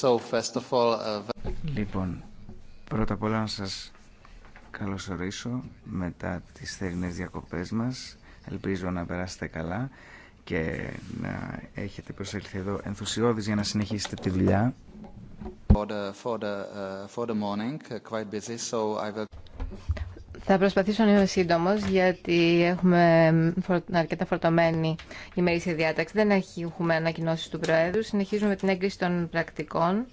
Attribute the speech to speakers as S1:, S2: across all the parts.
S1: Uh,
S2: λοιπόν, πρώτα απ' όλα να σας καλωσορίσω μετά τις θερινές διακοπές μας. Ελπίζω να περάσετε καλά και να έχετε προσέλθει εδώ ενθουσιώδης για να συνεχίσετε τη δουλειά. Θα προσπαθήσω
S3: να είμαι σύντομο, γιατί έχουμε αρκετά φορτωμένη ημερήσια διάταξη. Δεν έχουμε ανακοινώσει του Προέδρου. Συνεχίζουμε με την έγκριση των πρακτικών.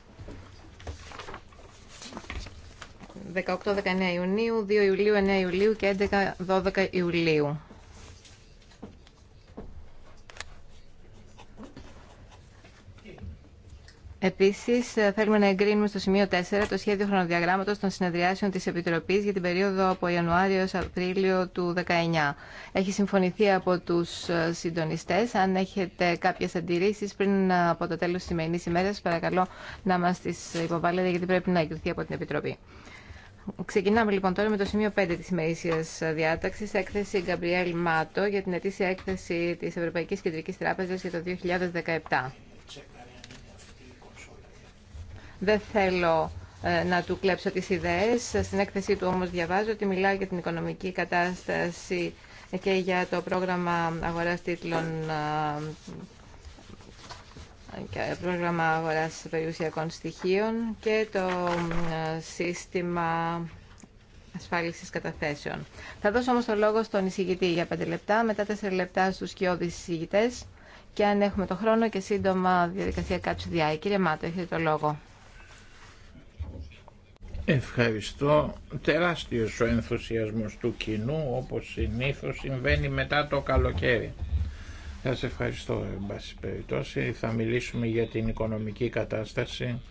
S3: 18-19 Ιουνίου, 2 Ιουλίου, 9 Ιουλίου και 11-12 Ιουλίου. Επίση, ε, θέλουμε να εγκρίνουμε στο σημείο 4 το σχέδιο χρονοδιαγράμματο των συνεδριάσεων τη Επιτροπή για την περίοδο από Ιανουάριο έω Απρίλιο του 2019. Έχει συμφωνηθεί από του ε, συντονιστέ. Αν έχετε κάποιε αντιρρήσει πριν ε, από το τέλο τη σημερινή ημέρα, παρακαλώ να μα τι υποβάλλετε, γιατί πρέπει να εγκριθεί από την Επιτροπή. Ξεκινάμε λοιπόν τώρα με το σημείο 5 της ημερήσιας διάταξης, έκθεση Γκαμπριέλ Μάτο για την ετήσια έκθεση τη Ευρωπαϊκής Κεντρικής Τράπεζας για το 2017. Δεν θέλω ε, να του κλέψω τις ιδέες. Στην έκθεσή του όμως διαβάζω ότι μιλάει για την οικονομική κατάσταση και για το πρόγραμμα αγοράς τίτλων ε, και πρόγραμμα αγοράς περιουσιακών στοιχείων και το ε, σύστημα ασφάλισης καταθέσεων. Θα δώσω όμως το λόγο στον εισηγητή για 5 λεπτά, μετά 4 λεπτά στους σκιώδεις εισηγητές και αν έχουμε το χρόνο και σύντομα διαδικασία κάτσου διάει. Κύριε Μάτο, έχετε το λόγο.
S1: Ευχαριστώ. Τεράστιος ο ενθουσιασμός του κοινού, όπως συνήθως συμβαίνει μετά το καλοκαίρι. Θα σε ευχαριστώ, εν πάση περιπτώσει. Θα μιλήσουμε για την οικονομική κατάσταση.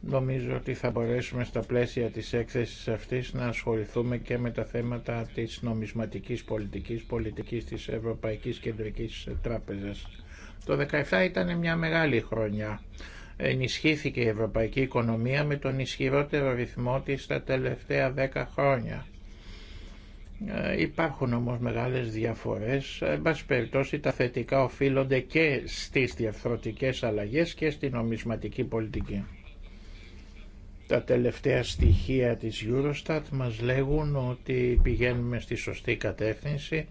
S1: Νομίζω ότι θα μπορέσουμε στα πλαίσια της έκθεσης αυτής να ασχοληθούμε και με τα θέματα της νομισματικής πολιτικής, πολιτικής της Ευρωπαϊκής Κεντρικής Τράπεζας. Το 2017 ήταν μια μεγάλη χρονιά ενισχύθηκε η ευρωπαϊκή οικονομία με τον ισχυρότερο ρυθμό της τα τελευταία δέκα χρόνια. Ε, υπάρχουν όμως μεγάλες διαφορές. Ε, εν πάση περιπτώσει τα θετικά οφείλονται και στις διαφθορτικές αλλαγές και στην νομισματική πολιτική. Τα τελευταία στοιχεία της Eurostat μας λέγουν ότι πηγαίνουμε στη σωστή κατεύθυνση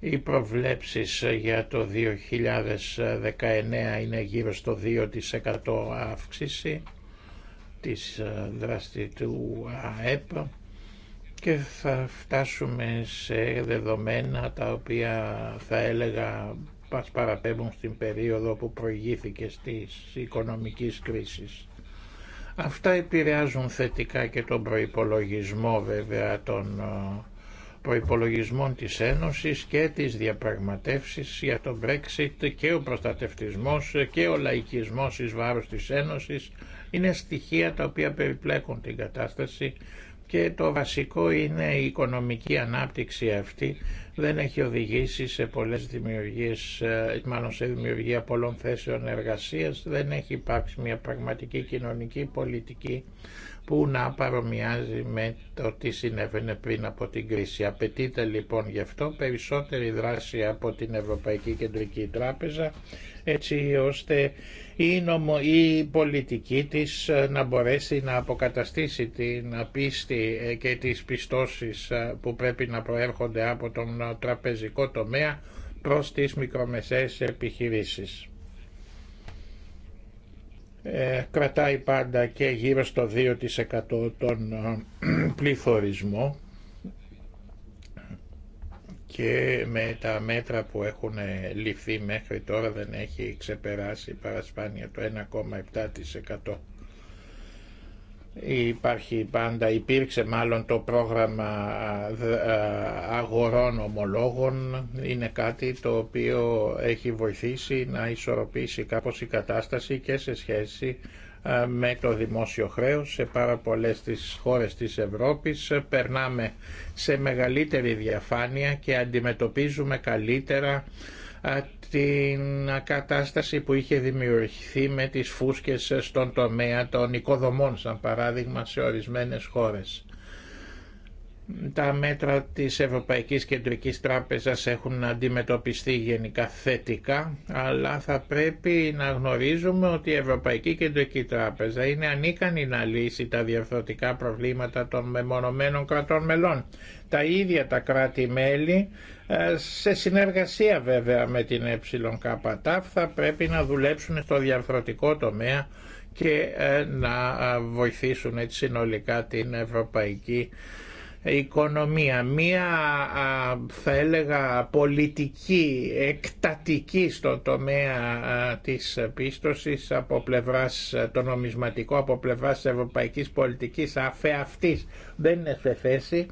S1: οι προβλέψεις για το 2019 είναι γύρω στο 2% αύξηση της ε, δράστη του ΑΕΠ και θα φτάσουμε σε δεδομένα τα οποία θα έλεγα μας παραπέμπουν στην περίοδο που προηγήθηκε στις οικονομικής κρίσης. Αυτά επηρεάζουν θετικά και τον προϋπολογισμό βέβαια των ε, προϋπολογισμών της Ένωσης και της διαπραγματεύσεις για το Brexit και ο προστατευτισμός και ο λαϊκισμός εις βάρος της Ένωσης είναι στοιχεία τα οποία περιπλέκουν την κατάσταση και το βασικό είναι η οικονομική ανάπτυξη αυτή δεν έχει οδηγήσει σε πολλές δημιουργίες, ε, μάλλον σε δημιουργία πολλών θέσεων εργασίας, δεν έχει υπάρξει μια πραγματική κοινωνική πολιτική που να παρομοιάζει με το τι συνέβαινε πριν από την κρίση. Απαιτείται λοιπόν γι' αυτό περισσότερη δράση από την Ευρωπαϊκή Κεντρική Τράπεζα έτσι ώστε η, νομο, η πολιτική της ε, να μπορέσει να αποκαταστήσει την ε, πίστη ε, και τις πιστώσεις που πρέπει να προέρχονται από τον τραπεζικό τομέα προς τις μικρομεσαίες επιχειρήσεις. Ε, κρατάει πάντα και γύρω στο 2% τον ε, πληθωρισμό και με τα μέτρα που έχουν ε, ληφθεί μέχρι τώρα δεν έχει ξεπεράσει παρασπάνια το 1,7%. Υπάρχει πάντα, υπήρξε μάλλον το πρόγραμμα αγορών ομολόγων. Είναι κάτι το οποίο έχει βοηθήσει να ισορροπήσει κάπως η κατάσταση και σε σχέση με το δημόσιο χρέος σε πάρα πολλές τις χώρες της Ευρώπης περνάμε σε μεγαλύτερη διαφάνεια και αντιμετωπίζουμε καλύτερα την κατάσταση που είχε δημιουργηθεί με τις φούσκες στον τομέα των οικοδομών, σαν παράδειγμα σε ορισμένες χώρες τα μέτρα της Ευρωπαϊκής Κεντρικής Τράπεζας έχουν αντιμετωπιστεί γενικά θετικά, αλλά θα πρέπει να γνωρίζουμε ότι η Ευρωπαϊκή Κεντρική Τράπεζα είναι ανίκανη να λύσει τα διαφορετικά προβλήματα των μεμονωμένων κρατών μελών. Τα ίδια τα κράτη-μέλη, ε, σε συνεργασία βέβαια με την ΕΚΤ, θα πρέπει να δουλέψουν στο διαρθρωτικό τομέα και ε, να βοηθήσουν έτσι συνολικά την Ευρωπαϊκή οικονομία, μία θα έλεγα πολιτική εκτατική στο τομέα της πίστοσης από πλευράς, το νομισματικό από πλευράς ευρωπαϊκής πολιτικής αφέ αυτής δεν είναι σε θέση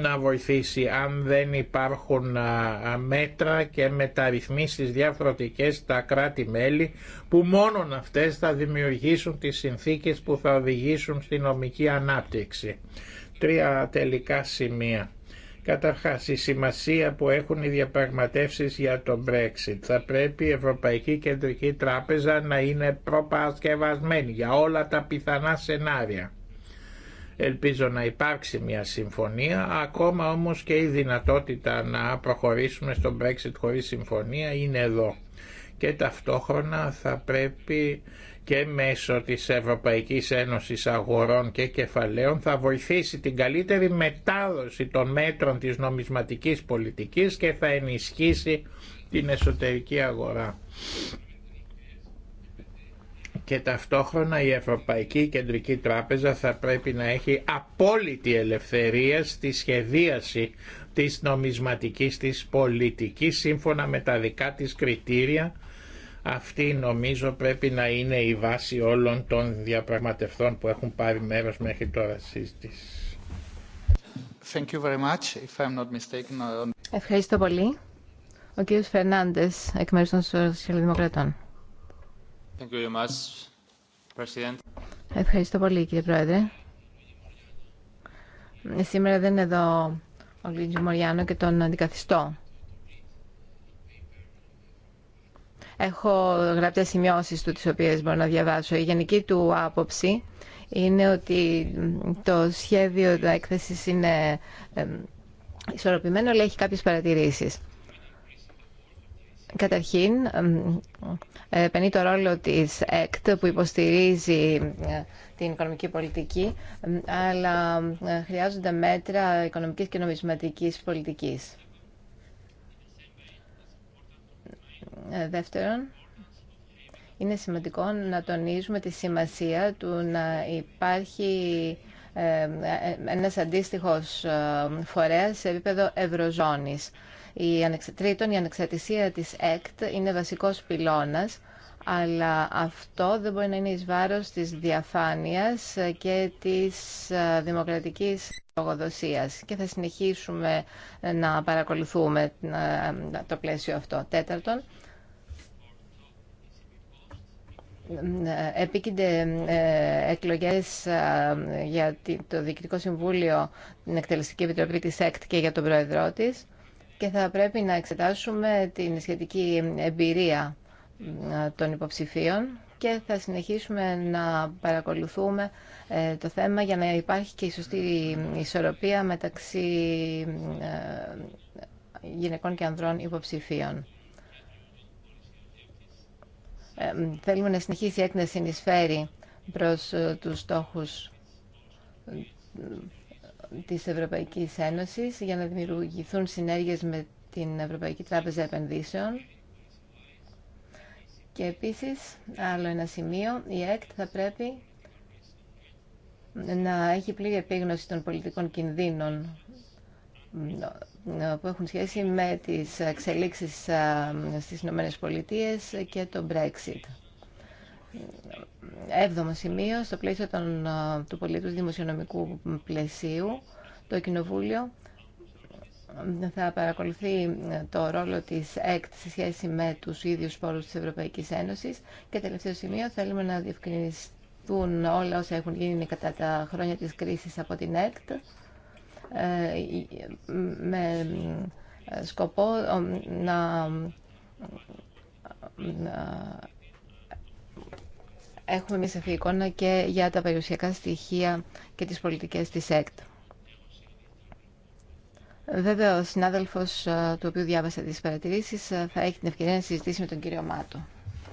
S1: να βοηθήσει αν δεν υπάρχουν μέτρα και μεταρρυθμίσεις διαφορετικές στα κράτη-μέλη που μόνον αυτές θα δημιουργήσουν τις συνθήκες που θα οδηγήσουν στη νομική ανάπτυξη τρία τελικά σημεία. Καταρχάς, η σημασία που έχουν οι διαπραγματεύσεις για το Brexit. Θα πρέπει η Ευρωπαϊκή Κεντρική Τράπεζα να είναι προπαρασκευασμένη για όλα τα πιθανά σενάρια. Ελπίζω να υπάρξει μια συμφωνία, ακόμα όμως και η δυνατότητα να προχωρήσουμε στο Brexit χωρίς συμφωνία είναι εδώ. Και ταυτόχρονα θα πρέπει και μέσω της Ευρωπαϊκής Ένωσης Αγορών και Κεφαλαίων θα βοηθήσει την καλύτερη μετάδοση των μέτρων της νομισματικής πολιτικής και θα ενισχύσει την εσωτερική αγορά. Και ταυτόχρονα η Ευρωπαϊκή Κεντρική Τράπεζα θα πρέπει να έχει απόλυτη ελευθερία στη σχεδίαση της νομισματικής της πολιτικής σύμφωνα με τα δικά της κριτήρια αυτή νομίζω πρέπει να είναι η βάση όλων των διαπραγματευτών που έχουν πάρει μέρος μέχρι τώρα συζήτηση. Uh,
S3: Ευχαριστώ πολύ. Ο κύριος Φερνάντες, εκ μέρους των Σοσιαλδημοκρατών. Ευχαριστώ πολύ κύριε Πρόεδρε. Σήμερα δεν είναι εδώ ο Γκλίντζο Μοριάνο και τον αντικαθιστώ. Έχω γραπτές σημειώσεις του τις οποίες μπορώ να διαβάσω. Η γενική του άποψη είναι ότι το σχέδιο έκθεσης είναι ισορροπημένο, αλλά έχει κάποιες παρατηρήσεις. Καταρχήν, παίρνει το ρόλο της ΕΚΤ που υποστηρίζει ε, την οικονομική πολιτική, αλλά ε, χρειάζονται μέτρα οικονομικής και νομισματικής πολιτικής. Ε, δεύτερον, είναι σημαντικό να τονίζουμε τη σημασία του να υπάρχει ε, ε, ένας αντίστοιχος φορέας σε επίπεδο ευρωζώνης. Η Τρίτον, η ανεξαρτησία της ΕΚΤ είναι βασικός πυλώνας, αλλά αυτό δεν μπορεί να είναι εις βάρος της διαφάνειας και της δημοκρατικής λογοδοσίας. Και θα συνεχίσουμε να παρακολουθούμε το πλαίσιο αυτό. Τέταρτον, επίκυνται ε, εκλογές ε, για το Διοικητικό Συμβούλιο, την Εκτελεστική Επιτροπή της ΕΚΤ και για τον Πρόεδρό της και θα πρέπει να εξετάσουμε την σχετική εμπειρία ε, των υποψηφίων και θα συνεχίσουμε να παρακολουθούμε το θέμα για να υπάρχει και η σωστή ισορροπία μεταξύ γυναικών και ανδρών υποψηφίων. Ε, θέλουμε να συνεχίσει η ΕΚΤ να συνεισφέρει προς ε, τους στόχους ε, της Ευρωπαϊκής Ένωσης για να δημιουργηθούν συνέργειες με την Ευρωπαϊκή Τράπεζα Επενδύσεων. Και επίσης, άλλο ένα σημείο, η ΕΚΤ θα πρέπει να έχει πλήρη επίγνωση των πολιτικών κινδύνων που έχουν σχέση με τις εξελίξεις στις Ηνωμένες Πολιτείες και το Brexit. Έβδομο σημείο, στο πλαίσιο του πολίτου δημοσιονομικού πλαισίου, το Κοινοβούλιο θα παρακολουθεί ε, το ρόλο της ΕΚΤ σε σχέση με τους ίδιους πόρους της Ευρωπαϊκής Ένωσης και τελευταίο σημείο θέλουμε να διευκρινιστούν όλα όσα έχουν γίνει κατά τα χρόνια της κρίσης από την ΕΚΤ ε, με σκοπό ε, να έχουμε μια σαφή εικόνα και για τα περιουσιακά στοιχεία και τις πολιτικές της ΕΚΤ. Βέβαια, ο συνάδελφος ε, του οποίου διάβασα τις παρατηρήσεις θα έχει την ευκαιρία να συζητήσει με τον κύριο Μάτο.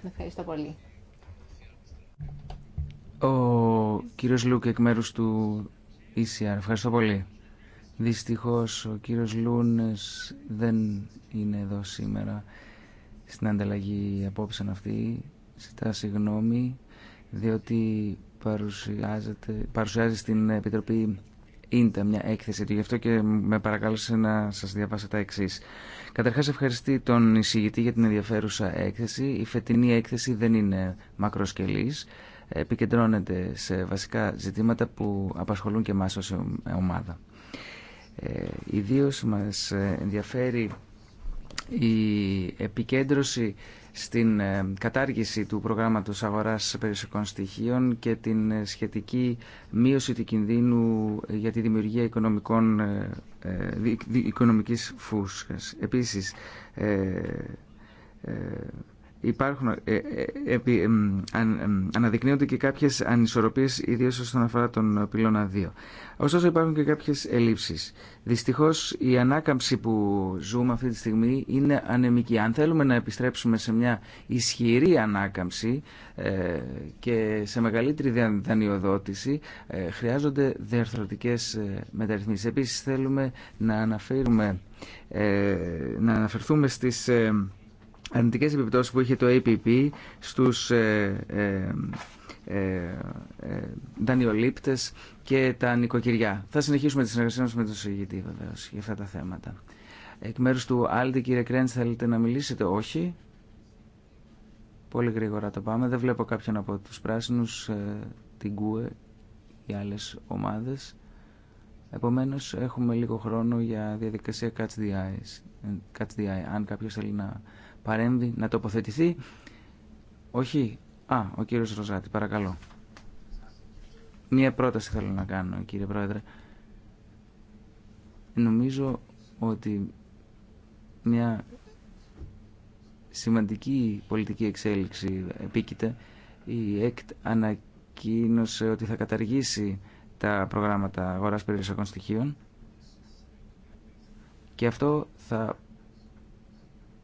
S3: Ευχαριστώ πολύ.
S2: Ο κύριος Λούκ εκ μέρους του ECR. Ευχαριστώ πολύ. Δυστυχώς ο κύριος Λούνες δεν είναι εδώ σήμερα στην ανταλλαγή απόψε αυτή. Ζητά συγγνώμη διότι παρουσιάζει στην Επιτροπή Ίντα μια έκθεση του. Γι' αυτό και με παρακάλεσε να σας διαβάσω τα εξή. Καταρχάς ευχαριστεί τον εισηγητή για την ενδιαφέρουσα έκθεση. Η φετινή έκθεση δεν είναι μακροσκελής. Επικεντρώνεται σε βασικά ζητήματα που απασχολούν και εμάς ως ομάδα. Ε, ιδίως μας ε, ενδιαφέρει η επικέντρωση στην ε, κατάργηση του προγράμματος αγοράς περιουσιακών στοιχείων και την ε, σχετική μείωση του κινδύνου για τη δημιουργία οικονομικών, οικονομικής φούσκας. Επίσης, υπάρχουν, ε, ε, αναδεικνύονται και κάποιες ανισορροπίες ιδίως όσον αφορά τον πυλώνα 2. Ωστόσο υπάρχουν και κάποιες ελλείψεις. Δυστυχώς η ανάκαμψη που ζούμε αυτή τη στιγμή είναι ανεμική. Αν θέλουμε να επιστρέψουμε σε μια ισχυρή ανάκαμψη ε, και σε μεγαλύτερη δανειοδότηση χρειάζονται διαρθρωτικές μεταρρυθμίσεις. Επίσης θέλουμε να αναφέρουμε να αναφερθούμε στις αρνητικές επιπτώσεις που είχε το APP στους ε, ε, ε, ε, δανειολήπτες και τα νοικοκυριά. Θα συνεχίσουμε τη συνεργασία μας με τον συγγητή βεβαίω για αυτά τα θέματα. Εκ μέρους του Άλτη, κύριε Κρέντς, θέλετε να μιλήσετε. Όχι. Πολύ γρήγορα το πάμε. Δεν βλέπω κάποιον από τους πράσινους, ε, την ΚΟΕ, ή άλλες ομάδες. Επομένως, έχουμε λίγο χρόνο για διαδικασία Catch the, Eyes. Catch the Eye. Αν κάποιος θέλει να παρέμβει να τοποθετηθεί. Όχι. Α, ο κύριος Ροζάτη, παρακαλώ. Μία πρόταση θέλω να κάνω, κύριε Πρόεδρε. Νομίζω ότι μια σημαντική πολιτική εξέλιξη επίκειται. Η ΕΚΤ ανακοίνωσε ότι θα καταργήσει τα προγράμματα αγοράς περιουσιακών στοιχείων και αυτό θα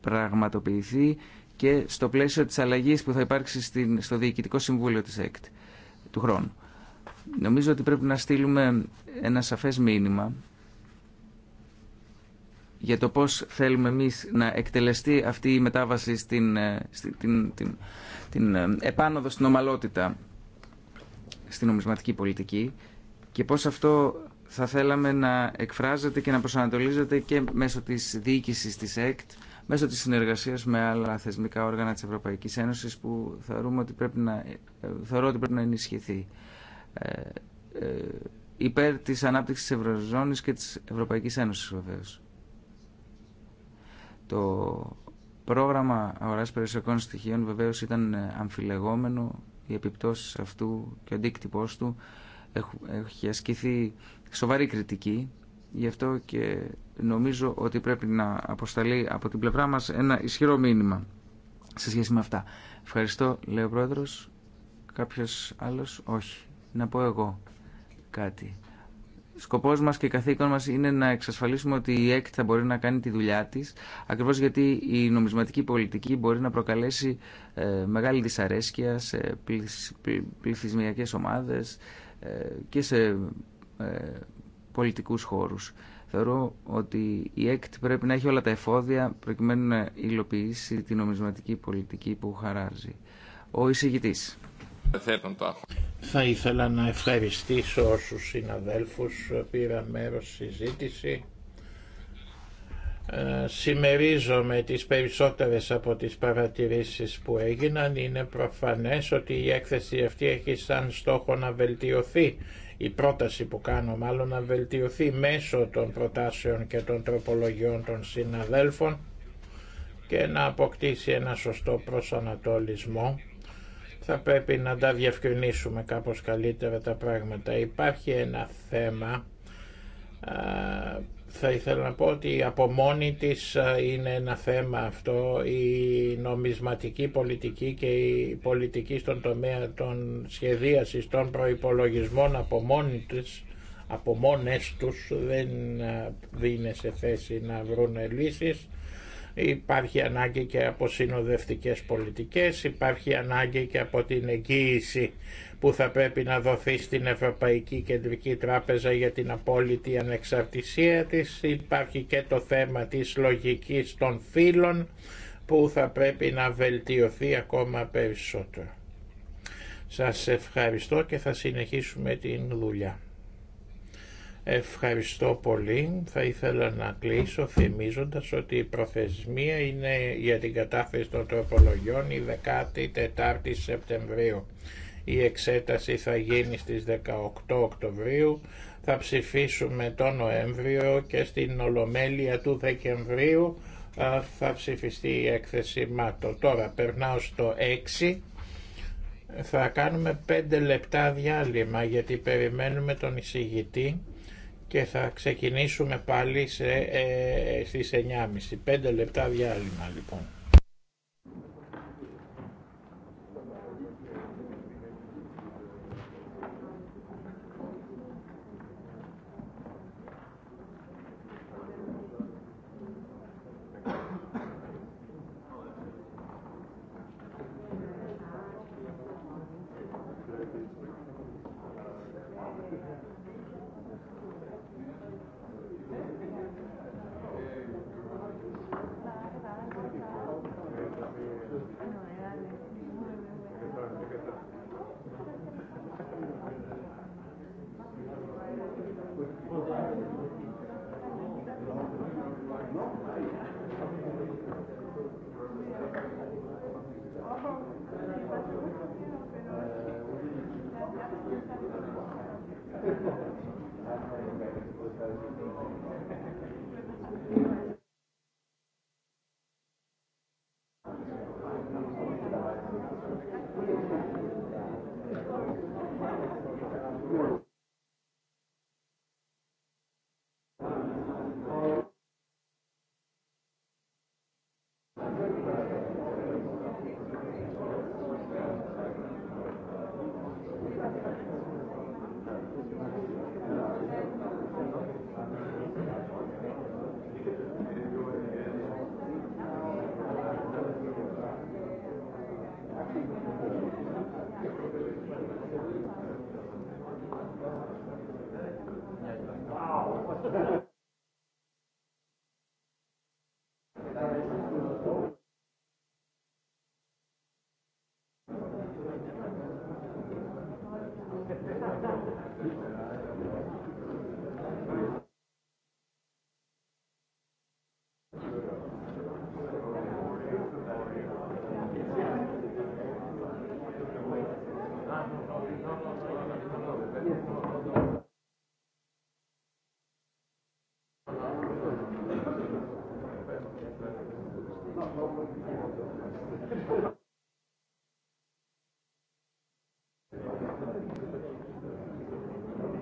S2: πραγματοποιηθεί και στο πλαίσιο της αλλαγής που θα υπάρξει στο Διοικητικό Συμβούλιο της ΕΚΤ του χρόνου. Νομίζω ότι πρέπει να στείλουμε ένα σαφές μήνυμα για το πώς θέλουμε εμείς να εκτελεστεί αυτή η μετάβαση στην, ε, στην, την, την, ε, επάνωδο στην ομαλότητα στην νομισματική πολιτική και πώς αυτό θα θέλαμε να εκφράζεται και να προσανατολίζεται και μέσω της διοίκησης της ΕΚΤ μέσω της συνεργασίας με άλλα θεσμικά όργανα της Ευρωπαϊκής Ένωσης που θεωρούμε ότι πρέπει να, ε, θεωρώ ότι πρέπει να ενισχυθεί ε, ε, υπέρ της ανάπτυξης της Ευρωζώνης και της Ευρωπαϊκής Ένωσης βεβαίως. Το πρόγραμμα αγοράς περιουσιακών στοιχείων βεβαίως ήταν αμφιλεγόμενο οι επιπτώσεις αυτού και ο αντίκτυπός του έχει ασκηθεί σοβαρή κριτική γι' αυτό και νομίζω ότι πρέπει να αποσταλεί από την πλευρά μας ένα ισχυρό μήνυμα σε σχέση με αυτά. Ευχαριστώ, λέει ο Πρόεδρος. Κάποιος άλλος, όχι. Να πω εγώ κάτι. Σκοπός μας και καθήκον μας είναι να εξασφαλίσουμε ότι η ΕΚΤ θα μπορεί να κάνει τη δουλειά της, ακριβώς γιατί η νομισματική πολιτική μπορεί να προκαλέσει ε, μεγάλη δυσαρέσκεια σε πληθυσμιακές ομάδες ε, και σε ε, πολιτικούς χώρους. Θεωρώ ότι η ΕΚΤ πρέπει να έχει όλα τα εφόδια προκειμένου να υλοποιήσει την νομισματική πολιτική που χαράζει. Ο εισηγητή.
S1: Θα ήθελα να ευχαριστήσω όσους συναδέλφους πήραν μέρος στη συζήτηση. Ε, συμμερίζομαι τις περισσότερες από τις παρατηρήσεις που έγιναν. Είναι προφανές ότι η έκθεση αυτή έχει σαν στόχο να βελτιωθεί η πρόταση που κάνω μάλλον να βελτιωθεί μέσω των προτάσεων και των τροπολογιών των συναδέλφων και να αποκτήσει ένα σωστό προσανατολισμό. Θα πρέπει να τα διευκρινίσουμε κάπως καλύτερα τα πράγματα. Υπάρχει ένα θέμα θα ήθελα να πω ότι από μόνη της ε, είναι ένα θέμα αυτό η νομισματική πολιτική και η πολιτική στον τομέα των σχεδίασης των προϋπολογισμών από μόνη της από μόνες τους δεν ε, είναι σε θέση να βρουν λύσεις υπάρχει ανάγκη και από συνοδευτικές πολιτικές υπάρχει ανάγκη και από την εγγύηση που θα πρέπει να δοθεί στην Ευρωπαϊκή Κεντρική Τράπεζα για την απόλυτη ανεξαρτησία της. Υπάρχει και το θέμα της λογικής των φύλων που θα πρέπει να βελτιωθεί ακόμα περισσότερο. Σας ευχαριστώ και θα συνεχίσουμε την δουλειά. Ευχαριστώ πολύ. Θα ήθελα να κλείσω θυμίζοντας ότι η προθεσμία είναι για την κατάθεση των τροπολογιών η 14η Σεπτεμβρίου. Η εξέταση θα γίνει στις 18 Οκτωβρίου, θα ψηφίσουμε τον Νοέμβριο και στην Ολομέλεια του Δεκεμβρίου θα ψηφιστεί η έκθεση ΜΑΤΟ. Τώρα περνάω στο 6. Θα κάνουμε 5 λεπτά διάλειμμα γιατί περιμένουμε τον εισηγητή και θα ξεκινήσουμε πάλι σε, ε, ε στις 9.30. 5 λεπτά διάλειμμα λοιπόν.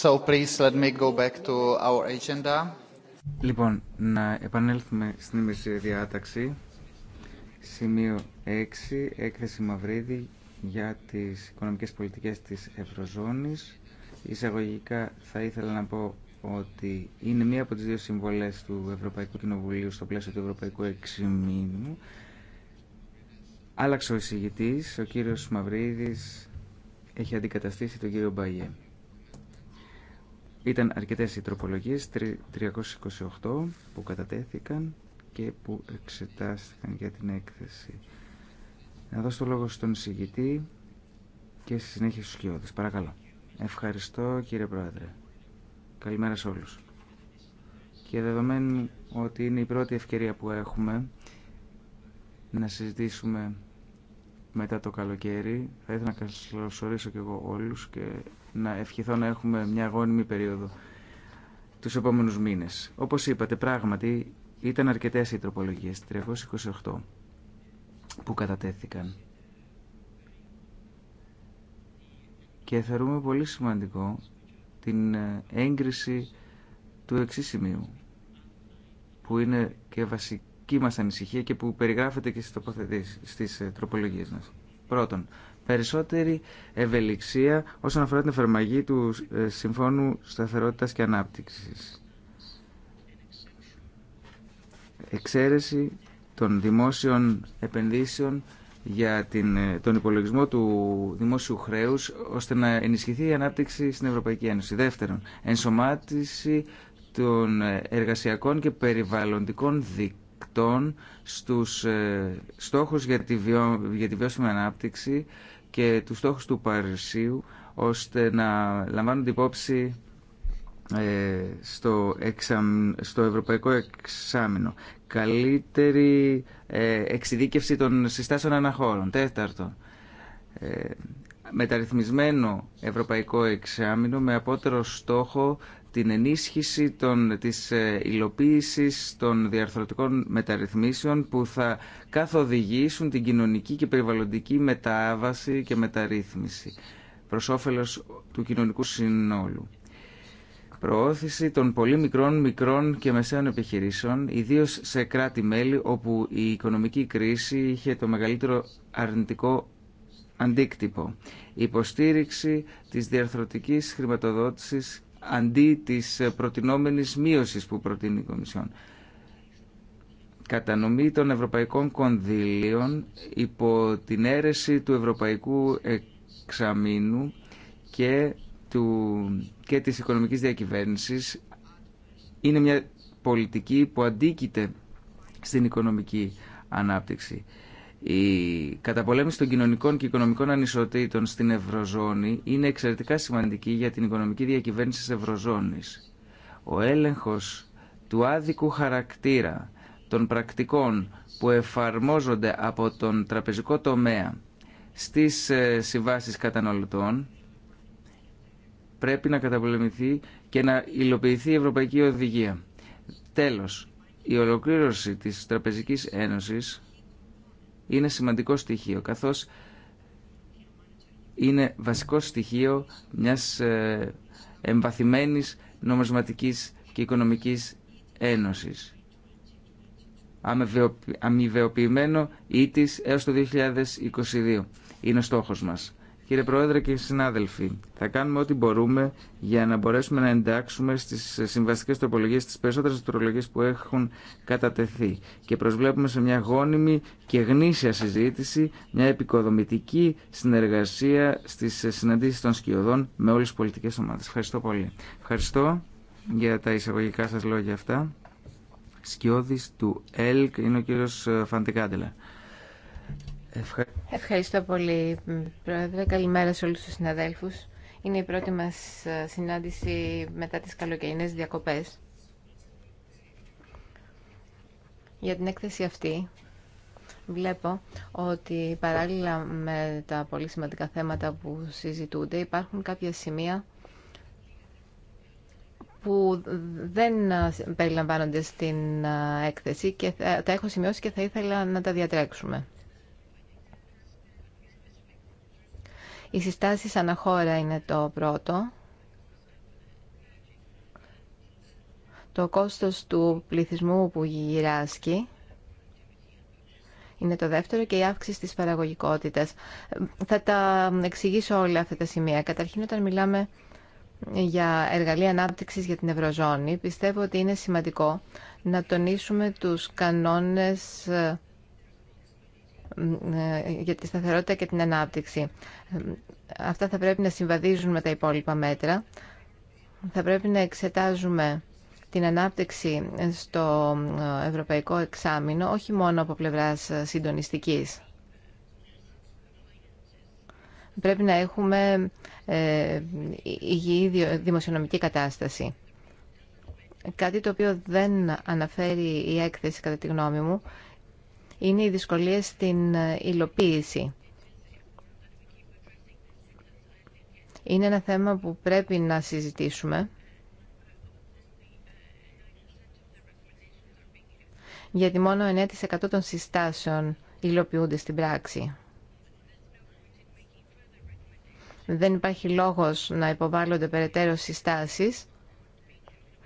S1: So please let me go back to our agenda.
S2: Λοιπόν, να επανέλθουμε στην ημερησία διάταξη. Σημείο 6, έκθεση Μαυρίδη για τις οικονομικές πολιτικές της Ευρωζώνης. Εισαγωγικά θα ήθελα να πω ότι είναι μία από τις δύο συμβολές του Ευρωπαϊκού Κοινοβουλίου στο πλαίσιο του Ευρωπαϊκού Εξημείνου Άλλαξε ο εισηγητής, ο κύριος Μαυρίδης έχει αντικαταστήσει τον κύριο Μπαγιέ. Ήταν αρκετές οι τροπολογίες, 328 που κατατέθηκαν και που εξετάστηκαν για την έκθεση. Να δώσω το λόγο στον συγητή και στη συνέχεια στους κοιόδες. Παρακαλώ. Ευχαριστώ κύριε Πρόεδρε. Καλημέρα σε όλους. Και δεδομένου ότι είναι η πρώτη ευκαιρία που έχουμε να συζητήσουμε μετά το καλοκαίρι. Θα ήθελα να καλωσορίσω και εγώ όλους και να ευχηθώ να έχουμε μια αγώνιμη περίοδο τους επόμενους μήνες. Όπως είπατε, πράγματι ήταν αρκετές οι τροπολογίες, 328, που κατατέθηκαν. Και θεωρούμε πολύ σημαντικό την ε, έγκριση του εξής σημείου, που είναι και βασικό δική μας ανησυχία και που περιγράφεται και στις, στις ε, τροπολογίες μας. Πρώτον, περισσότερη ευελιξία όσον αφορά την εφαρμογή του ε, Συμφώνου Σταθερότητας και Ανάπτυξης. Εξαίρεση των δημόσιων επενδύσεων για την, ε, τον υπολογισμό του δημόσιου χρέους ώστε να ενισχυθεί η ανάπτυξη στην Ευρωπαϊκή Ένωση. Δεύτερον, ενσωμάτιση των εργασιακών και περιβαλλοντικών τον στους ε, στόχους για τη, για βιώσιμη ανάπτυξη και τους στόχους του Παρισίου ώστε να λαμβάνονται υπόψη ε, στο, στο ευρωπαϊκό εξάμεινο. Καλύτερη ε, εξειδίκευση των συστάσεων αναχώρων. Τέταρτο, μεταρρυθμισμένο ευρωπαϊκό εξάμεινο με απότερο στόχο την ενίσχυση των, της ε, υλοποίησης των διαρθρωτικών μεταρρυθμίσεων που θα καθοδηγήσουν την κοινωνική και περιβαλλοντική μετάβαση και μεταρρύθμιση προς όφελος του κοινωνικού συνόλου. Προώθηση των πολύ μικρών, μικρών και μεσαίων επιχειρήσεων, ιδίως σε κράτη-μέλη όπου η οικονομική κρίση είχε το μεγαλύτερο αρνητικό αντίκτυπο. Υποστήριξη της διαρθρωτικής χρηματοδότησης αντί της προτινόμενης μείωσης που προτείνει η Κομισιόν. Κατανομή των ευρωπαϊκών κονδύλιων υπό την αίρεση του ευρωπαϊκού εξαμήνου και, του, και της οικονομικής διακυβέρνησης είναι μια πολιτική που αντίκειται στην οικονομική ανάπτυξη. Η καταπολέμηση των κοινωνικών και οικονομικών ανισοτήτων στην Ευρωζώνη είναι εξαιρετικά σημαντική για την οικονομική διακυβέρνηση της Ευρωζώνης. Ο έλεγχος του άδικου χαρακτήρα των πρακτικών που εφαρμόζονται από τον τραπεζικό τομέα στις ε, συμβάσεις καταναλωτών πρέπει να καταπολεμηθεί και να υλοποιηθεί η Ευρωπαϊκή Οδηγία. Τέλος, η ολοκλήρωση της Τραπεζικής Ένωσης είναι σημαντικό στοιχείο, καθώς είναι βασικό στοιχείο μιας ε, εμβαθυμένης νομισματικής και οικονομικής ένωσης. Αμοιβεοποιημένο της έως το 2022 είναι ο στόχος μας. Κύριε Πρόεδρε και συνάδελφοι, θα κάνουμε ό,τι μπορούμε για να μπορέσουμε να εντάξουμε στι συμβαστικέ τροπολογίε τι περισσότερε τροπολογίε που έχουν κατατεθεί. Και προσβλέπουμε σε μια γόνιμη και γνήσια συζήτηση, μια επικοδομητική συνεργασία στι συναντήσει των σκιωδών με όλε τι πολιτικέ ομάδε. Ευχαριστώ πολύ. Ευχαριστώ για τα εισαγωγικά σα λόγια αυτά. Σκιώδη του ΕΛΚ είναι ο κύριο Φαντικάντελα.
S3: Ευχαριστώ πολύ, Πρόεδρε. Καλημέρα σε όλους τους συναδέλφους. Είναι η πρώτη μας ε, συνάντηση μετά τις καλοκαιρινές διακοπές. Για την έκθεση αυτή βλέπω ότι παράλληλα με τα πολύ σημαντικά θέματα που συζητούνται υπάρχουν κάποια σημεία που δεν ε, περιλαμβάνονται στην ε, έκθεση και τα έχω σημειώσει και θα ήθελα να τα διατρέξουμε. Οι συστάσεις αναχώρα είναι το πρώτο. Το κόστος του πληθυσμού που γυράσκει είναι το δεύτερο και η αύξηση της παραγωγικότητας. Θα τα εξηγήσω όλα αυτά τα σημεία. Καταρχήν όταν μιλάμε για εργαλεία ανάπτυξης για την Ευρωζώνη, πιστεύω ότι είναι σημαντικό να τονίσουμε τους κανόνες για τη σταθερότητα και την ανάπτυξη. Αυτά θα πρέπει να συμβαδίζουν με τα υπόλοιπα μέτρα. Θα πρέπει να εξετάζουμε την ανάπτυξη στο ευρωπαϊκό εξάμεινο, όχι μόνο από πλευράς συντονιστικής. Πρέπει να έχουμε ε, υγιή δημοσιονομική κατάσταση. Κάτι το οποίο δεν αναφέρει η έκθεση, κατά τη γνώμη μου, είναι οι δυσκολίες στην ε, υλοποίηση. Είναι ένα θέμα που πρέπει να συζητήσουμε. γιατί μόνο 9% των συστάσεων υλοποιούνται στην πράξη. Δεν υπάρχει λόγος να υποβάλλονται περαιτέρω συστάσεις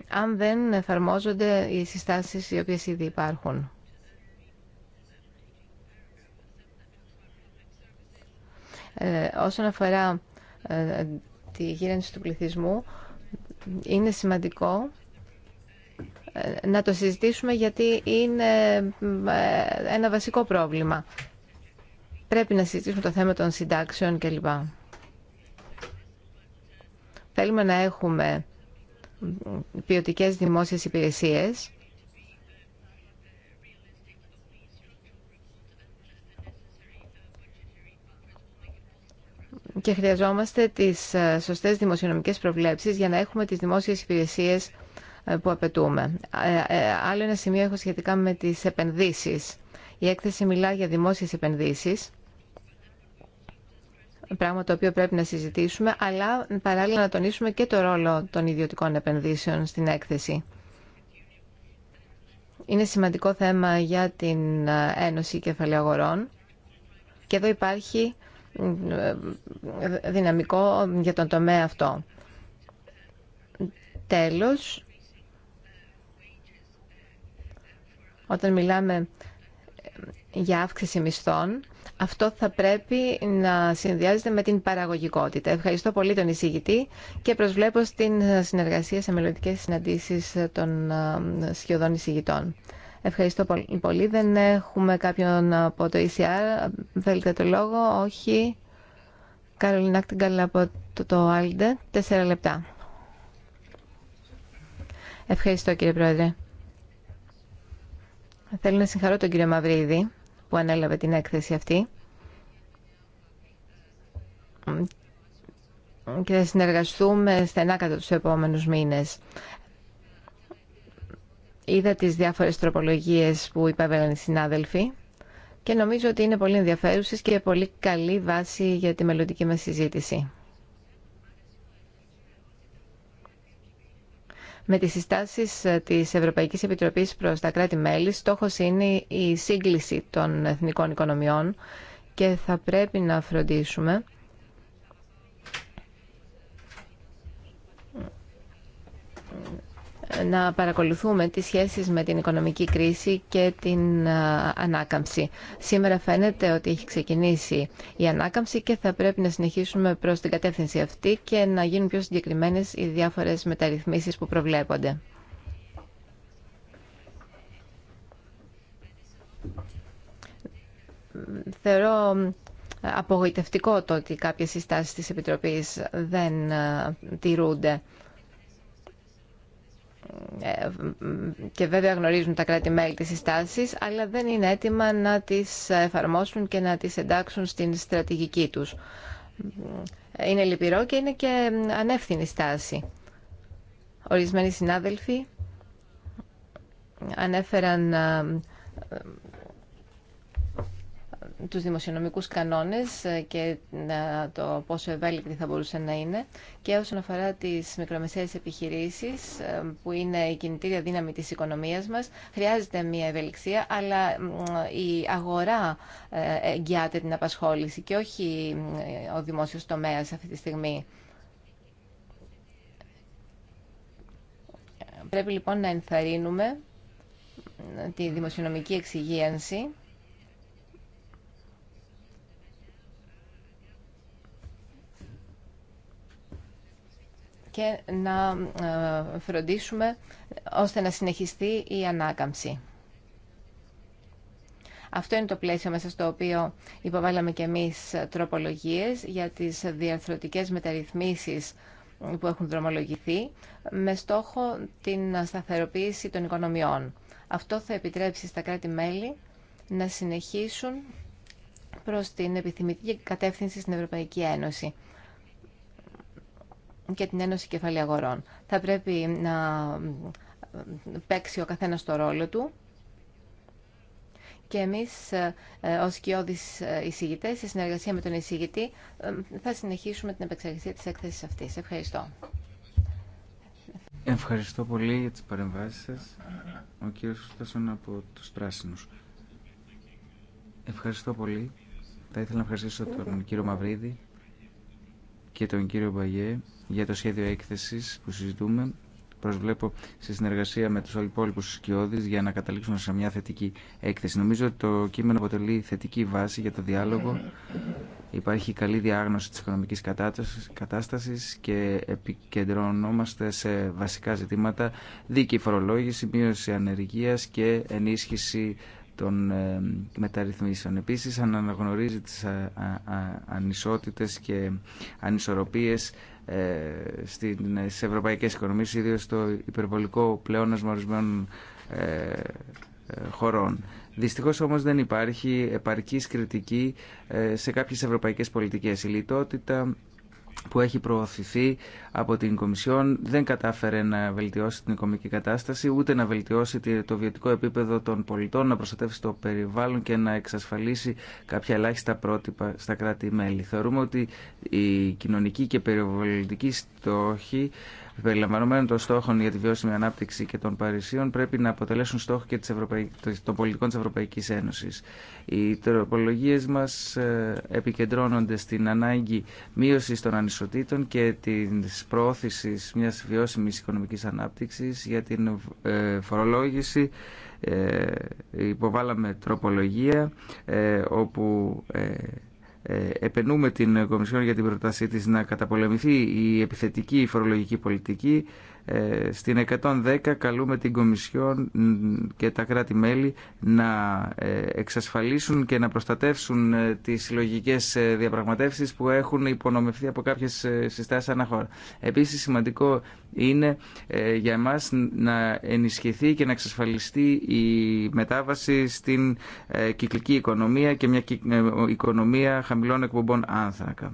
S3: αν δεν εφαρμόζονται οι συστάσεις οι οποίες ήδη υπάρχουν. Ε, όσον αφορά ε, τη γύρανση του πληθυσμού, είναι σημαντικό ε, να το συζητήσουμε γιατί είναι ένα βασικό πρόβλημα. Πρέπει να συζητήσουμε το θέμα των συντάξεων κλπ. Θέλουμε να έχουμε ποιοτικές δημόσιες υπηρεσίες και χρειαζόμαστε τις ε, σωστές δημοσιονομικές προβλέψεις για να έχουμε τις δημόσιες υπηρεσίες ε, που απαιτούμε. Ε, άλλο ένα σημείο έχω σχετικά με τις επενδύσεις. Η έκθεση μιλά για δημόσιες επενδύσεις, πράγμα το οποίο πρέπει να συζητήσουμε, αλλά παράλληλα να τονίσουμε και το ρόλο των ιδιωτικών επενδύσεων στην έκθεση. Είναι σημαντικό θέμα για την Ένωση Κεφαλαίου Αγορών και εδώ υπάρχει δυναμικό για τον τομέα αυτό. Τέλος, όταν μιλάμε για αύξηση μισθών, αυτό θα πρέπει να συνδυάζεται με την παραγωγικότητα. Ευχαριστώ πολύ τον εισηγητή και προσβλέπω στην συνεργασία σε μελλοντικές συναντήσεις των ε, σχεδόν εισηγητών. Ευχαριστώ πολύ. Δεν έχουμε κάποιον από το ECR. Θέλετε το λόγο. Όχι. Καρολίνα Κτυγκαλ από το Άλντε. Τέσσερα λεπτά. Ευχαριστώ κύριε Πρόεδρε. Θέλω να συγχαρώ τον κύριο Μαυρίδη που ανέλαβε την έκθεση αυτή και θα συνεργαστούμε στενά κατά τους επόμενους μήνες είδα τις διάφορες τροπολογίες που υπέβαλαν οι συνάδελφοι και νομίζω ότι είναι πολύ ενδιαφέρουσες και πολύ καλή βάση για τη μελλοντική μας συζήτηση. Με τις συστάσεις ε, της Ευρωπαϊκής Επιτροπής προς τα κράτη-μέλη, στόχος είναι η σύγκληση των εθνικών οικονομιών και θα πρέπει να φροντίσουμε να παρακολουθούμε τις σχέσεις με την οικονομική κρίση και την ανάκαμψη. Σήμερα φαίνεται ότι έχει ξεκινήσει η ανάκαμψη και θα πρέπει να συνεχίσουμε προς την κατεύθυνση αυτή και να γίνουν πιο συγκεκριμένες οι διάφορες μεταρρυθμίσεις που προβλέπονται. Θεωρώ απογοητευτικό το ότι κάποιες συστάσεις της Επιτροπής δεν τηρούνται. Ε, και βέβαια γνωρίζουν τα κράτη-μέλη της συστάσεις, αλλά δεν είναι έτοιμα να τις εφαρμόσουν και να τις εντάξουν στην στρατηγική τους. Είναι λυπηρό και είναι και ανεύθυνη στάση. Ορισμένοι συνάδελφοι ανέφεραν ε, τους δημοσιονομικούς κανόνες ε, και ε, το πόσο ευέλικτη θα μπορούσε να είναι και όσον αφορά τις μικρομεσαίες επιχειρήσεις ε, που είναι η κινητήρια δύναμη της οικονομίας μας χρειάζεται μια ευελιξία αλλά η αγορά εγγυάται την απασχόληση και όχι ο δημόσιος τομέας αυτή τη στιγμή. Πρέπει λοιπόν να ενθαρρύνουμε τη δημοσιονομική εξυγίανση και να ε, φροντίσουμε ώστε να συνεχιστεί η ανάκαμψη. Αυτό είναι το πλαίσιο μέσα στο οποίο υποβάλαμε και εμείς τροπολογίες για τις διαρθρωτικές μεταρρυθμίσεις που έχουν δρομολογηθεί με στόχο την σταθεροποίηση των οικονομιών. Αυτό θα επιτρέψει στα κράτη-μέλη να συνεχίσουν προς την επιθυμητή κατεύθυνση στην Ευρωπαϊκή Ένωση και την Ένωση Κεφαλή Αγορών. Θα πρέπει να παίξει ο καθένας το ρόλο του και εμείς ε, ε, ως κοιόδης ε, εισηγητές, σε συνεργασία με τον εισηγητή, θα συνεχίσουμε την επεξεργασία της έκθεσης αυτής. Ευχαριστώ.
S2: Ευχαριστώ πολύ για τις παρεμβάσεις σας. Ο κύριος Στάσον από τους Πράσινους. Ευχαριστώ πολύ. Θα ήθελα να ευχαριστήσω τον κύριο Μαυρίδη και τον κύριο Μπαγιέ για το σχέδιο έκθεσης που συζητούμε. Προσβλέπω σε συνεργασία με τους υπόλοιπους σκιώδεις για να καταλήξουμε σε μια θετική έκθεση. Νομίζω ότι το κείμενο αποτελεί θετική βάση για το διάλογο. Υπάρχει καλή διάγνωση της οικονομικής κατάστασης και επικεντρωνόμαστε σε βασικά ζητήματα δίκη φορολόγηση, μείωση ανεργίας και ενίσχυση των ε, μεταρρυθμίσεων. Επίσης αναγνωρίζει τις ε, ανισότητες και ανισορροπίες ε, στις ευρωπαϊκές οικονομίες, ιδίως στο υπερβολικό πλεόνασμα ορισμένων χωρών. Δυστυχώς όμως δεν υπάρχει επαρκής κριτική σε κάποιες ευρωπαϊκές πολιτικές. Η που έχει προωθηθεί από την Κομισιόν δεν κατάφερε να βελτιώσει την οικονομική κατάσταση, ούτε να βελτιώσει το βιωτικό επίπεδο των πολιτών, να προστατεύσει το περιβάλλον και να εξασφαλίσει κάποια ελάχιστα πρότυπα στα κράτη-μέλη. Θεωρούμε ότι η κοινωνική και περιβαλλοντική στόχοι περιλαμβανομένων των στόχων για τη βιώσιμη ανάπτυξη και των Παρισίων πρέπει να αποτελέσουν στόχο και της των πολιτικών τη Ευρωπαϊκής Ένωσης. Οι τροπολογίες μας ε, επικεντρώνονται στην ανάγκη μείωσης των ανισοτήτων και της προώθηση μιας βιώσιμης οικονομικής ανάπτυξης για την ε, φορολόγηση ε, υποβάλαμε τροπολογία όπου ε, επενούμε την Κομισιόν για την προτάσή της να καταπολεμηθεί η επιθετική φορολογική πολιτική ε, στην 110 καλούμε την Κομισιόν και τα κράτη-μέλη να ε, εξασφαλίσουν και να προστατεύσουν ε, τις συλλογικέ διαπραγματεύσεις που έχουν υπονομευθεί από κάποιες συστάσεις αναχώρα. Επίσης σημαντικό είναι για εμάς να ενισχυθεί και να εξασφαλιστεί η μετάβαση στην κυκλική οικονομία και μια οικονομία χαμηλών εκπομπών άνθρακα.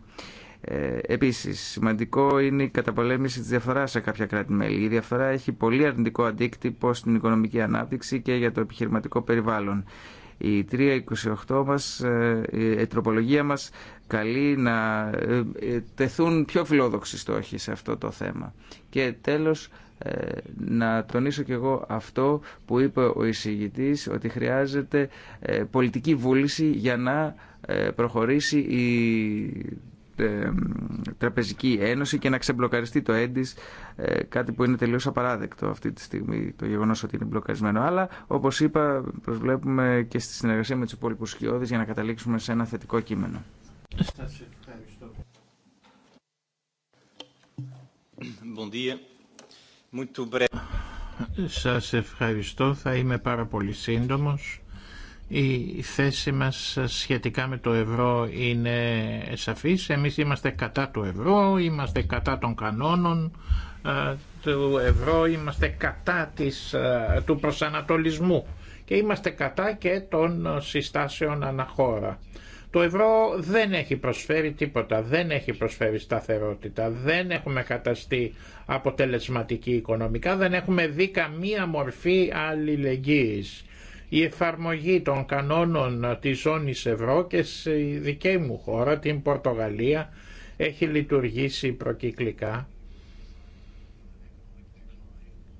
S2: Ε, επίσης, σημαντικό είναι η καταπολέμηση της διαφθοράς σε κάποια κράτη-μέλη. Η διαφθορά έχει πολύ αρνητικό αντίκτυπο στην οικονομική ανάπτυξη και για το επιχειρηματικό περιβάλλον. Η 328 μας, ε, η τροπολογία μας καλεί να ε, τεθούν πιο φιλόδοξοι στόχοι σε αυτό το θέμα. Και τέλος, να τονίσω και εγώ αυτό που είπε ο εισηγητής, ότι χρειάζεται πολιτική βούληση για να προχωρήσει η Τραπεζική Ένωση και να ξεμπλοκαριστεί το έντις, ε, κάτι που είναι τελείως απαράδεκτο αυτή τη στιγμή, το γεγονός ότι είναι μπλοκαρισμένο. Αλλά, όπως είπα, προσβλέπουμε και στη συνεργασία με τους υπόλοιπους σκιώδεις για να καταλήξουμε σε ένα θετικό κείμενο.
S1: Σας ευχαριστώ. Σας ευχαριστώ. Θα είμαι πάρα πολύ σύντομος. Η θέση μας σχετικά με το ευρώ είναι σαφής. Εμείς είμαστε κατά του ευρώ, είμαστε κατά των κανόνων ε, του ευρώ, είμαστε κατά της, ε, του προσανατολισμού και είμαστε κατά και των συστάσεων αναχώρα. Το ευρώ δεν έχει προσφέρει τίποτα, δεν έχει προσφέρει σταθερότητα, δεν έχουμε καταστεί αποτελεσματική οικονομικά, δεν έχουμε δει καμία μορφή αλληλεγγύης η εφαρμογή των κανόνων της ζώνης ευρώ και στη δική μου χώρα, την Πορτογαλία, έχει λειτουργήσει προκυκλικά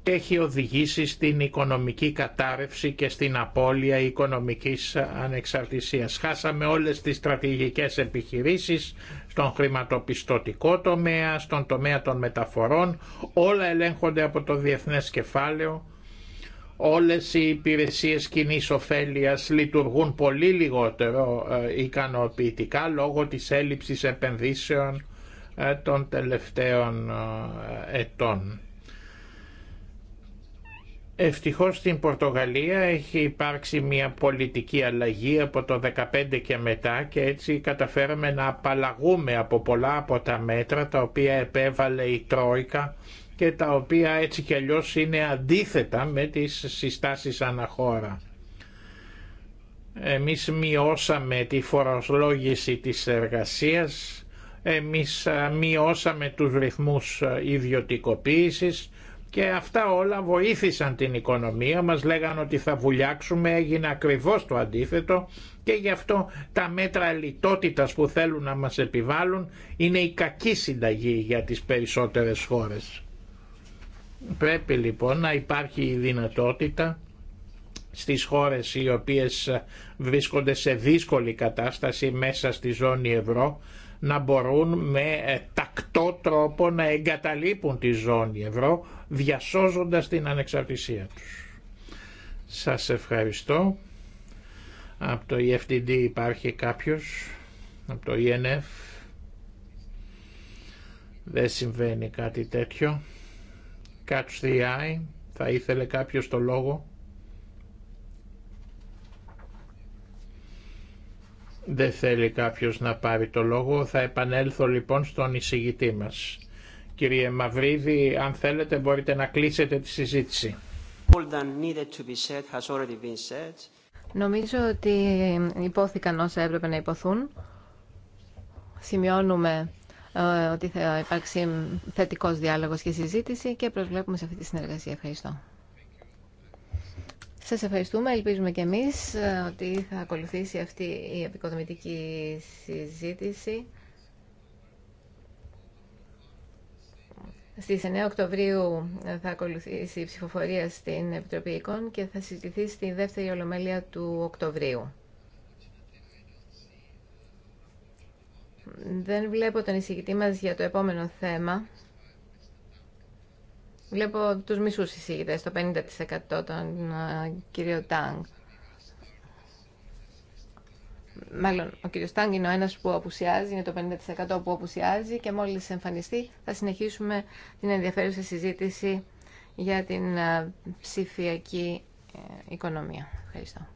S1: έχει οδηγήσει στην οικονομική κατάρρευση και στην απώλεια οικονομικής ανεξαρτησίας. Χάσαμε όλες τις στρατηγικές επιχειρήσεις στον χρηματοπιστωτικό τομέα, στον τομέα των μεταφορών, όλα ελέγχονται από το διεθνές κεφάλαιο όλες οι υπηρεσίες κοινή ωφέλεια λειτουργούν πολύ λιγότερο ε, ικανοποιητικά λόγω της έλλειψης επενδύσεων ε, των τελευταίων ε, ετών. Ευτυχώς στην Πορτογαλία έχει υπάρξει μια πολιτική αλλαγή από το 2015 και μετά και έτσι καταφέραμε να απαλλαγούμε από πολλά από τα μέτρα τα οποία επέβαλε η Τρόικα και τα οποία έτσι κι αλλιώς είναι αντίθετα με τις συστάσεις αναχώρα. Εμείς μειώσαμε τη φοροσλόγηση της εργασίας, εμείς μειώσαμε τους ρυθμούς ιδιωτικοποίησης και αυτά όλα βοήθησαν την οικονομία, μας λέγανε ότι θα βουλιάξουμε, έγινε ακριβώς το αντίθετο και γι' αυτό τα μέτρα λιτότητας που θέλουν να μας επιβάλλουν είναι η κακή συνταγή για τις περισσότερες χώρες. Πρέπει λοιπόν να υπάρχει η δυνατότητα στις χώρες οι οποίες βρίσκονται σε δύσκολη κατάσταση μέσα στη ζώνη ευρώ να μπορούν με ε, τακτό τρόπο να εγκαταλείπουν τη ζώνη ευρώ διασώζοντας την ανεξαρτησία τους. Σας ευχαριστώ. Από το EFTD υπάρχει κάποιος, από το ENF. Δεν συμβαίνει κάτι τέτοιο. Catch the Eye. Θα ήθελε κάποιος το λόγο. Δεν θέλει κάποιος να πάρει το λόγο. Θα επανέλθω λοιπόν στον εισηγητή μας. Κύριε Μαυρίδη, αν θέλετε μπορείτε να κλείσετε τη συζήτηση.
S3: Νομίζω ότι υπόθηκαν όσα έπρεπε να υποθούν. Σημειώνουμε ε, ότι θα υπάρξει θετικός διάλογος και συζήτηση και προσβλέπουμε σε αυτή τη συνεργασία. Ευχαριστώ. Σας ευχαριστούμε. Ελπίζουμε και εμείς ε, ότι θα ακολουθήσει αυτή η επικοδομητική συζήτηση. Στις 9 Οκτωβρίου ε, θα ακολουθήσει η ψηφοφορία στην Επιτροπή Οικών και θα συζητηθεί στη δεύτερη ολομέλεια του Οκτωβρίου. δεν βλέπω τον εισηγητή μας για το επόμενο θέμα. Βλέπω τους μισούς εισηγητές, το 50% τον κύριο Τάγκ. Μάλλον, ο κύριος Τάγκ είναι ο ένας που απουσιάζει, είναι το 50% που απουσιάζει και μόλις εμφανιστεί θα συνεχίσουμε την ενδιαφέρουσα συζήτηση για την ψηφιακή ε, οικονομία. Ευχαριστώ.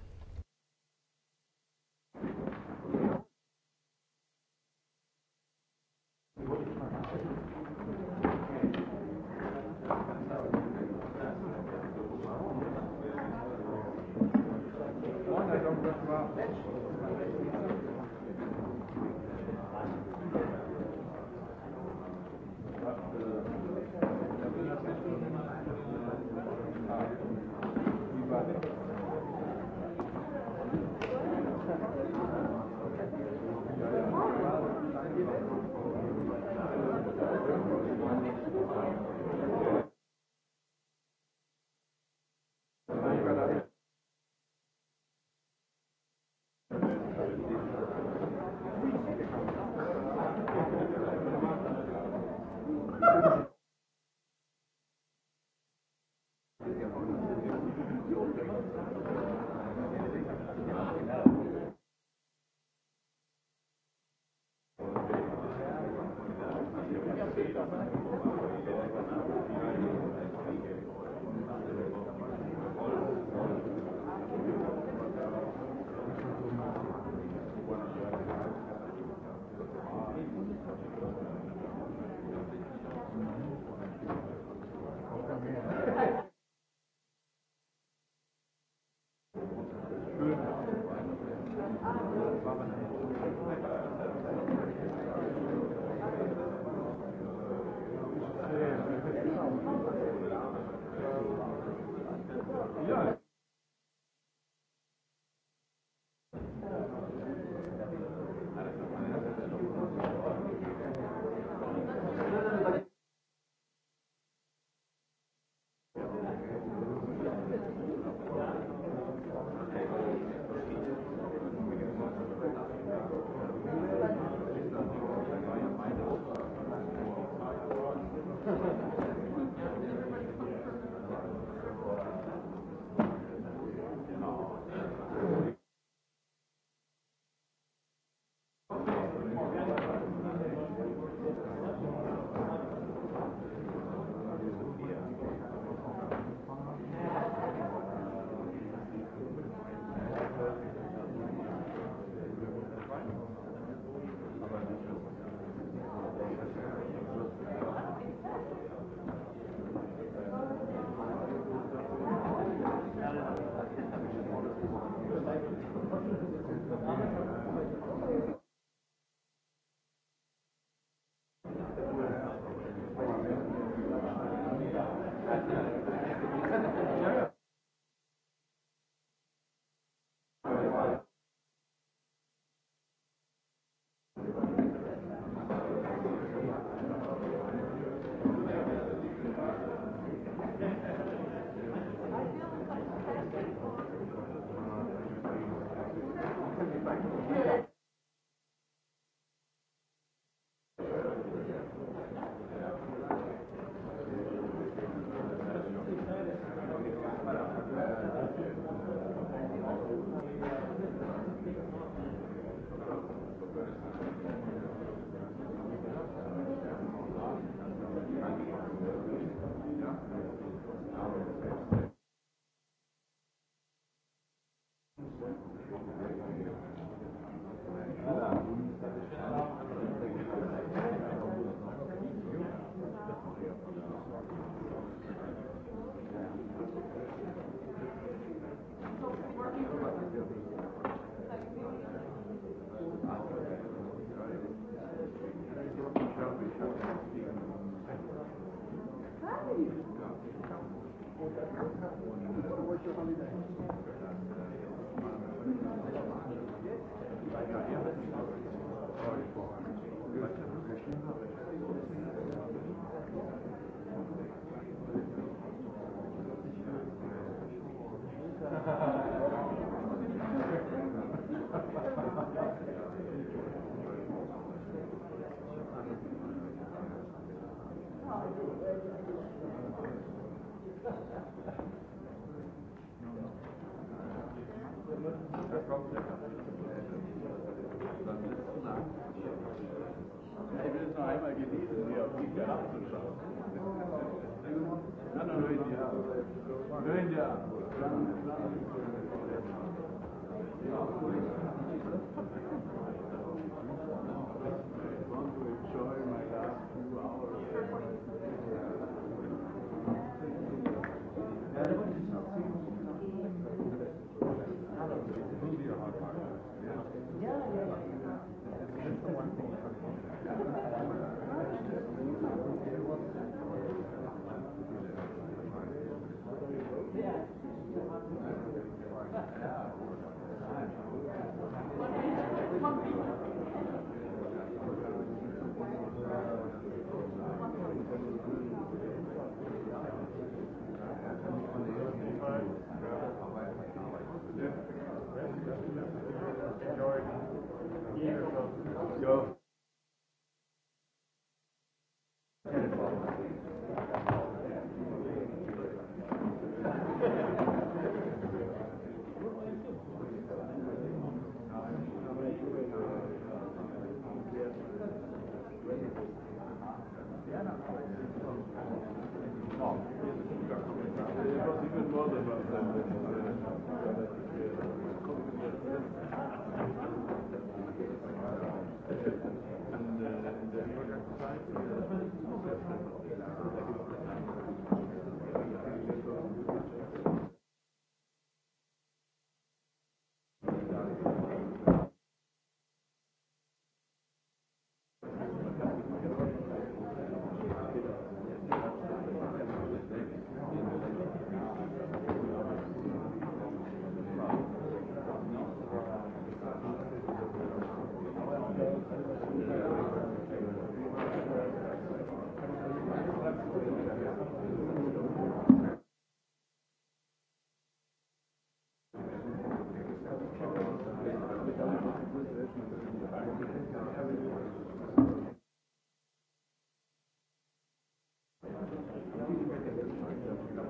S4: Grande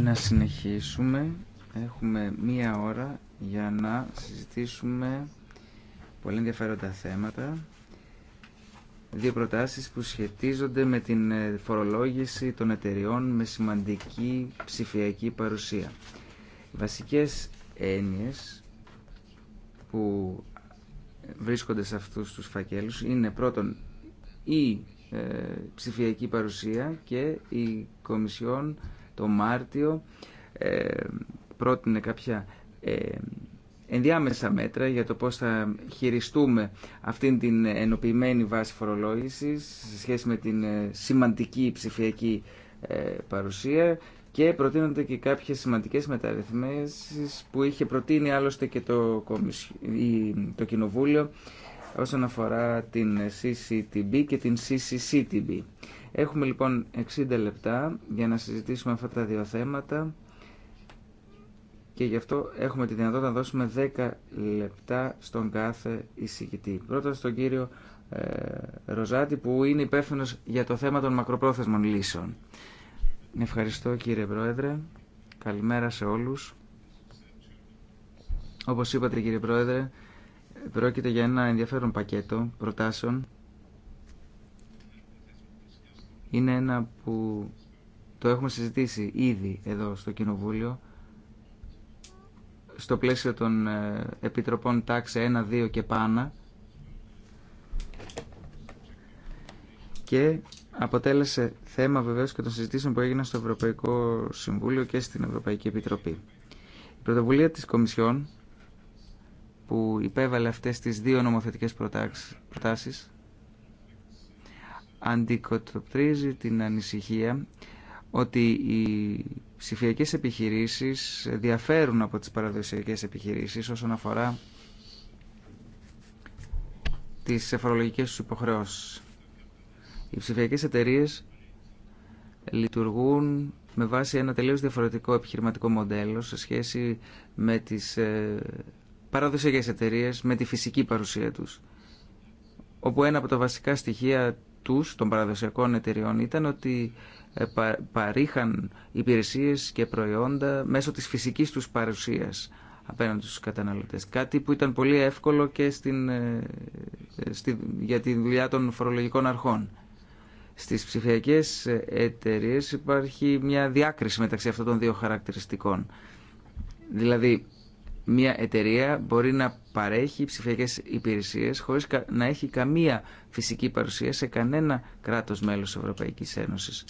S2: Να συνεχίσουμε. Έχουμε μία ώρα για να συζητήσουμε πολύ ενδιαφέροντα θέματα. Δύο προτάσεις που σχετίζονται με την ε, φορολόγηση των εταιριών με σημαντική ψηφιακή παρουσία. Οι βασικές έννοιες που βρίσκονται σε αυτούς τους φακέλους είναι πρώτον η ε, ψηφιακή παρουσία και η Κομισιόν το Μάρτιο ε, πρότεινε κάποια ε, ενδιάμεσα μέτρα για το πώς θα χειριστούμε αυτήν την ενοποιημένη βάση φορολόγησης σε σχέση με την σημαντική ψηφιακή παρουσία και προτείνονται και κάποιες σημαντικές μεταρρυθμίσεις που είχε προτείνει άλλωστε και το, το Κοινοβούλιο όσον αφορά την CCTB και την CCCTB. Έχουμε λοιπόν 60 λεπτά για να συζητήσουμε αυτά τα δύο θέματα και γι' αυτό έχουμε τη δυνατότητα να δώσουμε 10 λεπτά στον κάθε εισηγητή. Πρώτα στον κύριο ε, Ροζάτη που είναι υπεύθυνο για το θέμα των μακροπρόθεσμων λύσεων. Ευχαριστώ κύριε Πρόεδρε. Καλημέρα σε όλους. Όπως είπατε κύριε Πρόεδρε, Πρόκειται για ένα ενδιαφέρον πακέτο προτάσεων. Είναι ένα που το έχουμε συζητήσει ήδη εδώ στο Κοινοβούλιο στο πλαίσιο των ε, επιτροπών τάξε 1, 2 και πάνω και αποτέλεσε θέμα βεβαίως και των συζητήσεων που έγιναν στο Ευρωπαϊκό Συμβούλιο και στην Ευρωπαϊκή Επιτροπή. Η πρωτοβουλία της Κομισιόν που υπέβαλε αυτές τις δύο νομοθετικές προτάσεις αντικοτοπτρίζει την ανησυχία ότι οι ψηφιακές επιχειρήσεις διαφέρουν από τις παραδοσιακές επιχειρήσεις όσον αφορά τις εφορολογικές τους υποχρεώσεις. Οι ψηφιακές εταιρείε λειτουργούν με βάση ένα τελείως διαφορετικό επιχειρηματικό μοντέλο σε σχέση με τις ε, Παραδοσιακέ εταιρείε με τη φυσική παρουσία τους. Όπου ένα από τα βασικά στοιχεία του των παραδοσιακών εταιρεών, ήταν ότι ε, παρήχαν υπηρεσίες και προϊόντα μέσω της φυσικής τους παρουσίας απέναντι στους καταναλωτές. Κάτι που ήταν πολύ εύκολο και στην, ε, ε, για τη δουλειά των φορολογικών αρχών. Στις ψηφιακές εταιρείε υπάρχει μια διάκριση μεταξύ αυτών των δύο χαρακτηριστικών. Δηλαδή, μια εταιρεία μπορεί να παρέχει ψηφιακές υπηρεσίες χωρίς να έχει καμία φυσική παρουσία σε κανένα κράτος μέλος της Ευρωπαϊκής Ένωσης.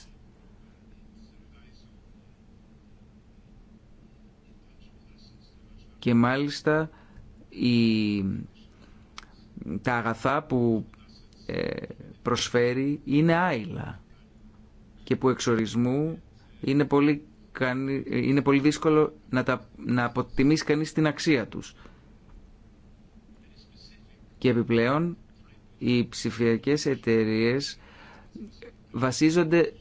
S2: Και μάλιστα η, τα αγαθά που ε, προσφέρει είναι άειλα και που εξορισμού είναι πολύ είναι πολύ δύσκολο να, τα, να αποτιμήσει κανείς την αξία τους. Και επιπλέον οι ψηφιακές εταιρείες βασίζονται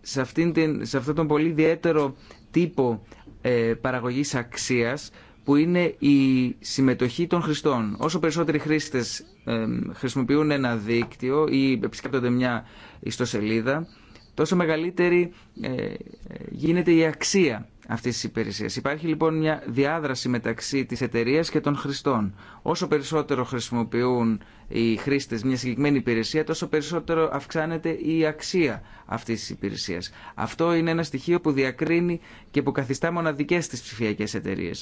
S2: σε, αυτήν την, σε αυτόν τον πολύ ιδιαίτερο τύπο ε, παραγωγής αξίας που είναι η συμμετοχή των χρηστών. Όσο περισσότεροι χρήστες χρησιμοποιούν ένα δίκτυο ή επισκέπτονται μια ιστοσελίδα, τόσο μεγαλύτερη ε, ε, γίνεται η αξία αυτή τη υπηρεσία. Υπάρχει λοιπόν μια διάδραση μεταξύ τη εταιρεία και των χρηστών. Όσο περισσότερο χρησιμοποιούν οι χρήστε μια συγκεκριμένη υπηρεσία, τόσο περισσότερο αυξάνεται η αξία αυτή τη υπηρεσία. Αυτό είναι ένα στοιχείο που διακρίνει και που καθιστά μοναδικέ τι ψηφιακέ εταιρείε.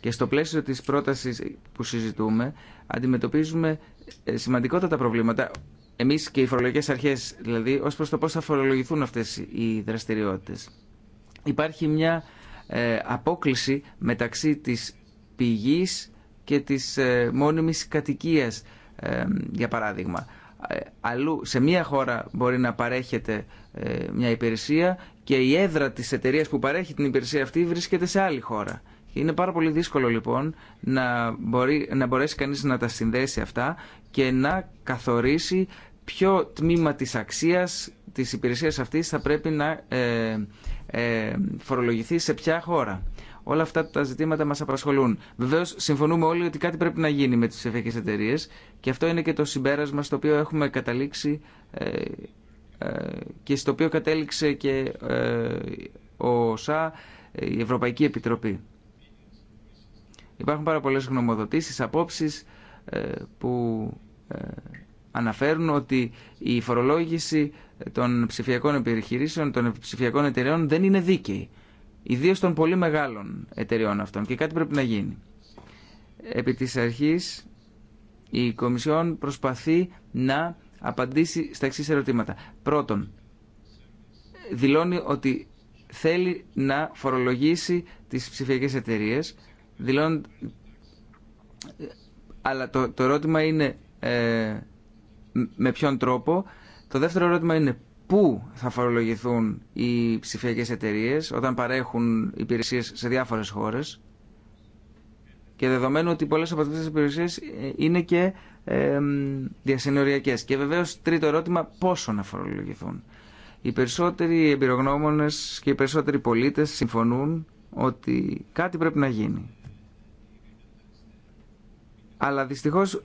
S2: Και στο πλαίσιο της πρότασης που συζητούμε αντιμετωπίζουμε ε, σημαντικότατα προβλήματα εμείς και οι φορολογικέ αρχές, δηλαδή, ω προ το πώς θα φορολογηθούν αυτές οι δραστηριότητες. Υπάρχει μια ε, απόκληση μεταξύ της πηγής και της ε, μόνιμης κατοικίας, ε, για παράδειγμα. Ε, αλλού, σε μια χώρα μπορεί να παρέχεται ε, μια υπηρεσία και η έδρα της εταιρείας που παρέχει την υπηρεσία αυτή βρίσκεται σε άλλη χώρα. Είναι πάρα πολύ δύσκολο λοιπόν να, μπορεί, να μπορέσει κανείς να τα συνδέσει αυτά και να καθορίσει ποιο τμήμα της αξίας της υπηρεσίας αυτής θα πρέπει να ε, ε φορολογηθεί σε ποια χώρα. Όλα αυτά τα ζητήματα μας απασχολούν. Βεβαίως συμφωνούμε όλοι ότι κάτι πρέπει να γίνει με τις ψηφιακές εταιρείε και αυτό είναι και το συμπέρασμα στο οποίο έχουμε καταλήξει ε, ε, και στο οποίο κατέληξε και ο ΣΑ, η Ευρωπαϊκή Επιτροπή. Υπάρχουν πάρα πολλές γνωμοδοτήσεις, απόψεις ε, που ε, αναφέρουν ότι η φορολόγηση των ψηφιακών επιχειρήσεων, των ψηφιακών εταιρεών δεν είναι δίκαιη. Ιδίως των πολύ μεγάλων εταιρεών αυτών και κάτι πρέπει να γίνει. Επί της αρχής η Κομισιόν προσπαθεί να απαντήσει στα εξής ερωτήματα. Πρώτον, δηλώνει ότι θέλει να φορολογήσει τις ψηφιακές εταιρείες δηλώνουν... Αλλά το, το ερώτημα είναι ε, με ποιον τρόπο. Το δεύτερο ερώτημα είναι πού θα φορολογηθούν οι ψηφιακές εταιρείε όταν παρέχουν υπηρεσίες σε διάφορες χώρες. Και δεδομένου ότι πολλές από αυτές τις υπηρεσίες ε, είναι και ε, διασυνοριακές. Και βεβαίως τρίτο ερώτημα πόσο να φορολογηθούν. Οι περισσότεροι εμπειρογνώμονες και οι περισσότεροι πολίτες συμφωνούν ότι κάτι πρέπει να γίνει. Αλλά δυστυχώς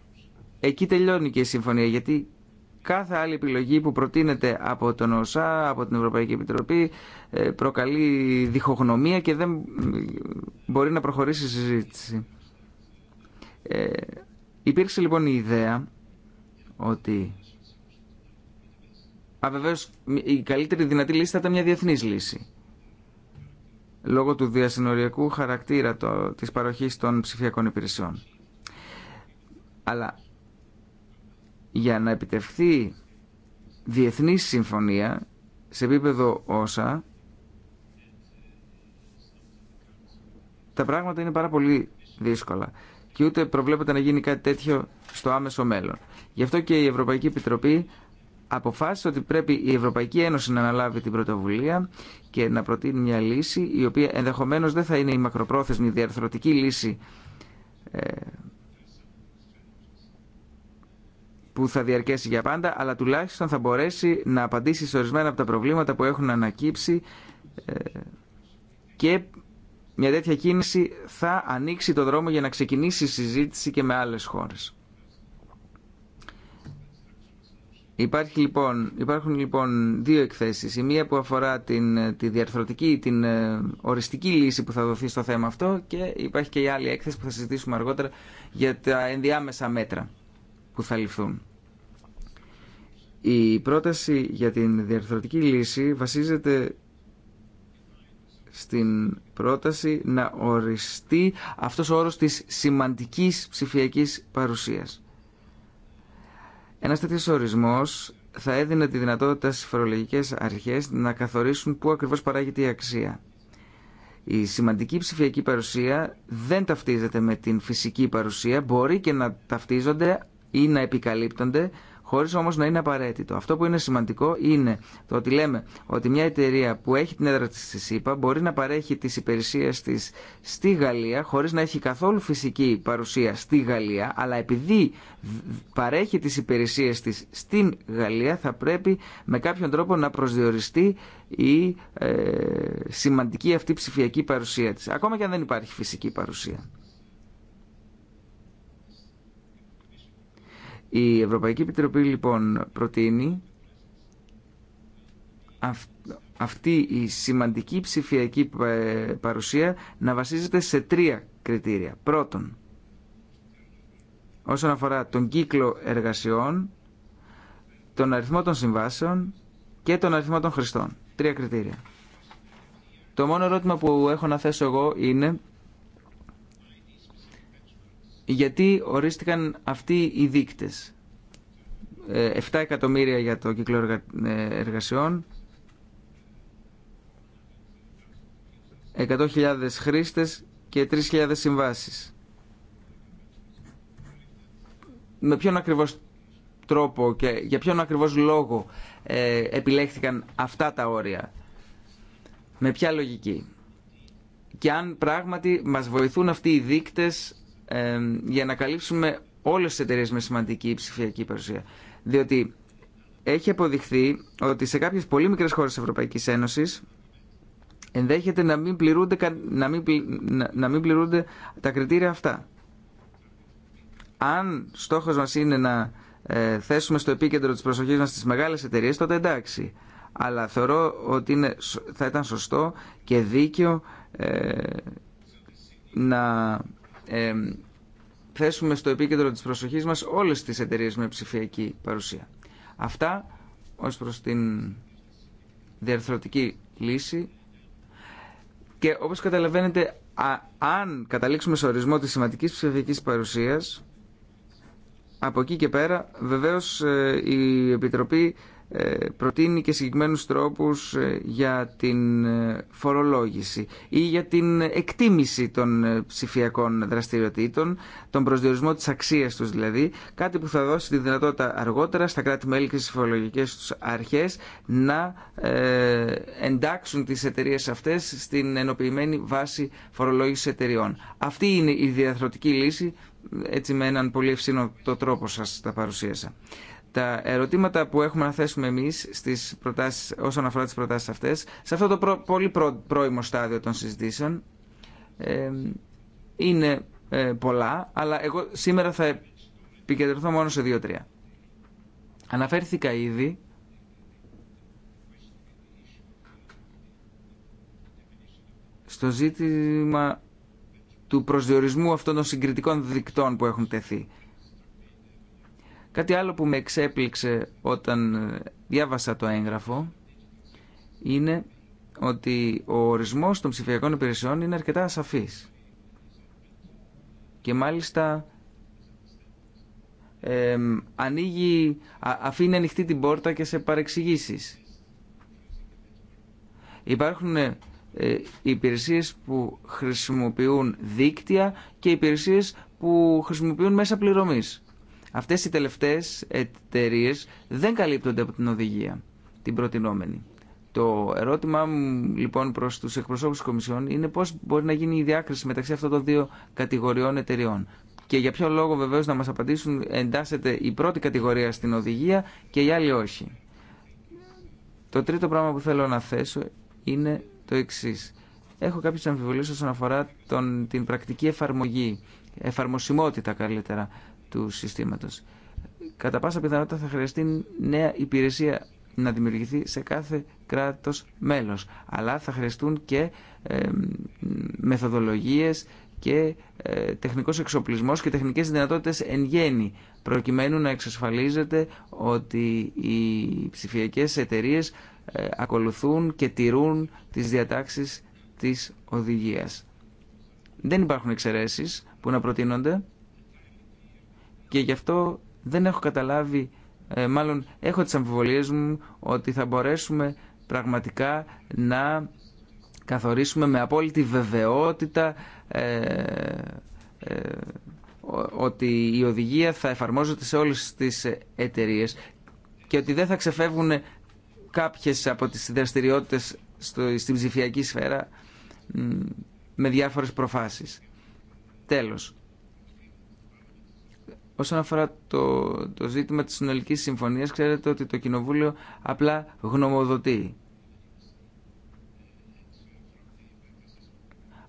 S2: εκεί τελειώνει και η συμφωνία γιατί κάθε άλλη επιλογή που προτείνεται από τον ΟΣΑ, από την Ευρωπαϊκή Επιτροπή ε, προκαλεί διχογνωμία και δεν μπορεί να προχωρήσει η συζήτηση. Ε, υπήρξε λοιπόν η ιδέα ότι Α, η καλύτερη δυνατή λύση θα ήταν μια διεθνής λύση. Λόγω του διασυνοριακού χαρακτήρα το, της παροχής των ψηφιακών υπηρεσιών. Αλλά για να επιτευχθεί διεθνή συμφωνία σε επίπεδο όσα τα πράγματα είναι πάρα πολύ δύσκολα και ούτε προβλέπεται να γίνει κάτι τέτοιο στο άμεσο μέλλον. Γι' αυτό και η Ευρωπαϊκή Επιτροπή αποφάσισε ότι πρέπει η Ευρωπαϊκή Ένωση να αναλάβει την πρωτοβουλία και να προτείνει μια λύση η οποία ενδεχομένως δεν θα είναι η μακροπρόθεσμη διαρθρωτική λύση ε, που θα διαρκέσει για πάντα, αλλά τουλάχιστον θα μπορέσει να απαντήσει σε ορισμένα από τα προβλήματα που έχουν ανακύψει ε, και μια τέτοια κίνηση θα ανοίξει το δρόμο για να ξεκινήσει η συζήτηση και με άλλες χώρες. Υπάρχει, λοιπόν, υπάρχουν λοιπόν δύο εκθέσεις. Η μία που αφορά την, τη διαρθρωτική, την ε, οριστική λύση που θα δοθεί στο θέμα αυτό και υπάρχει και η άλλη έκθεση που θα συζητήσουμε αργότερα για τα ενδιάμεσα μέτρα που θα ληφθούν. Η πρόταση για την διαρθρωτική λύση βασίζεται στην πρόταση να οριστεί αυτός ο όρος της σημαντικής ψηφιακής παρουσίας. Ένας τέτοιος ορισμός θα έδινε τη δυνατότητα στις φορολογικές αρχές να καθορίσουν πού ακριβώς παράγεται η αξία. Η σημαντική ψηφιακή παρουσία δεν ταυτίζεται με την φυσική παρουσία, μπορεί και να ταυτίζονται ή να επικαλύπτονται, χωρίς όμως να είναι απαραίτητο. Αυτό που είναι σημαντικό είναι το ότι λέμε ότι μια εταιρεία που έχει την έδρα της στη ΣΥΠΑ μπορεί να παρέχει τις υπηρεσίες της στη Γαλλία χωρίς να έχει καθόλου φυσική παρουσία στη Γαλλία, αλλά επειδή παρέχει τις υπηρεσίες της στην Γαλλία θα πρέπει με κάποιον τρόπο να προσδιοριστεί η ε, σημαντική αυτή ψηφιακή παρουσία της, ακόμα και αν δεν υπάρχει φυσική παρουσία. Η Ευρωπαϊκή Επιτροπή λοιπόν προτείνει αυτή η σημαντική ψηφιακή ε, παρουσία να βασίζεται σε τρία κριτήρια. Πρώτον, όσον αφορά τον κύκλο εργασιών, τον αριθμό των συμβάσεων και τον αριθμό των χρηστών. Τρία κριτήρια. Το μόνο ερώτημα που έχω να θέσω εγώ είναι γιατί ορίστηκαν αυτοί οι δείκτες. 7 ε, εκατομμύρια για το κύκλο ε, εργασιών, 100.000 χρήστες και 3.000 συμβάσεις. Με ποιον ακριβώς τρόπο και για ποιον ακριβώς λόγο ε, επιλέχθηκαν αυτά τα όρια. Με ποια λογική. Και αν πράγματι μας βοηθούν αυτοί οι δείκτες για να καλύψουμε όλες τις εταιρείε με σημαντική ψηφιακή παρουσία. Διότι έχει αποδειχθεί ότι σε κάποιες πολύ μικρές χώρες της Ευρωπαϊκής Ένωσης ενδέχεται να μην πληρούνται, να μην, να μην πληρούνται τα κριτήρια αυτά. Αν στόχος μας είναι να ε, θέσουμε στο επίκεντρο της προσοχής μας τις μεγάλες εταιρείες, τότε εντάξει. Αλλά θεωρώ ότι είναι, θα ήταν σωστό και δίκαιο ε, να θέσουμε στο επίκεντρο της προσοχής μας όλες τις εταιρείες με ψηφιακή παρουσία. Αυτά ως προς την διαρθρωτική λύση και όπως καταλαβαίνετε αν καταλήξουμε σε ορισμό της σημαντικής ψηφιακής παρουσίας από εκεί και πέρα βεβαίως ε, η Επιτροπή ε, προτείνει και συγκεκριμένους τρόπους ε, για την ε, φορολόγηση ή για την εκτίμηση των ψηφιακών δραστηριοτήτων, τον προσδιορισμό της αξίας τους δηλαδή, κάτι που θα δώσει τη δυνατότητα αργότερα στα κράτη-μέλη και στις φορολογικές τους αρχές να εντάξουν τις εταιρείες αυτές στην ενοποιημένη βάση φορολόγησης εταιρεών. Αυτή είναι η διαθροτική λύση, έτσι με έναν πολύ ευσύνοτο τρόπο σας τα παρουσίασα τα ερωτήματα που έχουμε να θέσουμε εμείς στις όσον αφορά τις προτάσεις αυτές, σε αυτό το πολύ πρώιμο στάδιο των συζητήσεων, ε, είναι ε, πολλά, αλλά εγώ σήμερα θα επικεντρωθώ μόνο σε δύο-τρία. Αναφέρθηκα ήδη στο ζήτημα του προσδιορισμού αυτών των συγκριτικών δικτών που έχουν τεθεί. Κάτι άλλο που με εξέπληξε όταν ε, διάβασα το έγγραφο είναι ότι ο ορισμός των ψηφιακών υπηρεσιών είναι αρκετά ασαφής. Και μάλιστα ανοίγει, αφήνει ανοιχτή την πόρτα και σε παρεξηγήσεις. Υπάρχουν ε, υπηρεσίες που χρησιμοποιούν δίκτυα και υπηρεσίες που χρησιμοποιούν μέσα πληρωμής. Αυτές οι τελευταίες εταιρείε δεν καλύπτονται από την οδηγία, την προτινόμενη. Το ερώτημά μου λοιπόν προς τους εκπροσώπους της Κομισιόν είναι πώς μπορεί να γίνει η διάκριση μεταξύ αυτών των δύο κατηγοριών εταιρεών Και για ποιο λόγο βεβαίως να μας απαντήσουν εντάσσεται η πρώτη κατηγορία στην οδηγία και η άλλη όχι. Το τρίτο πράγμα που θέλω να θέσω είναι το εξή. Έχω κάποιες αμφιβολίες όσον αφορά τον, την πρακτική εφαρμογή, εφαρμοσιμότητα καλύτερα, του συστήματος. Κατά πάσα πιθανότητα θα χρειαστεί νέα υπηρεσία να δημιουργηθεί σε κάθε κράτος μέλος. Αλλά θα χρειαστούν και ε, μεθοδολογίες και ε, τεχνικός και τεχνικές δυνατότητες εν γέννη προκειμένου να εξασφαλίζεται ότι οι ψηφιακές εταιρείες ε, ακολουθούν και τηρούν τις διατάξεις της οδηγίας. Δεν υπάρχουν εξαιρέσεις που να προτείνονται και γι' αυτό δεν έχω καταλάβει, ε, μάλλον έχω τις αμφιβολίες μου ότι θα μπορέσουμε πραγματικά να καθορίσουμε με απόλυτη βεβαιότητα ε, ε, ότι η οδηγία θα εφαρμόζεται σε όλες τις εταιρείες και ότι δεν θα ξεφεύγουν κάποιες από τις δραστηριότητες στο, στην ψηφιακή σφαίρα με διάφορες προφάσεις. Τέλος, Όσον αφορά το, το ζήτημα της συνολικής συμφωνίας, ξέρετε ότι το Κοινοβούλιο απλά γνωμοδοτεί.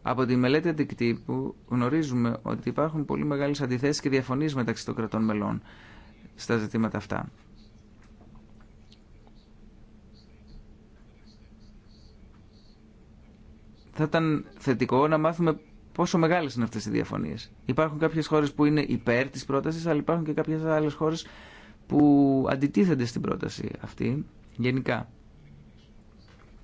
S2: Από τη μελέτη αντικτύπου γνωρίζουμε ότι υπάρχουν πολύ μεγάλες αντιθέσεις και διαφωνίες μεταξύ των κρατών μελών στα ζητήματα αυτά. Θα ήταν θετικό να μάθουμε πόσο μεγάλε είναι αυτέ οι διαφωνίε. Υπάρχουν κάποιες χώρες που είναι υπέρ τη πρότασης, αλλά υπάρχουν και κάποιες άλλες χώρες που αντιτίθενται στην πρόταση αυτή γενικά.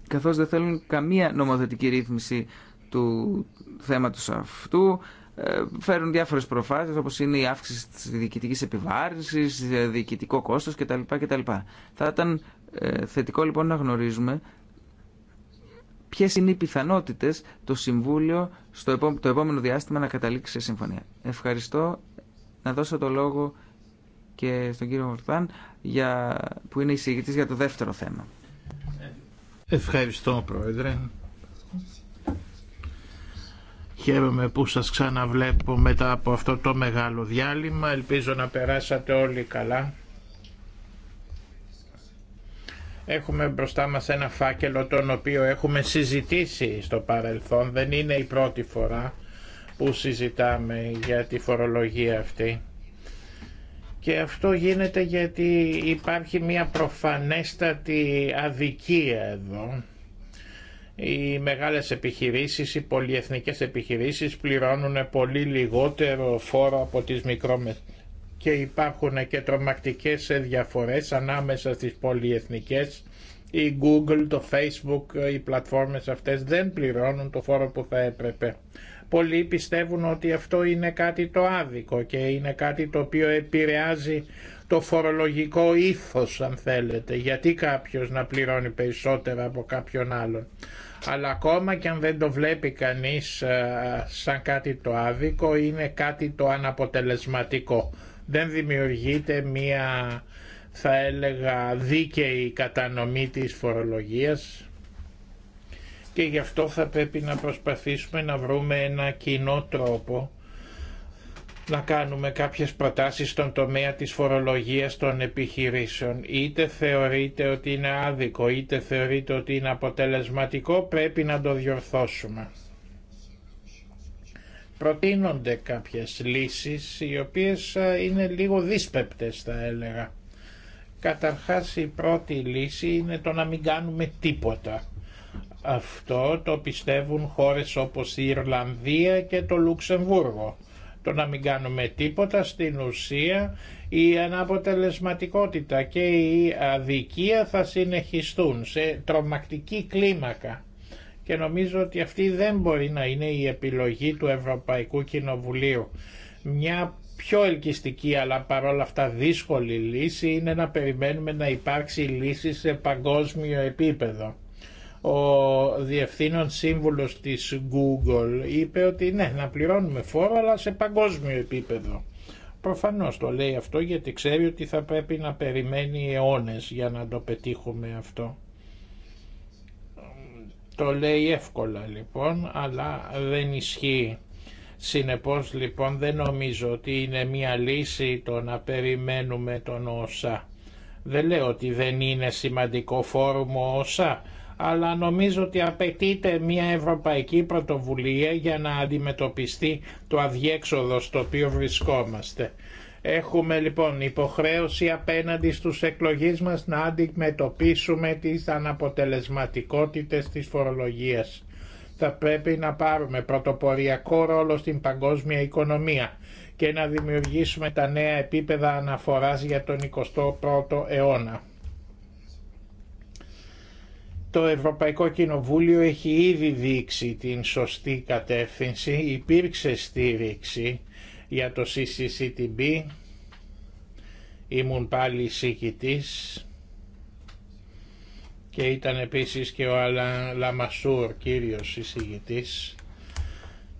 S2: Καθώς δεν θέλουν καμία νομοθετική ρύθμιση του θέματος αυτού, ε, φέρουν διάφορες προφάσεις όπως είναι η αύξηση της διοικητικής επιβάρυνσης, διοικητικό κόστος κτλ. Θα ήταν ε, θετικό λοιπόν να γνωρίζουμε ποιες είναι οι πιθανότητες το Συμβούλιο στο επόμενο διάστημα να καταλήξει σε συμφωνία. Ευχαριστώ να δώσω το λόγο και στον κύριο Χορτάν για...
S1: που είναι εισηγητής για το δεύτερο θέμα. Ευχαριστώ Πρόεδρε. Χαίρομαι που σας ξαναβλέπω μετά από αυτό το μεγάλο διάλειμμα. Ελπίζω να περάσατε όλοι καλά. Έχουμε μπροστά μας ένα φάκελο τον οποίο έχουμε συζητήσει στο παρελθόν. Δεν είναι η πρώτη φορά που συζητάμε για τη φορολογία αυτή. Και αυτό γίνεται γιατί υπάρχει μια προφανέστατη αδικία εδώ. Οι μεγάλες επιχειρήσεις, οι πολυεθνικές επιχειρήσεις πληρώνουν πολύ λιγότερο φόρο από τις μικρόμεσες και υπάρχουν και τρομακτικές διαφορές ανάμεσα στις πολυεθνικές η Google, το Facebook, οι πλατφόρμες αυτές δεν πληρώνουν το φόρο που θα έπρεπε. Πολλοί πιστεύουν ότι αυτό είναι κάτι το άδικο και είναι κάτι το οποίο επηρεάζει το φορολογικό ήθος αν θέλετε. Γιατί κάποιος να πληρώνει περισσότερα από κάποιον άλλον. Αλλά ακόμα και αν δεν το βλέπει κανείς ε, σαν κάτι το άδικο είναι κάτι το αναποτελεσματικό δεν δημιουργείται μία θα έλεγα δίκαιη κατανομή της φορολογίας και γι' αυτό θα πρέπει να προσπαθήσουμε να βρούμε ένα κοινό τρόπο να κάνουμε κάποιες προτάσεις στον τομέα της φορολογίας των επιχειρήσεων. Είτε θεωρείτε ότι είναι άδικο, είτε θεωρείτε ότι είναι αποτελεσματικό, πρέπει να το διορθώσουμε προτείνονται κάποιες λύσεις οι οποίες είναι λίγο δύσπεπτες θα έλεγα. Καταρχάς η πρώτη λύση είναι το να μην κάνουμε τίποτα. Αυτό το πιστεύουν χώρες όπως η Ιρλανδία και το Λουξεμβούργο. Το να μην κάνουμε τίποτα στην ουσία η αναποτελεσματικότητα και η αδικία θα συνεχιστούν σε τρομακτική κλίμακα και νομίζω ότι αυτή δεν μπορεί να είναι η επιλογή του Ευρωπαϊκού Κοινοβουλίου. Μια πιο ελκυστική αλλά παρόλα αυτά δύσκολη λύση είναι να περιμένουμε να υπάρξει λύση σε παγκόσμιο επίπεδο. Ο διευθύνων σύμβουλος της Google είπε ότι ναι, να πληρώνουμε φόρο αλλά σε παγκόσμιο επίπεδο. Προφανώς το λέει αυτό γιατί ξέρει ότι θα πρέπει να περιμένει αιώνες για να το πετύχουμε αυτό. Το λέει εύκολα λοιπόν, αλλά δεν ισχύει. Συνεπώς λοιπόν δεν νομίζω ότι είναι μία λύση το να περιμένουμε τον ΩΣΑ. Δεν λέω ότι δεν είναι σημαντικό φόρουμ ο ΩΣΑ, αλλά νομίζω ότι απαιτείται μια ευρωπαϊκή πρωτοβουλία για να αντιμετωπιστεί το αδιέξοδο στο οποίο βρισκόμαστε. Έχουμε λοιπόν υποχρέωση απέναντι στους εκλογείς μας να αντιμετωπίσουμε τις αναποτελεσματικότητες της φορολογίας. Θα πρέπει να πάρουμε πρωτοποριακό ρόλο στην παγκόσμια οικονομία και να δημιουργήσουμε τα νέα επίπεδα αναφοράς για τον 21ο αιώνα. Το Ευρωπαϊκό Κοινοβούλιο έχει ήδη δείξει την σωστή κατεύθυνση, υπήρξε στήριξη για το CCCTB ήμουν πάλι εισηγητή και ήταν επίσης και ο Λαμασούρ κύριος εισηγητής.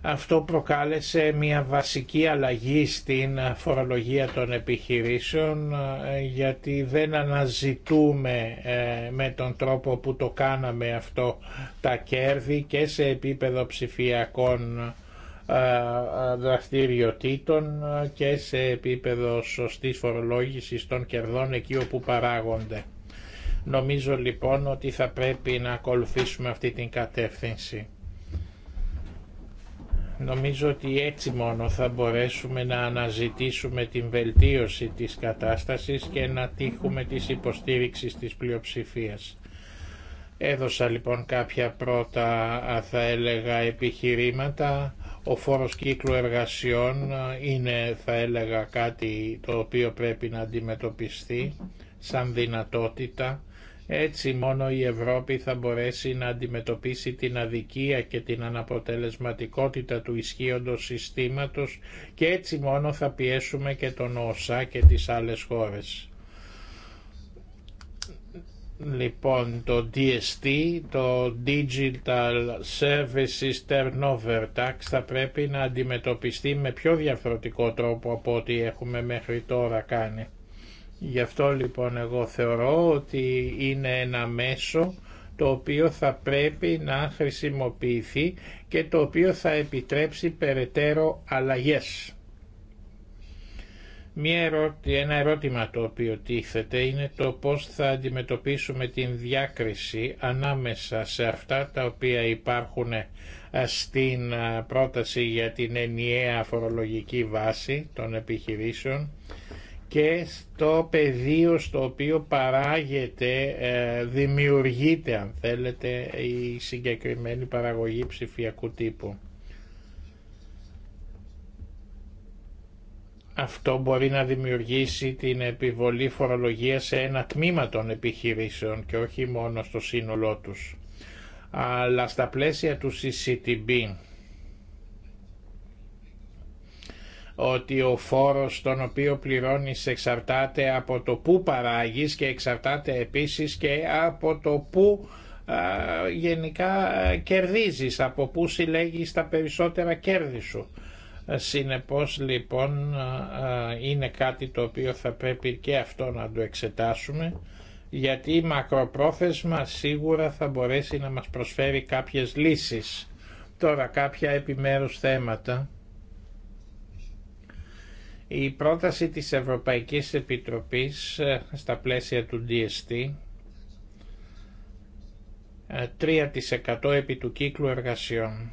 S1: Αυτό προκάλεσε μια βασική αλλαγή στην φορολογία των επιχειρήσεων γιατί δεν αναζητούμε ε, με τον τρόπο που το κάναμε αυτό τα κέρδη και σε επίπεδο ψηφιακών ε, ε, δραστηριοτήτων και σε επίπεδο σωστής φορολόγησης των κερδών εκεί όπου παράγονται. Νομίζω λοιπόν ότι θα πρέπει να ακολουθήσουμε αυτή την κατεύθυνση. Νομίζω ότι έτσι μόνο θα μπορέσουμε να αναζητήσουμε την βελτίωση της κατάστασης και να τύχουμε της υποστήριξης της πλειοψηφίας. Έδωσα λοιπόν κάποια πρώτα θα έλεγα επιχειρήματα ο φόρος κύκλου εργασιών είναι θα έλεγα κάτι το οποίο πρέπει να αντιμετωπιστεί σαν δυνατότητα. Έτσι μόνο η Ευρώπη θα μπορέσει να αντιμετωπίσει την αδικία και την αναποτελεσματικότητα του ισχύοντος συστήματος και έτσι μόνο θα πιέσουμε και τον ΟΣΑ και τις άλλες χώρες. Λοιπόν, το DST, το Digital Services Turnover Tax θα πρέπει να αντιμετωπιστεί με πιο διαφορετικό τρόπο από ό,τι έχουμε μέχρι τώρα κάνει. Γι' αυτό λοιπόν εγώ θεωρώ ότι είναι ένα μέσο το οποίο θα πρέπει να χρησιμοποιηθεί και το οποίο θα επιτρέψει περαιτέρω αλλαγές. Μια ένα ερώτημα το οποίο τίθεται είναι το πώς θα αντιμετωπίσουμε την διάκριση ανάμεσα σε αυτά τα οποία υπάρχουν ε, στην ε, πρόταση για την ενιαία φορολογική βάση των επιχειρήσεων και στο πεδίο στο οποίο παράγεται, ε, δημιουργείται αν θέλετε η συγκεκριμένη παραγωγή ψηφιακού τύπου. Αυτό μπορεί να δημιουργήσει την επιβολή φορολογία σε ένα τμήμα των επιχειρήσεων και όχι μόνο στο σύνολό τους. Αλλά στα πλαίσια του CCTB, ότι ο φόρος τον οποίο πληρώνεις εξαρτάται από το που παράγεις και εξαρτάται επίσης και από το που γενικά κερδίζεις, από που συλλέγεις τα περισσότερα κέρδη σου. Συνεπώς λοιπόν είναι κάτι το οποίο θα πρέπει και αυτό να το εξετάσουμε γιατί η μακροπρόθεσμα σίγουρα θα μπορέσει να μας προσφέρει κάποιες λύσεις. Τώρα κάποια επιμέρους θέματα. Η πρόταση της Ευρωπαϊκής Επιτροπής ε, στα πλαίσια του DST 3% ε, επί του κύκλου εργασιών.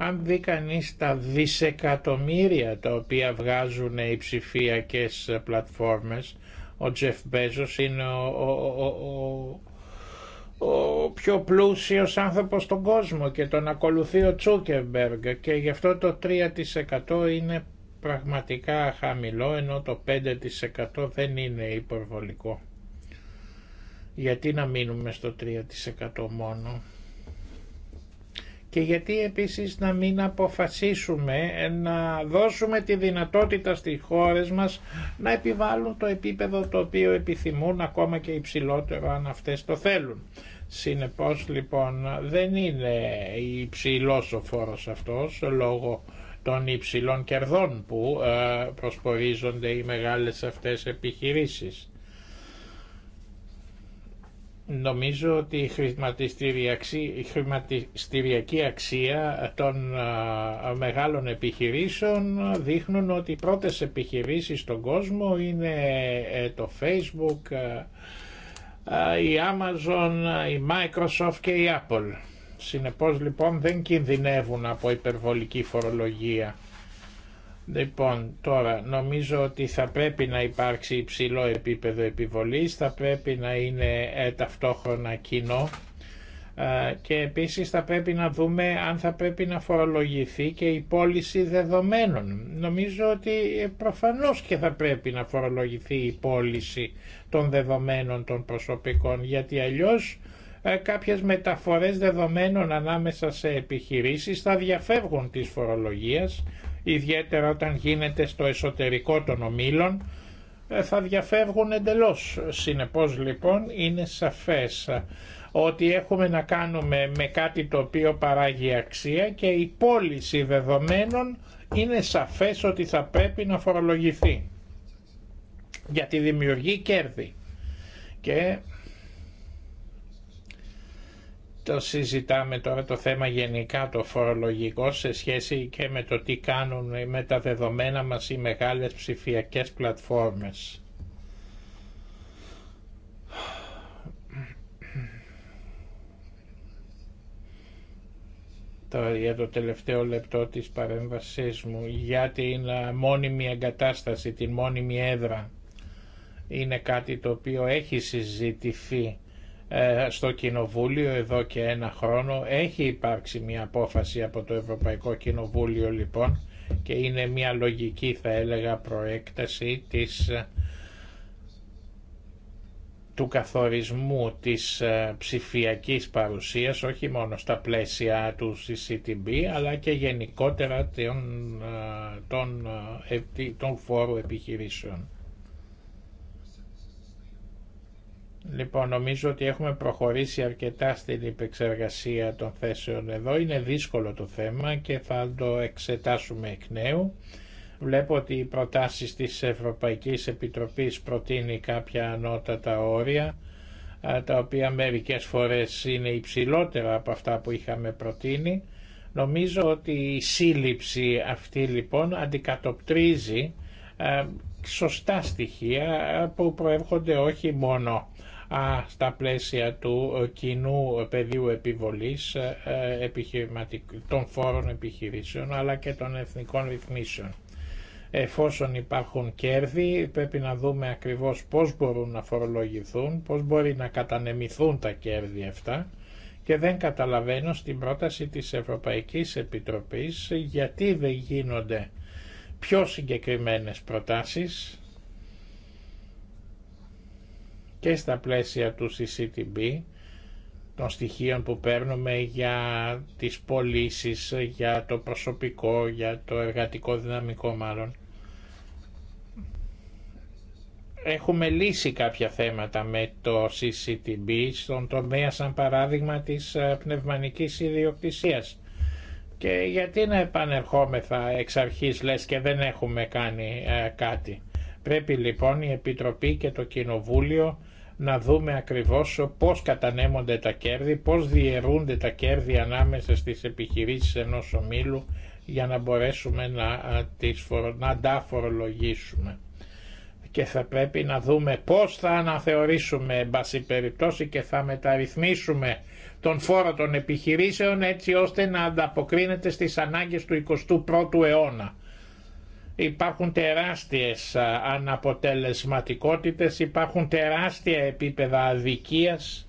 S1: Αν δει κανεί τα δισεκατομμύρια τα οποία βγάζουν οι ψηφιακέ πλατφόρμες, ο Τζεφ Μπέζος είναι ο, ο, πιο πλούσιος άνθρωπος στον κόσμο και τον ακολουθεί ο Τσούκεμπεργκ και γι' αυτό το 3% είναι πραγματικά χαμηλό ενώ το 5% δεν είναι υπερβολικό. Γιατί να μείνουμε στο 3% μόνο και γιατί επίσης να μην αποφασίσουμε να δώσουμε τη δυνατότητα στις χώρες μας να επιβάλλουν το επίπεδο το οποίο επιθυμούν ακόμα και υψηλότερο αν αυτές το θέλουν. Συνεπώς λοιπόν δεν είναι υψηλός ο φόρος αυτός λόγω των υψηλών κερδών που ε, προσπορίζονται οι μεγάλες αυτές επιχειρήσεις. Νομίζω ότι η χρηματιστηριακή αξία των μεγάλων επιχειρήσεων δείχνουν ότι οι πρώτες επιχειρήσεις στον κόσμο είναι ε, το Facebook, ε, η Amazon, η Microsoft και η Apple. Συνεπώς λοιπόν δεν κινδυνεύουν από υπερβολική φορολογία. Λοιπόν, τώρα νομίζω ότι θα πρέπει να υπάρξει υψηλό επίπεδο επιβολής, θα πρέπει να είναι ε, ταυτόχρονα κοινό ε, και επίσης θα πρέπει να δούμε αν θα πρέπει να φορολογηθεί και η πώληση δεδομένων. Νομίζω ότι ε, προφανώς και θα πρέπει να φορολογηθεί η πώληση των δεδομένων των προσωπικών γιατί αλλιώς κάποιες μεταφορές δεδομένων ανάμεσα σε επιχειρήσεις θα διαφεύγουν της φορολογίας ιδιαίτερα όταν γίνεται στο εσωτερικό των ομίλων, ε, θα διαφεύγουν εντελώς. Συνεπώς λοιπόν είναι σαφές ότι έχουμε να κάνουμε με κάτι το οποίο παράγει αξία και η πώληση δεδομένων είναι σαφές ότι θα πρέπει να φορολογηθεί γιατί δημιουργεί κέρδη και το συζητάμε τώρα το θέμα γενικά το φορολογικό σε σχέση και με το τι κάνουν με τα δεδομένα μας οι μεγάλες ψηφιακές πλατφόρμες. Τώρα για το τελευταίο λεπτό της παρέμβασής μου για την ε, μόνιμη εγκατάσταση, την μόνιμη έδρα είναι κάτι το οποίο έχει συζητηθεί ε, στο Κοινοβούλιο εδώ και ένα χρόνο. Έχει υπάρξει μια απόφαση από το Ευρωπαϊκό Κοινοβούλιο λοιπόν και είναι μια λογική θα έλεγα προέκταση της, ε, του καθορισμού της ε, ψηφιακής παρουσίας όχι μόνο στα πλαίσια του CCTB αλλά και γενικότερα των, των, των φόρου επιχειρήσεων. Λοιπόν, νομίζω ότι έχουμε προχωρήσει αρκετά στην υπεξεργασία των θέσεων εδώ. Είναι δύσκολο το θέμα και θα το εξετάσουμε εκ νέου. Βλέπω ότι οι προτάσεις της Ευρωπαϊκής Επιτροπής προτείνει κάποια ανώτατα όρια, τα οποία μερικές φορές είναι υψηλότερα από αυτά που είχαμε προτείνει. Νομίζω ότι η σύλληψη αυτή λοιπόν αντικατοπτρίζει σωστά στοιχεία που προέρχονται όχι μόνο α στα πλαίσια του ε, κοινού πεδίου επιβολής ε, ε, των φόρων επιχειρήσεων αλλά και των εθνικών ρυθμίσεων. Εφόσον υπάρχουν κέρδη πρέπει να δούμε ακριβώς πώς μπορούν να φορολογηθούν, πώς μπορεί να κατανεμηθούν τα κέρδη αυτά και δεν καταλαβαίνω στην πρόταση της Ευρωπαϊκής Επιτροπής γιατί δεν γίνονται πιο συγκεκριμένες προτάσεις και στα πλαίσια του CCTB των στοιχείων που παίρνουμε για τις πωλήσει, για το προσωπικό, για το εργατικό δυναμικό μάλλον. Έχουμε λύσει κάποια θέματα με το CCTB στον τομέα σαν παράδειγμα της ε, πνευμανικής ιδιοκτησίας. Και γιατί να επανερχόμεθα εξ αρχής λες και δεν έχουμε κάνει ε, κάτι. Πρέπει λοιπόν η Επιτροπή και το Κοινοβούλιο να δούμε ακριβώς πώς κατανέμονται τα κέρδη, πώς διαιρούνται τα κέρδη ανάμεσα στις επιχειρήσεις ενός ομίλου για να μπορέσουμε να, τις να τα Και θα πρέπει να δούμε πώς θα αναθεωρήσουμε εν περιπτώσει και θα μεταρρυθμίσουμε τον φόρο των επιχειρήσεων έτσι ώστε να ανταποκρίνεται στις ανάγκες του 21ου αιώνα υπάρχουν τεράστιες αναποτελεσματικότητες, υπάρχουν τεράστια επίπεδα αδικίας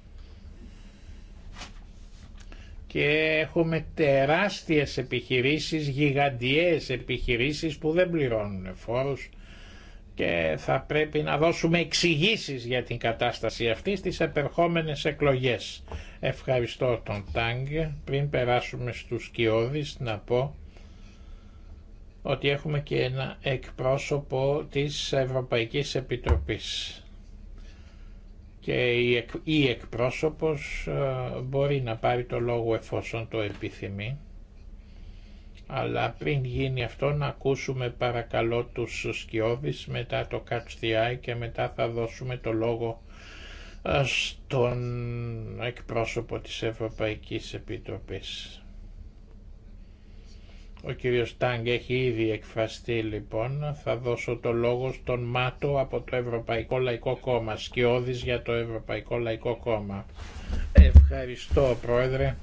S1: και έχουμε τεράστιες επιχειρήσεις, γιγαντιές επιχειρήσεις που δεν πληρώνουν φόρους και θα πρέπει να δώσουμε εξηγήσει για την κατάσταση αυτή στις επερχόμενες εκλογές. Ευχαριστώ τον Τάγκ. Πριν περάσουμε στους Κιώδης να πω ότι έχουμε και ένα εκπρόσωπο της Ευρωπαϊκής Επιτροπής και η εκπρόσωπος ε, μπορεί να πάρει το λόγο εφόσον το επιθυμεί αλλά πριν γίνει αυτό να ακούσουμε παρακαλώ τους Σκιώδης μετά το Catch the Eye και μετά θα δώσουμε το λόγο ε, στον εκπρόσωπο της Ευρωπαϊκής Επιτροπής. Ο κύριος Τάγκ έχει ήδη εκφραστεί λοιπόν. Θα δώσω το λόγο στον Μάτο από το Ευρωπαϊκό Λαϊκό Κόμμα. Σκιώδης για το Ευρωπαϊκό Λαϊκό Κόμμα. Ευχαριστώ Πρόεδρε.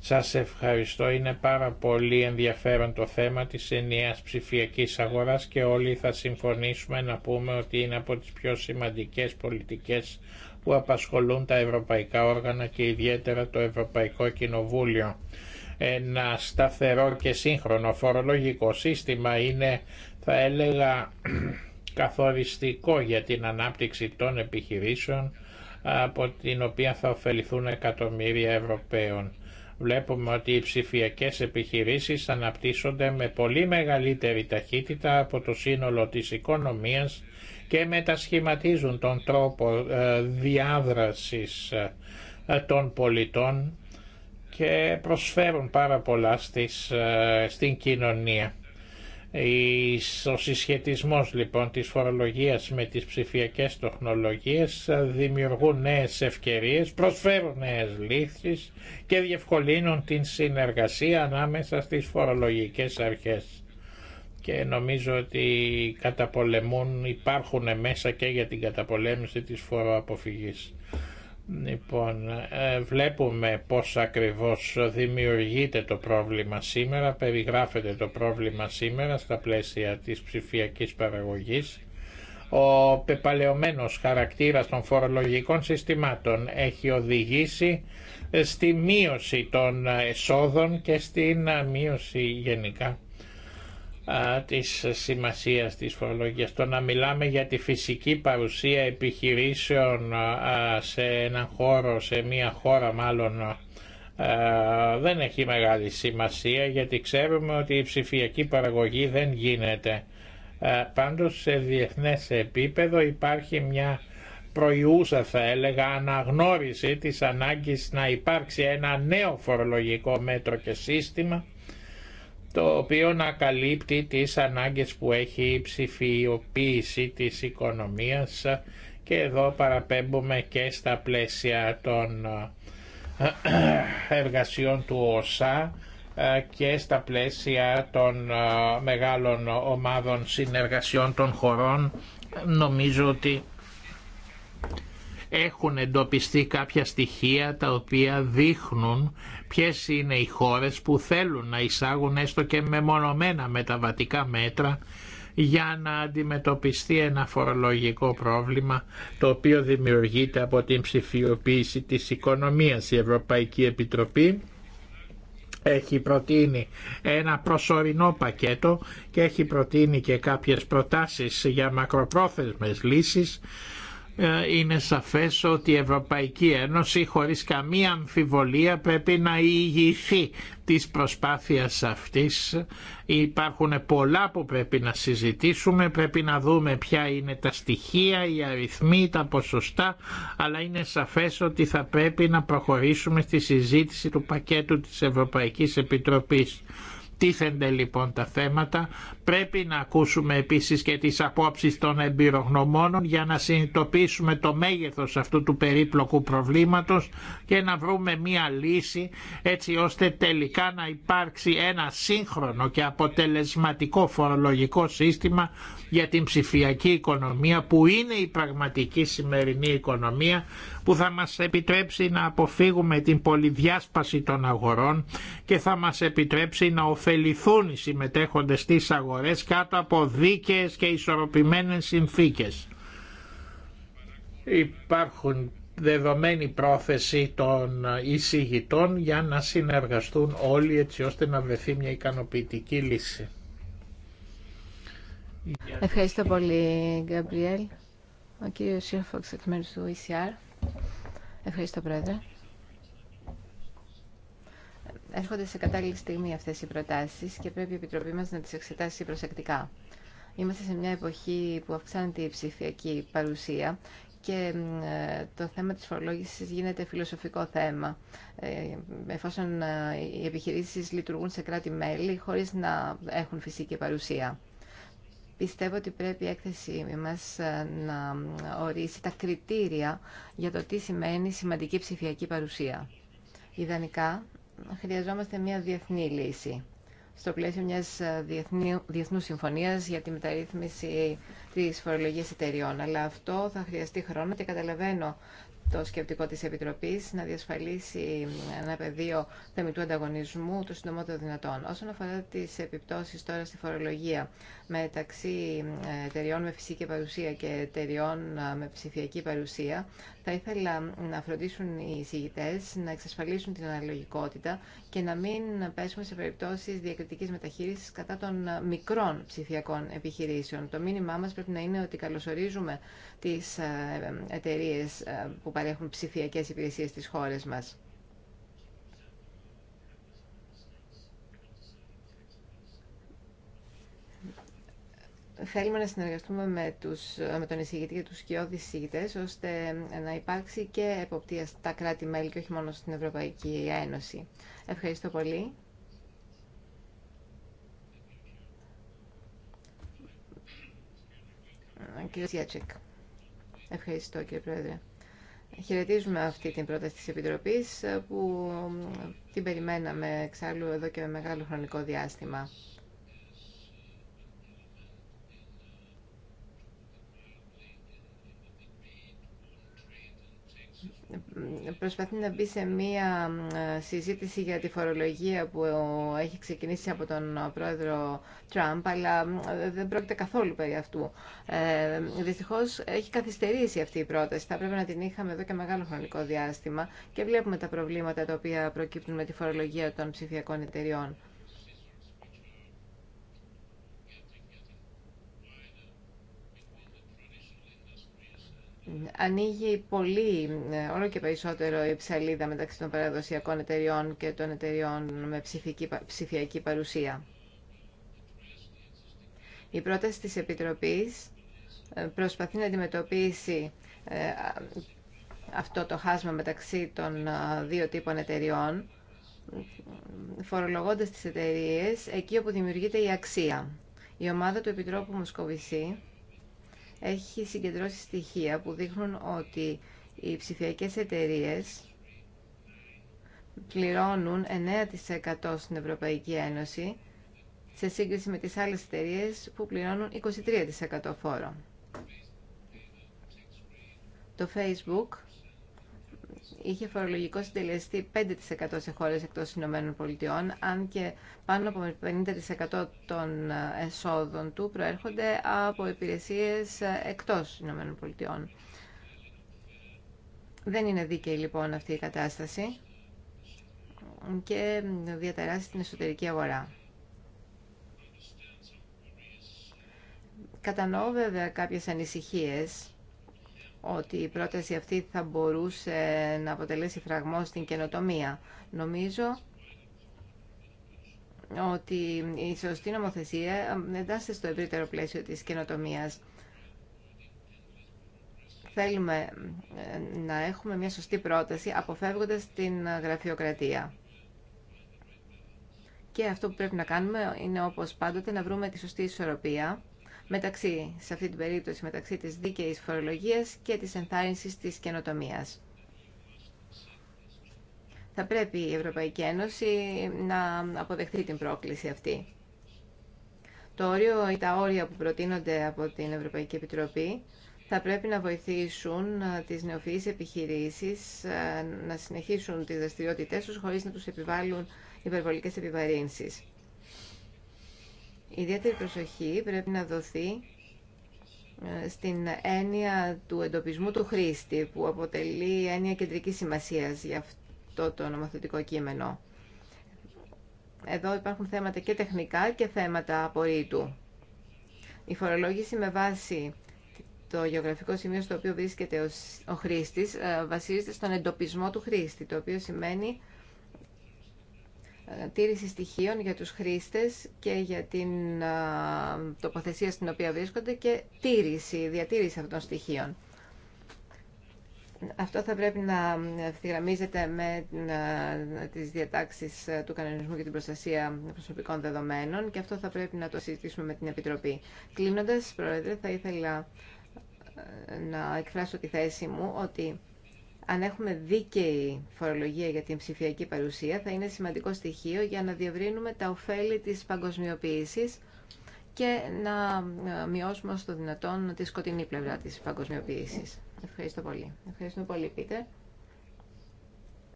S1: Σας ευχαριστώ. Είναι πάρα πολύ ενδιαφέρον το θέμα της ενιαίας ψηφιακής αγοράς και όλοι θα συμφωνήσουμε να πούμε ότι είναι από τις πιο σημαντικέ πολιτικές που απασχολούν τα ευρωπαϊκά όργανα και ιδιαίτερα το Ευρωπαϊκό Κοινοβούλιο ένα σταθερό και σύγχρονο φορολογικό σύστημα είναι θα έλεγα καθοριστικό για την ανάπτυξη των επιχειρήσεων από την οποία θα ωφεληθούν εκατομμύρια Ευρωπαίων. Βλέπουμε ότι οι ψηφιακές επιχειρήσεις αναπτύσσονται με πολύ μεγαλύτερη ταχύτητα από το σύνολο της οικονομίας και μετασχηματίζουν τον τρόπο ε, διάδρασης ε, των πολιτών και προσφέρουν πάρα πολλά στις, ε, στην κοινωνία. Ο συσχετισμός λοιπόν της φορολογίας με τις ψηφιακές τεχνολογίες ε, δημιουργούν νέες ευκαιρίες, προσφέρουν νέες λύσεις και διευκολύνουν την συνεργασία ανάμεσα στις φορολογικές αρχές. Και νομίζω ότι καταπολεμούν, υπάρχουν μέσα και για την καταπολέμηση της φοροαποφυγής. Λοιπόν, ε, βλέπουμε πώς ακριβώς δημιουργείται το πρόβλημα σήμερα, περιγράφεται το πρόβλημα σήμερα στα πλαίσια της ψηφιακής παραγωγής. Ο πεπαλαιωμένος χαρακτήρας των φορολογικών συστημάτων έχει οδηγήσει ε, στη μείωση των ε, εσόδων και στην μείωση γενικά της σημασίας της φορολογίας. Το να μιλάμε για τη φυσική παρουσία επιχειρήσεων σε έναν χώρο, σε μία χώρα μάλλον, δεν έχει μεγάλη σημασία γιατί ξέρουμε ότι η ψηφιακή παραγωγή δεν γίνεται. Πάντως σε διεθνές επίπεδο υπάρχει μια προϊούσα θα έλεγα αναγνώριση της ανάγκης να υπάρξει ένα νέο φορολογικό μέτρο και σύστημα το οποίο να καλύπτει τις ανάγκες που έχει η ψηφιοποίηση της οικονομίας και εδώ παραπέμπουμε και στα πλαίσια των ε, εργασιών του ΟΣΑ ε, και στα πλαίσια των ε, μεγάλων ομάδων συνεργασιών των χωρών νομίζω ότι έχουν εντοπιστεί κάποια στοιχεία τα οποία δείχνουν ποιες είναι οι χώρες που θέλουν να εισάγουν έστω και μεμονωμένα μεταβατικά μέτρα για να αντιμετωπιστεί ένα φορολογικό πρόβλημα το οποίο δημιουργείται από την ψηφιοποίηση της οικονομίας. Η Ευρωπαϊκή Επιτροπή έχει προτείνει ένα προσωρινό πακέτο και έχει προτείνει και κάποιες προτάσεις για μακροπρόθεσμες λύσεις ε, είναι σαφές ότι η Ευρωπαϊκή Ένωση χωρίς καμία αμφιβολία πρέπει να ηγηθεί της προσπάθειας αυτής. Υπάρχουν πολλά που πρέπει να συζητήσουμε, πρέπει να δούμε ποια είναι τα στοιχεία, οι αριθμοί, τα ποσοστά, αλλά είναι σαφές ότι θα πρέπει να προχωρήσουμε στη συζήτηση του πακέτου της Ευρωπαϊκής Επιτροπής. Τίθενται λοιπόν τα θέματα. Πρέπει να ακούσουμε επίσης και τις απόψεις των εμπειρογνωμόνων για να συνειδητοποιήσουμε το μέγεθος αυτού του περίπλοκου προβλήματος και να βρούμε μία λύση έτσι ώστε τελικά να υπάρξει ένα σύγχρονο και αποτελεσματικό φορολογικό σύστημα για την ψηφιακή οικονομία που είναι η πραγματική σημερινή οικονομία που θα μας επιτρέψει να αποφύγουμε την πολυδιάσπαση των αγορών και θα μας επιτρέψει να ωφεληθούν οι συμμετέχοντες στις αγορές κάτω από δίκαιες και ισορροπημένες συνθήκες. Υπάρχουν δεδομένη πρόθεση των εισηγητών για να συνεργαστούν όλοι έτσι ώστε να βρεθεί μια ικανοποιητική λύση.
S3: Ευχαριστώ πολύ, Γκαμπριέλ. Ο κύριος Σύρφωξ εκ μέρους του ECR. Ευχαριστώ, Πρόεδρε. Έρχονται σε κατάλληλη στιγμή αυτές οι προτάσεις και πρέπει η Επιτροπή μα να τις εξετάσει προσεκτικά. Είμαστε σε μια εποχή που αυξάνεται η ψηφιακή παρουσία και το θέμα της φορολόγησης γίνεται φιλοσοφικό θέμα. Ε, εφόσον ε, οι επιχειρήσεις λειτουργούν σε κράτη-μέλη χωρίς να έχουν φυσική παρουσία. Πιστεύω ότι πρέπει η έκθεση μας ε, να ορίσει τα κριτήρια για το τι σημαίνει σημαντική ψηφιακή παρουσία. Ιδανικά, χρειαζόμαστε μια διεθνή λύση στο πλαίσιο μιας ε, διεθνούς συμφωνίας για τη μεταρρύθμιση της φορολογίας εταιριών. Αλλά αυτό θα χρειαστεί χρόνο και καταλαβαίνω το σκεπτικό της Επιτροπής να διασφαλίσει ένα πεδίο θεμητού ανταγωνισμού το συντομότερο δυνατόν. Όσον αφορά τις επιπτώσεις τώρα στη φορολογία μεταξύ ε, εταιριών με φυσική παρουσία και εταιριών ε, με ψηφιακή παρουσία, θα ήθελα να φροντίσουν οι εισηγητές να εξασφαλίσουν την αναλογικότητα και να μην πέσουμε σε περιπτώσεις διακριτικής μεταχείρισης κατά των μικρών ψηφιακών επιχειρήσεων. Το μήνυμά μας πρέπει να είναι ότι καλωσορίζουμε τις ε, εταιρείε που παρέχουν ψηφιακές υπηρεσίες στις χώρες μας. θέλουμε να συνεργαστούμε με, τους, με τον εισηγητή και τους σκιώδεις εισηγητές ώστε να υπάρξει και εποπτεία στα κράτη-μέλη και όχι μόνο στην Ευρωπαϊκή Ένωση. Ευχαριστώ πολύ. Κύριε Ευχαριστώ κύριε Πρόεδρε. Χαιρετίζουμε αυτή την πρόταση της Επιτροπής ε, που την περιμέναμε εξάλλου εδώ και μεγάλο χρονικό διάστημα. προσπαθεί να μπει σε μία ε, συζήτηση για τη φορολογία που έχει ξεκινήσει από τον πρόεδρο Τραμπ, αλλά δεν πρόκειται καθόλου περί αυτού. Ε, δυστυχώς έχει καθυστερήσει αυτή η πρόταση. Θα πρέπει να την είχαμε εδώ και μεγάλο χρονικό διάστημα και βλέπουμε τα προβλήματα τα οποία προκύπτουν με τη φορολογία των ψηφιακών εταιριών. ανοίγει πολύ, ε, όλο και περισσότερο η ψαλίδα μεταξύ των παραδοσιακών εταιριών και των εταιριών με ψηφιακή παρουσία. Η πρόταση της Επιτροπής ε, προσπαθεί να αντιμετωπίσει ε, αυτό το χάσμα μεταξύ των δύο τύπων εταιριών, φορολογώντας τις εταιρείες εκεί όπου δημιουργείται η αξία. Η ομάδα του Επιτρόπου Μοσκοβισή έχει συγκεντρώσει στοιχεία που δείχνουν ότι οι ψηφιακές εταιρείες πληρώνουν 9% στην Ευρωπαϊκή Ένωση σε σύγκριση με τις άλλες εταιρείες που πληρώνουν 23% φόρο. Το Facebook είχε φορολογικό συντελεστή 5% σε χώρες εκτός Ηνωμένων Πολιτειών, αν και πάνω από 50% των εσόδων του προέρχονται από υπηρεσίες εκτός Ηνωμένων Πολιτειών. Δεν είναι δίκαιη λοιπόν αυτή η κατάσταση και διαταράσσει την εσωτερική αγορά. Κατανοώ βέβαια κάποιες ανησυχίες ότι η πρόταση αυτή θα μπορούσε να αποτελέσει φραγμό στην καινοτομία. Νομίζω ότι η σωστή νομοθεσία εντάσσεται στο ευρύτερο πλαίσιο της καινοτομίας. Θέλουμε ε, να έχουμε μια σωστή πρόταση αποφεύγοντας την γραφειοκρατία. Και αυτό που πρέπει να κάνουμε είναι όπως πάντοτε να βρούμε τη σωστή ισορροπία μεταξύ, σε αυτή την περίπτωση, μεταξύ της δίκαιης φορολογίας και της ενθάρρυνσης της καινοτομίας. Θα πρέπει η Ευρωπαϊκή Ένωση να αποδεχτεί την πρόκληση αυτή. Το όριο ή τα όρια που προτείνονται από την Ευρωπαϊκή Επιτροπή θα πρέπει να βοηθήσουν ε, τις νεοφυείς επιχειρήσεις ε, να συνεχίσουν τις δραστηριότητές τους χωρίς να τους επιβάλλουν υπερβολικές επιβαρύνσεις ιδιαίτερη προσοχή πρέπει να δοθεί ε, στην έννοια του εντοπισμού του χρήστη που αποτελεί έννοια κεντρικής σημασίας για αυτό το νομοθετικό κείμενο. Εδώ υπάρχουν θέματα και τεχνικά και θέματα απορρίτου. Η φορολόγηση με βάση το γεωγραφικό σημείο στο οποίο βρίσκεται ο χρήστης ε, βασίζεται στον εντοπισμό του χρήστη, το οποίο σημαίνει τήρηση στοιχείων για τους χρήστες και για την τοποθεσία στην οποία βρίσκονται και τήρηση, διατήρηση αυτών των στοιχείων. Αυτό θα πρέπει να ευθυγραμμίζεται με τις διατάξεις του κανονισμού για την προστασία προσωπικών δεδομένων και αυτό θα πρέπει να το συζητήσουμε με την Επιτροπή. Κλείνοντας, Πρόεδρε, θα ήθελα να εκφράσω τη θέση μου ότι αν έχουμε δίκαιη φορολογία για την ψηφιακή παρουσία, θα είναι σημαντικό στοιχείο για να διευρύνουμε τα ωφέλη της παγκοσμιοποίησης και να ε, μειώσουμε το δυνατόν τη σκοτεινή πλευρά της παγκοσμιοποίησης. Ευχαριστώ πολύ. Ευχαριστούμε πολύ, Πίτερ.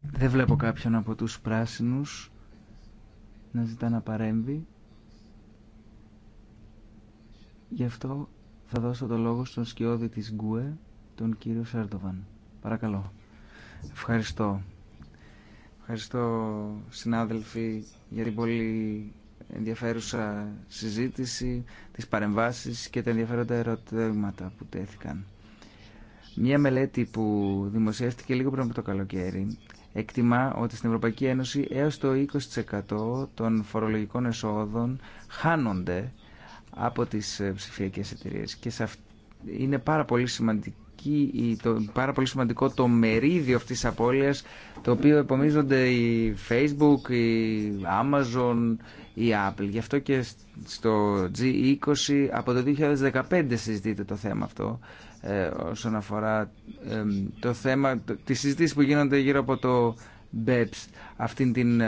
S2: Δεν βλέπω κάποιον από τους πράσινους να ζητά να παρέμβει. Γι' αυτό θα δώσω το λόγο στον σκιώδη της Γκουε, τον κύριο Σέρτοβαν. Παρακαλώ. Ευχαριστώ. Ευχαριστώ συνάδελφοι για την πολύ ενδιαφέρουσα συζήτηση, τις παρεμβάσεις και τα ενδιαφέροντα ερωτήματα που τέθηκαν. Μια μελέτη που δημοσιεύτηκε λίγο πριν από το καλοκαίρι εκτιμά ότι στην Ευρωπαϊκή Ένωση έως το 20% των φορολογικών εσόδων χάνονται από τις ψηφιακές εταιρείες και είναι πάρα πολύ σημαντικό το, πάρα πολύ σημαντικό το μερίδιο αυτής της απώλειας το οποίο επομίζονται η Facebook, η Amazon, η Apple. Γι' αυτό και στο G20 από το 2015 συζητείται το θέμα αυτό ε, όσον αφορά ε, το θέμα, τις συζητήσεις που γίνονται γύρω από το BEPS, αυτήν την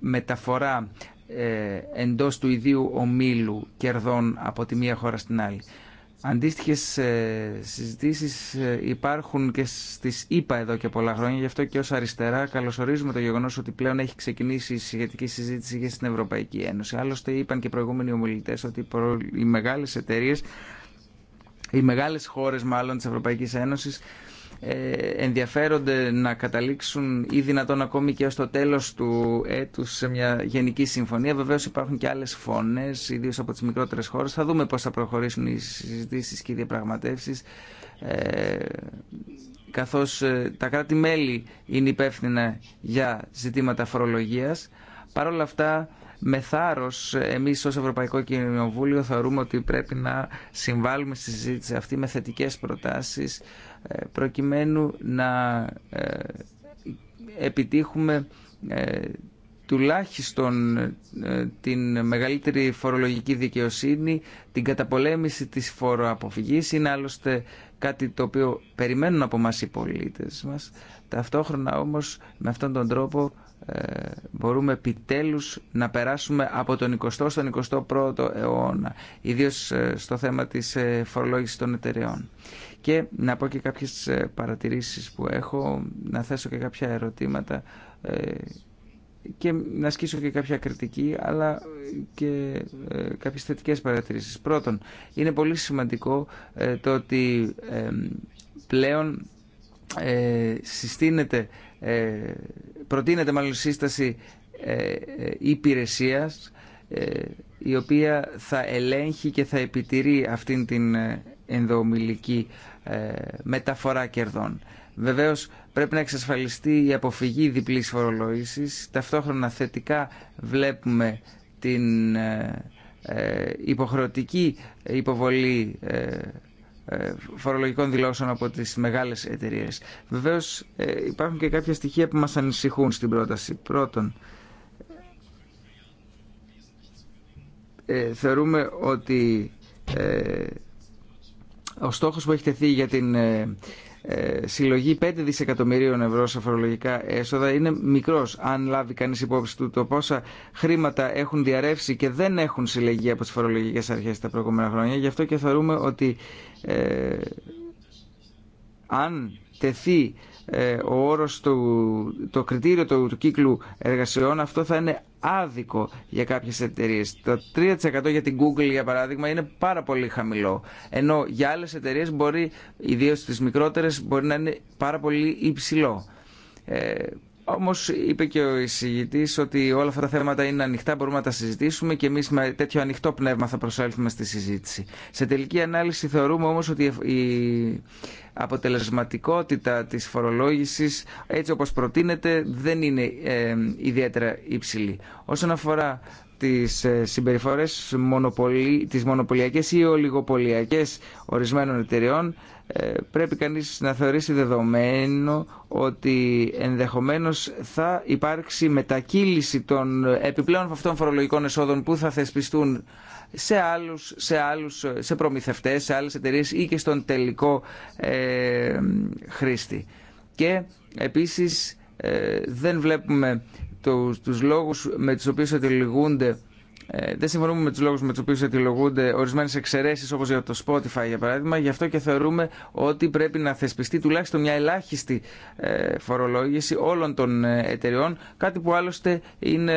S2: μεταφορά ε, εντός του ιδίου ομίλου κερδών από τη μία χώρα στην άλλη. Αντίστοιχες ε, συζητήσεις ε, υπάρχουν και στις ΗΠΑ εδώ και πολλά χρόνια, γι' αυτό και ως αριστερά καλωσορίζουμε το γεγονός ότι πλέον έχει ξεκινήσει η σχετική συζήτηση και στην Ευρωπαϊκή Ένωση. Άλλωστε είπαν και προηγούμενοι ομιλητές ότι οι μεγάλες εταιρείες οι μεγάλες χώρες μάλλον της Ευρωπαϊκής Ένωσης ε, ενδιαφέρονται να καταλήξουν ή δυνατόν ακόμη και ω το τέλος του έτους σε μια γενική συμφωνία. Βεβαίως υπάρχουν και άλλες φωνές, ιδίως από τις μικρότερες χώρες. Θα δούμε πώς θα προχωρήσουν οι συζητήσεις και οι διαπραγματεύσεις. Ε, καθώς ε, τα κράτη-μέλη είναι υπεύθυνα για ζητήματα φορολογίας. Παρ' όλα αυτά, με θάρρο εμεί ω Ευρωπαϊκό Κοινοβούλιο θεωρούμε ότι πρέπει να συμβάλλουμε στη συζήτηση αυτή με θετικέ προτάσει προκειμένου να ε, επιτύχουμε ε, τουλάχιστον ε, την μεγαλύτερη φορολογική δικαιοσύνη, την καταπολέμηση της φοροαποφυγής είναι άλλωστε κάτι το οποίο περιμένουν από μας οι πολίτες μας. Ταυτόχρονα όμως με αυτόν τον τρόπο μπορούμε επιτέλους να περάσουμε από τον 20ο στον 21ο αιώνα, ιδίως στο θέμα της φορολόγησης των εταιρεών και να πω και κάποιες ε, παρατηρήσεις που έχω, να θέσω και κάποια ερωτήματα ε, και να ασκήσω και κάποια κριτική, αλλά και ε, κάποιες θετικές παρατηρήσεις. Πρώτον, είναι πολύ σημαντικό το ότι πλέον συστήνεται, προτείνεται μάλλον σύσταση υπηρεσίας η οποία θα ελέγχει και θα επιτηρεί αυτήν την ενδομιλική. Ε, μεταφορά κερδών. Βεβαίως πρέπει να εξασφαλιστεί η αποφυγή διπλής φορολόγηση. Ταυτόχρονα θετικά βλέπουμε την ε, ε, υποχρεωτική υποβολή φορολογικών δηλώσεων από τις μεγάλες εταιρείες. Βεβαίως υπάρχουν και κάποια στοιχεία που μας ανησυχούν στην πρόταση. Πρώτον, θεωρούμε ότι ο στόχος που έχει τεθεί για την ε, ε, συλλογή 5 δισεκατομμυρίων ευρώ σε φορολογικά έσοδα είναι μικρός αν λάβει κανείς υπόψη του το πόσα χρήματα έχουν διαρρεύσει και δεν έχουν συλλεγεί από τις φορολογικές αρχές τα προηγούμενα χρόνια. Γι' αυτό και θεωρούμε ότι ε, αν τεθεί ε, ο όρος του, το κριτήριο του, κύκλου εργασιών αυτό θα είναι άδικο για κάποιες εταιρείες. Το 3% για την Google για παράδειγμα είναι πάρα πολύ χαμηλό. Ενώ για άλλες εταιρείες, μπορεί, ιδίως τις μικρότερες, μπορεί να είναι πάρα πολύ υψηλό. Ε, Όμω είπε και ο εισηγητή ότι όλα αυτά τα θέματα είναι ανοιχτά, μπορούμε να τα συζητήσουμε και εμεί με τέτοιο ανοιχτό πνεύμα θα προσέλθουμε στη συζήτηση. Σε τελική ανάλυση θεωρούμε όμω ότι η αποτελεσματικότητα τη φορολόγηση, έτσι όπω προτείνεται, δεν είναι ε, ιδιαίτερα υψηλή. Όσον αφορά τις ε, συμπεριφορές μονοπολι... τις ή ολιγοπωλιακέ ορισμένων εταιρεών, ε, πρέπει κανείς να θεωρήσει δεδομένο ότι ενδεχομένως θα υπάρξει μετακύληση των επιπλέον αυτών φορολογικών εσόδων που θα θεσπιστούν σε άλλους, σε, άλλους, σε προμηθευτές, σε άλλες εταιρείες ή και στον τελικό ε, χρήστη. Και επίσης ε, δεν βλέπουμε τους, τους λόγους με τους οποίους αντιληγούνται ε, δεν συμφωνούμε με του λόγου με του οποίου αιτιολογούνται ορισμένε εξαιρέσει, όπω για το Spotify για παράδειγμα. Γι' αυτό και θεωρούμε ότι πρέπει να θεσπιστεί τουλάχιστον μια ελάχιστη ε, φορολόγηση όλων των ε, εταιριών. Κάτι που άλλωστε είναι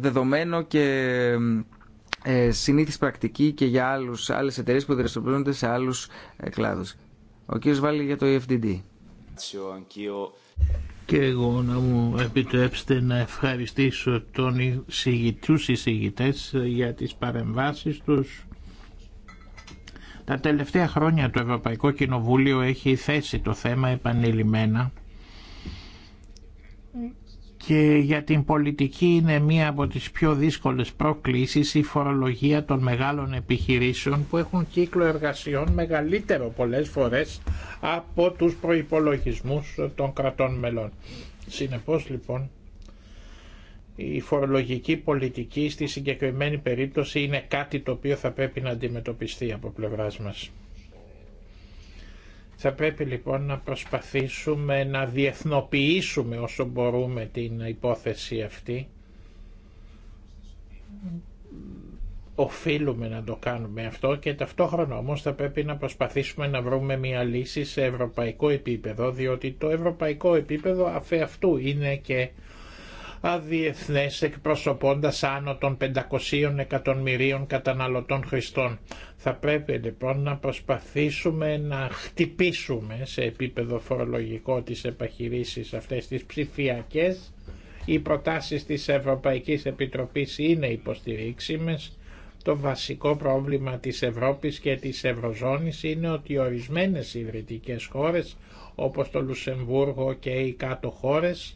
S2: δεδομένο και ε, πρακτική και για άλλε άλλες που δραστηριοποιούνται σε άλλους κλάδου. Ο κύριος Βάλλη για το EFDD
S1: και εγώ να μου επιτρέψετε να ευχαριστήσω τον τους εισηγητές για τις παρεμβάσεις τους. Τα τελευταία χρόνια το Ευρωπαϊκό Κοινοβούλιο έχει θέσει το θέμα επανειλημμένα και για την πολιτική είναι μία από τις πιο δύσκολες προκλήσεις η φορολογία των μεγάλων επιχειρήσεων που έχουν κύκλο εργασιών μεγαλύτερο πολλές φορές από τους προϋπολογισμούς των κρατών μελών. Συνεπώς λοιπόν η φορολογική πολιτική στη συγκεκριμένη περίπτωση είναι κάτι το οποίο θα πρέπει να αντιμετωπιστεί από πλευράς μας. Θα πρέπει λοιπόν να προσπαθήσουμε να διεθνοποιήσουμε όσο μπορούμε την υπόθεση αυτή. Οφείλουμε να το κάνουμε αυτό και ταυτόχρονα όμως θα πρέπει να προσπαθήσουμε να βρούμε μια λύση σε ευρωπαϊκό επίπεδο διότι το ευρωπαϊκό επίπεδο αφ' αυτού είναι και αδιεθνές εκπροσωπώντας άνω των 500 εκατομμυρίων καταναλωτών χρηστών. Θα πρέπει λοιπόν να προσπαθήσουμε να χτυπήσουμε σε επίπεδο φορολογικό τις επαχειρήσεις αυτές τις ψηφιακές. Οι προτάσεις της Ευρωπαϊκής Επιτροπής είναι υποστηρίξιμες. Το βασικό πρόβλημα της Ευρώπης και της Ευρωζώνης είναι ότι ορισμένες ιδρυτικές χώρες όπως το Λουσεμβούργο και οι κάτω χώρες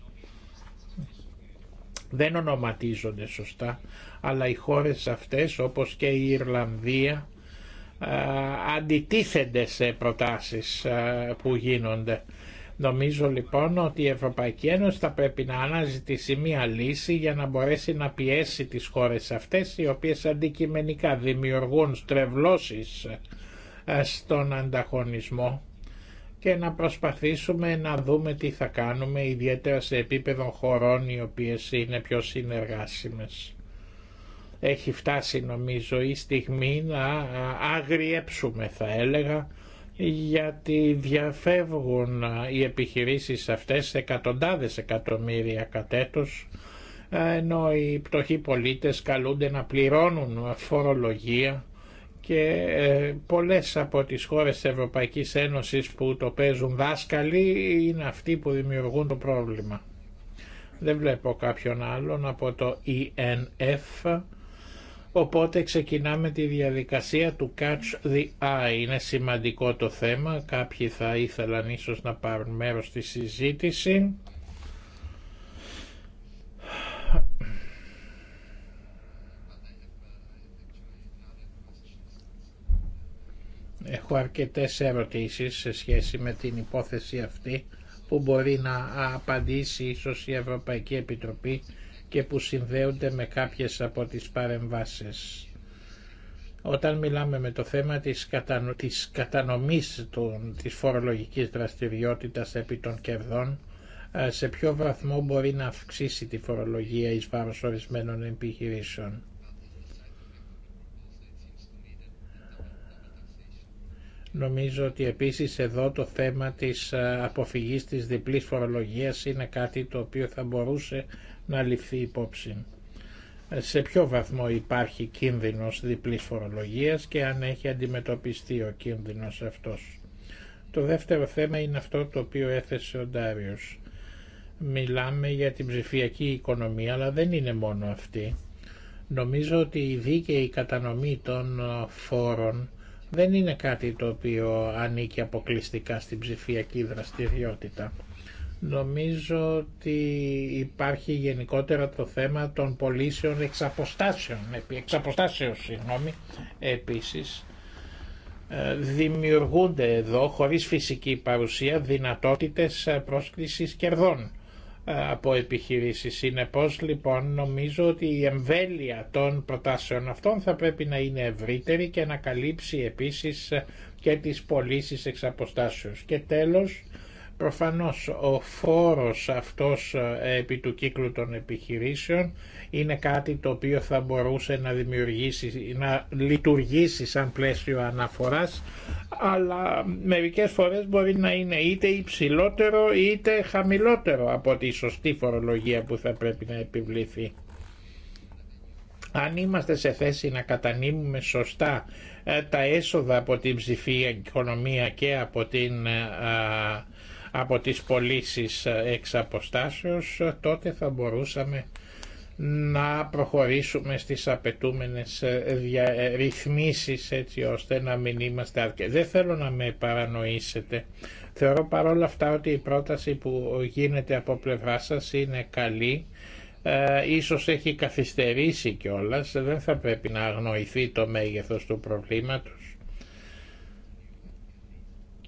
S1: δεν ονοματίζονται σωστά, αλλά οι χώρες αυτές όπως και η Ιρλανδία αντιτίθενται σε προτάσεις που γίνονται. Νομίζω λοιπόν ότι η Ευρωπαϊκή Ένωση θα πρέπει να αναζητήσει μία λύση για να μπορέσει να πιέσει τις χώρες αυτές οι οποίες αντικειμενικά δημιουργούν στρεβλώσεις στον ανταγωνισμό και να προσπαθήσουμε να δούμε τι θα κάνουμε ιδιαίτερα σε επίπεδο χωρών οι οποίες είναι πιο συνεργάσιμες. Έχει φτάσει νομίζω η στιγμή να αγριέψουμε θα έλεγα γιατί διαφεύγουν οι επιχειρήσεις αυτές εκατοντάδες εκατομμύρια κατέτος ενώ οι πτωχοί πολίτες καλούνται να πληρώνουν φορολογία και ε, πολλές από τις χώρες της Ευρωπαϊκής Ένωσης που το παίζουν δάσκαλοι είναι αυτοί που δημιουργούν το πρόβλημα. Δεν βλέπω κάποιον άλλον από το ENF, οπότε ξεκινάμε τη διαδικασία του Catch the Eye. Είναι σημαντικό το θέμα, κάποιοι θα ήθελαν ίσως να πάρουν μέρος στη συζήτηση. Έχω αρκετές ερωτήσεις σε σχέση με την υπόθεση αυτή που μπορεί να απαντήσει ίσως η Ευρωπαϊκή Επιτροπή και που συνδέονται με κάποιες από τις παρεμβάσεις. Όταν μιλάμε με το θέμα της, κατανο... της κατανομής των... της φορολογικής δραστηριότητας επί των κερδών, ε, σε ποιο βαθμό μπορεί να αυξήσει τη φορολογία εις βάρος ορισμένων επιχειρήσεων. Νομίζω ότι επίσης εδώ το θέμα της ε, αποφυγής της διπλής φορολογίας είναι κάτι το οποίο θα μπορούσε να ληφθεί υπόψη. Ε, σε ποιο βαθμό υπάρχει κίνδυνος διπλής φορολογίας και αν έχει αντιμετωπιστεί ο κίνδυνος αυτός. Το δεύτερο θέμα είναι αυτό το οποίο έθεσε ο Ντάριος. Μιλάμε για την ψηφιακή οικονομία, αλλά δεν είναι μόνο αυτή. Νομίζω ότι η δίκαιη κατανομή των ε, φόρων δεν είναι κάτι το οποίο ανήκει αποκλειστικά στην ψηφιακή δραστηριότητα. Νομίζω ότι υπάρχει γενικότερα το θέμα των πωλήσεων εξαποστάσεων. επί επίσης. Ε, δημιουργούνται εδώ, χωρίς φυσική παρουσία, δυνατότητες ε, πρόσκλησης κερδών ε, από επιχειρήσεις. Συνεπώς λοιπόν νομίζω ότι η εμβέλεια των προτάσεων αυτών θα πρέπει να είναι ευρύτερη και να καλύψει επίσης και τις πωλήσει εξ Και τέλος Προφανώς ο φόρος αυτός ε, επί του κύκλου των επιχειρήσεων είναι κάτι το οποίο θα μπορούσε να δημιουργήσει, να λειτουργήσει σαν πλαίσιο αναφοράς, αλλά μερικές φορές μπορεί να είναι είτε υψηλότερο είτε χαμηλότερο από τη σωστή φορολογία που θα πρέπει να επιβληθεί. Αν είμαστε σε θέση να κατανείμουμε σωστά ε, τα έσοδα από την ψηφία οικονομία και από την ε, από τις πωλήσει ε, εξ αποστάσεως, ε, τότε θα μπορούσαμε να προχωρήσουμε στις απαιτούμενες ε, ρυθμίσεις έτσι ώστε να μην είμαστε αρκετοί. Δεν θέλω να με παρανοήσετε. Θεωρώ παρόλα αυτά ότι η πρόταση που γίνεται από πλευρά σας είναι καλή. Ε, ίσως έχει καθυστερήσει κιόλας. Δεν θα πρέπει να αγνοηθεί το μέγεθος του προβλήματος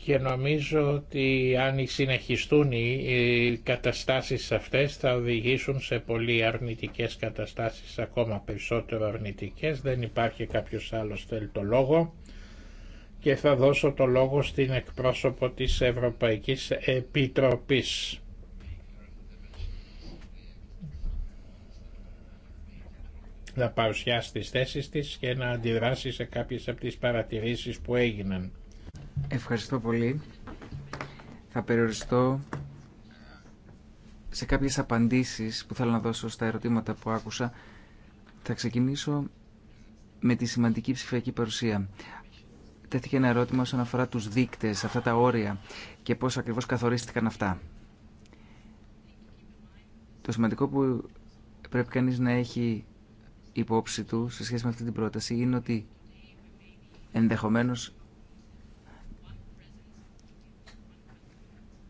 S1: και νομίζω ότι αν συνεχιστούν οι καταστάσεις αυτές θα οδηγήσουν σε πολύ αρνητικές καταστάσεις, ακόμα περισσότερο αρνητικές. Δεν υπάρχει κάποιος άλλος θέλει το λόγο και θα δώσω το λόγο στην εκπρόσωπο της Ευρωπαϊκής Επιτροπής. να παρουσιάσει τις θέσεις της και να αντιδράσει σε κάποιες από τις παρατηρήσεις που έγιναν.
S2: Ευχαριστώ πολύ. Θα περιοριστώ σε κάποιες απαντήσεις που θέλω να δώσω στα ερωτήματα που άκουσα. Θα ξεκινήσω με τη σημαντική ψηφιακή παρουσία. Τέθηκε ένα ερώτημα όσον αφορά τους δείκτες, αυτά τα όρια και πώς ακριβώς καθορίστηκαν αυτά. Το σημαντικό που πρέπει κανείς να έχει υπόψη του σε σχέση με αυτή την πρόταση είναι ότι ενδεχομένως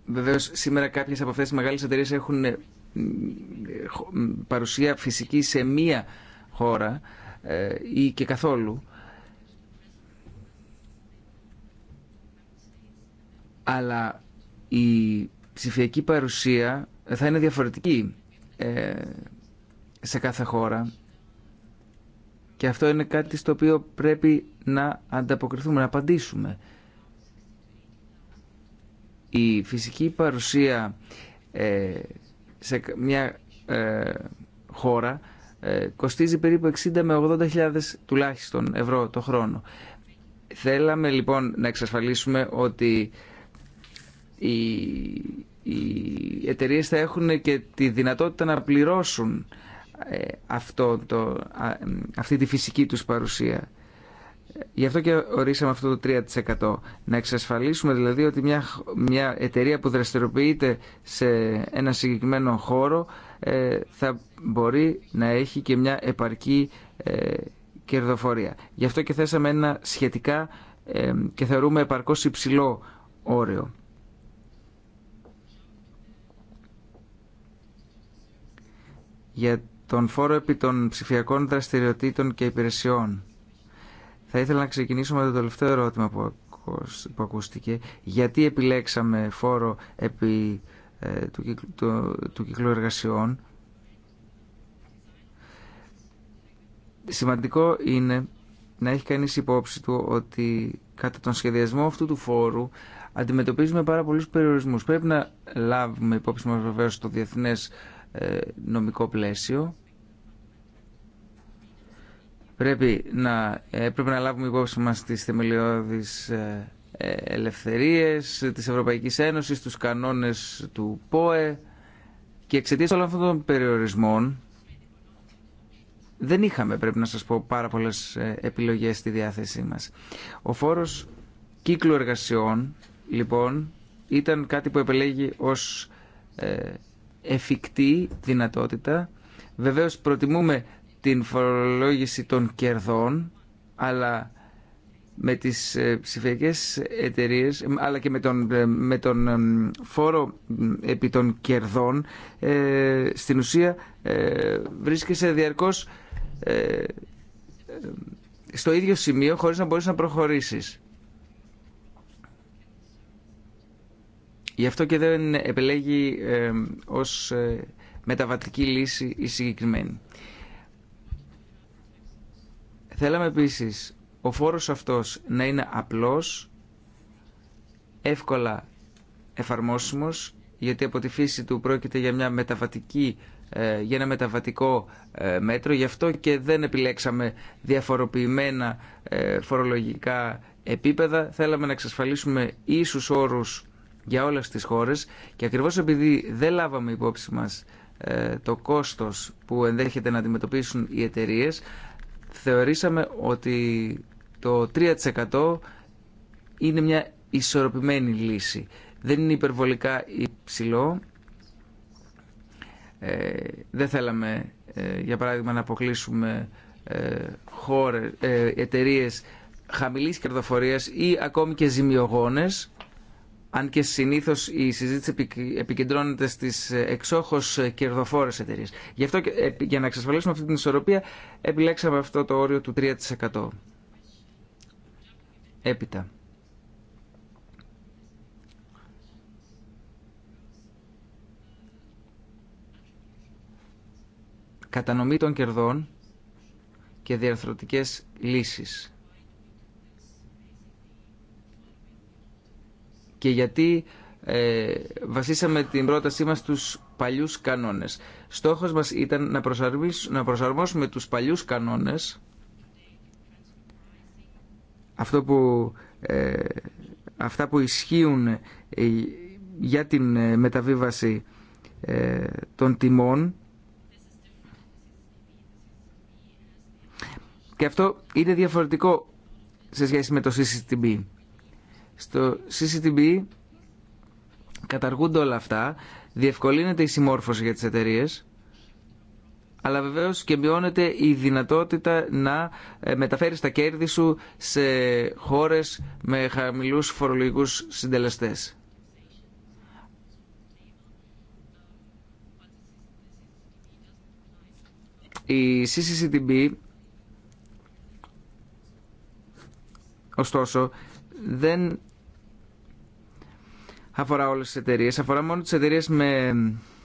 S2: Βεβαίω, σήμερα κάποιες από αυτέ τι μεγάλε εταιρείε έχουν ε, παρουσία φυσική σε μία χώρα ε, ή και καθόλου. Αλλά η ψηφιακή παρουσία θα είναι διαφορετική ε, σε κάθε χώρα και αυτό είναι κάτι στο οποίο πρέπει να ανταποκριθούμε, να απαντήσουμε. Η φυσική παρουσία ε, σε μια ε, χώρα ε, κοστίζει περίπου 60 με 80 χιλιάδες τουλάχιστον ευρώ το χρόνο. Θέλαμε λοιπόν να εξασφαλίσουμε ότι οι, οι εταιρείε θα έχουν και τη δυνατότητα να πληρώσουν αυτό το, αυτή τη φυσική τους παρουσία. Γι' αυτό και ορίσαμε αυτό το 3%. Να εξασφαλίσουμε δηλαδή ότι μια, μια εταιρεία που δραστηριοποιείται σε ένα συγκεκριμένο χώρο ε, θα μπορεί να έχει και μια επαρκή ε, κερδοφορία. Γι' αυτό και θέσαμε ένα σχετικά ε, και θεωρούμε επαρκώς υψηλό όριο. Για τον φόρο επί των ψηφιακών δραστηριοτήτων και υπηρεσιών. Θα ήθελα να ξεκινήσω με το τελευταίο ερώτημα που, ακούστηκε. Γιατί επιλέξαμε φόρο επί ε, του, κύκλου, εργασιών. Σημαντικό είναι να έχει κανείς υπόψη του ότι κατά τον σχεδιασμό αυτού του φόρου αντιμετωπίζουμε πάρα πολλούς περιορισμούς. Πρέπει να λάβουμε υπόψη μας βεβαίως το διεθνές ε, νομικό πλαίσιο Πρέπει να, ε, πρέπει να λάβουμε υπόψη μας τις θεμελιώδεις ε, ε, ελευθερίες της Ευρωπαϊκής Ένωσης, τους κανόνες του ΠΟΕ και εξαιτίας όλων αυτών των περιορισμών δεν είχαμε, πρέπει να σας πω, πάρα πολλές επιλογές στη διάθεσή μας. Ο φόρος κύκλου εργασιών, λοιπόν, ήταν κάτι που επελέγει ως εφικτή δυνατότητα. Βεβαίως προτιμούμε την φορολόγηση των κερδών, αλλά με τις ε, ψηφιακές εταιρείες, ε, αλλά και με τον, ε, φόρο επί των κερδών, στην ουσία ε, βρίσκεσαι διαρκώς στο ίδιο σημείο χωρίς να μπορείς να προχωρήσεις. Γι' αυτό και δεν επιλέγει ως μεταβατική λύση η συγκεκριμένη. Θέλαμε επίσης ο φόρος αυτός να είναι απλός, εύκολα εφαρμόσιμος, γιατί από τη φύση του πρόκειται για, μια μεταβατική, ε, για ένα μεταβατικό ε, μέτρο, γι' αυτό και δεν επιλέξαμε διαφοροποιημένα ε, φορολογικά επίπεδα. Θέλαμε να εξασφαλίσουμε ίσους όρους για όλες τις χώρες και ακριβώς επειδή δεν λάβαμε υπόψη μας το κόστος που ενδέχεται να αντιμετωπίσουν οι εταιρείε, θεωρήσαμε ότι το 3% είναι μια ισορροπημένη λύση. Δεν είναι υπερβολικά υψηλό. Ε, δεν θέλαμε, ε, για παράδειγμα, να αποκλείσουμε ε, χώρες, ε, εταιρείες χαμηλής κερδοφορίας ή ακόμη και ζημιογόνες αν και συνήθως η συζήτηση επικεντρώνεται στις εξόχως κερδοφόρες εταιρείε. Γι' αυτό για να εξασφαλίσουμε αυτή την ισορροπία επιλέξαμε αυτό το όριο του 3%. Έπειτα. Κατανομή των κερδών και διαρθρωτικές λύσεις. και γιατί ε, βασίσαμε την πρότασή μας στους παλιούς κανόνες. Στόχος μας ήταν να, προσαρμόσουμε τους παλιούς κανόνες αυτό που, ε, αυτά που ισχύουν ε, για την μεταβίβαση των τιμών και αυτό είναι διαφορετικό σε σχέση με το CCTB. Στο CCTB καταργούνται όλα αυτά, διευκολύνεται η συμμόρφωση για τις εταιρείε, αλλά βεβαίως και μειώνεται η δυνατότητα να ε, μεταφέρει τα κέρδη σου σε χώρες με χαμηλούς φορολογικούς συντελεστές. Η CCCTB, ωστόσο, δεν αφορά όλε τι εταιρείε, αφορά μόνο τι εταιρείε με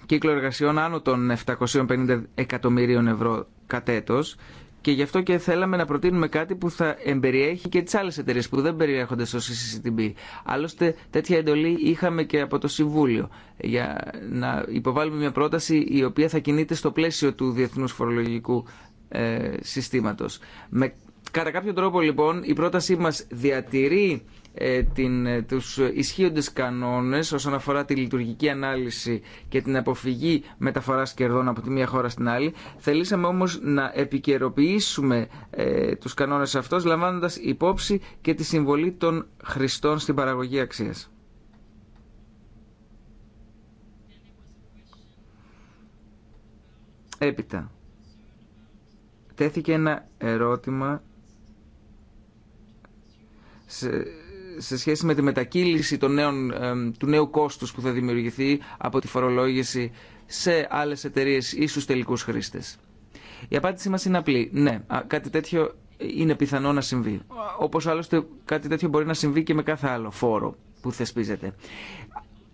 S2: κύκλο εργασιών άνω των 750 εκατομμυρίων ευρώ κατ' έτος και γι' αυτό και θέλαμε να προτείνουμε κάτι που θα εμπεριέχει και τι άλλε εταιρείε που δεν περιέχονται στο CCCTB. Άλλωστε τέτοια εντολή είχαμε και από το Συμβούλιο για να υποβάλουμε μια πρόταση η οποία θα κινείται στο πλαίσιο του Διεθνού φορολογικού ε, συστήματος. κατά κάποιο τρόπο λοιπόν η πρότασή μα διατηρεί ε, την, ε, τους ισχύοντες κανόνες όσον αφορά τη λειτουργική ανάλυση και την αποφυγή μεταφοράς κερδών από τη μία χώρα στην άλλη. Θελήσαμε όμως να επικαιροποιήσουμε ε, τους κανόνες αυτούς λαμβάνοντας υπόψη και τη συμβολή των χρηστών στην παραγωγή αξίας. Έπειτα, τέθηκε ένα ερώτημα σε σχέση με τη μετακύληση των νέων, του νέου κόστους που θα δημιουργηθεί από τη φορολόγηση σε άλλες εταιρείες ή στους τελικούς χρήστες. Η απάντησή μας είναι απλή. Ναι, κάτι τέτοιο είναι πιθανό να συμβεί. Όπως άλλωστε κάτι τέτοιο μπορεί να συμβεί και με κάθε άλλο φόρο που θεσπίζεται.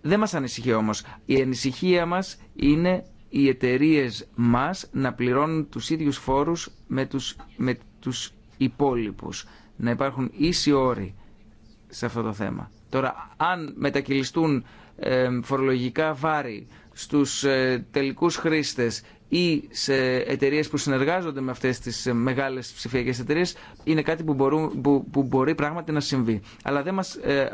S2: Δεν μας ανησυχεί όμως. Η ανησυχία μας είναι οι εταιρείε μας να πληρώνουν τους ίδιους φόρους με τους, με τους υπόλοιπους. Να υπάρχουν ίσοι όροι σε αυτό το θέμα. Τώρα, αν μετακυλιστούν φορολογικά βάρη στους ε, τελικούς χρήστες ή σε εταιρείε που συνεργάζονται με αυτέ τι ε, μεγάλες ψηφιακέ εταιρείε, είναι κάτι που, που, μπορεί πράγματι να συμβεί. Αλλά δεν μας ε,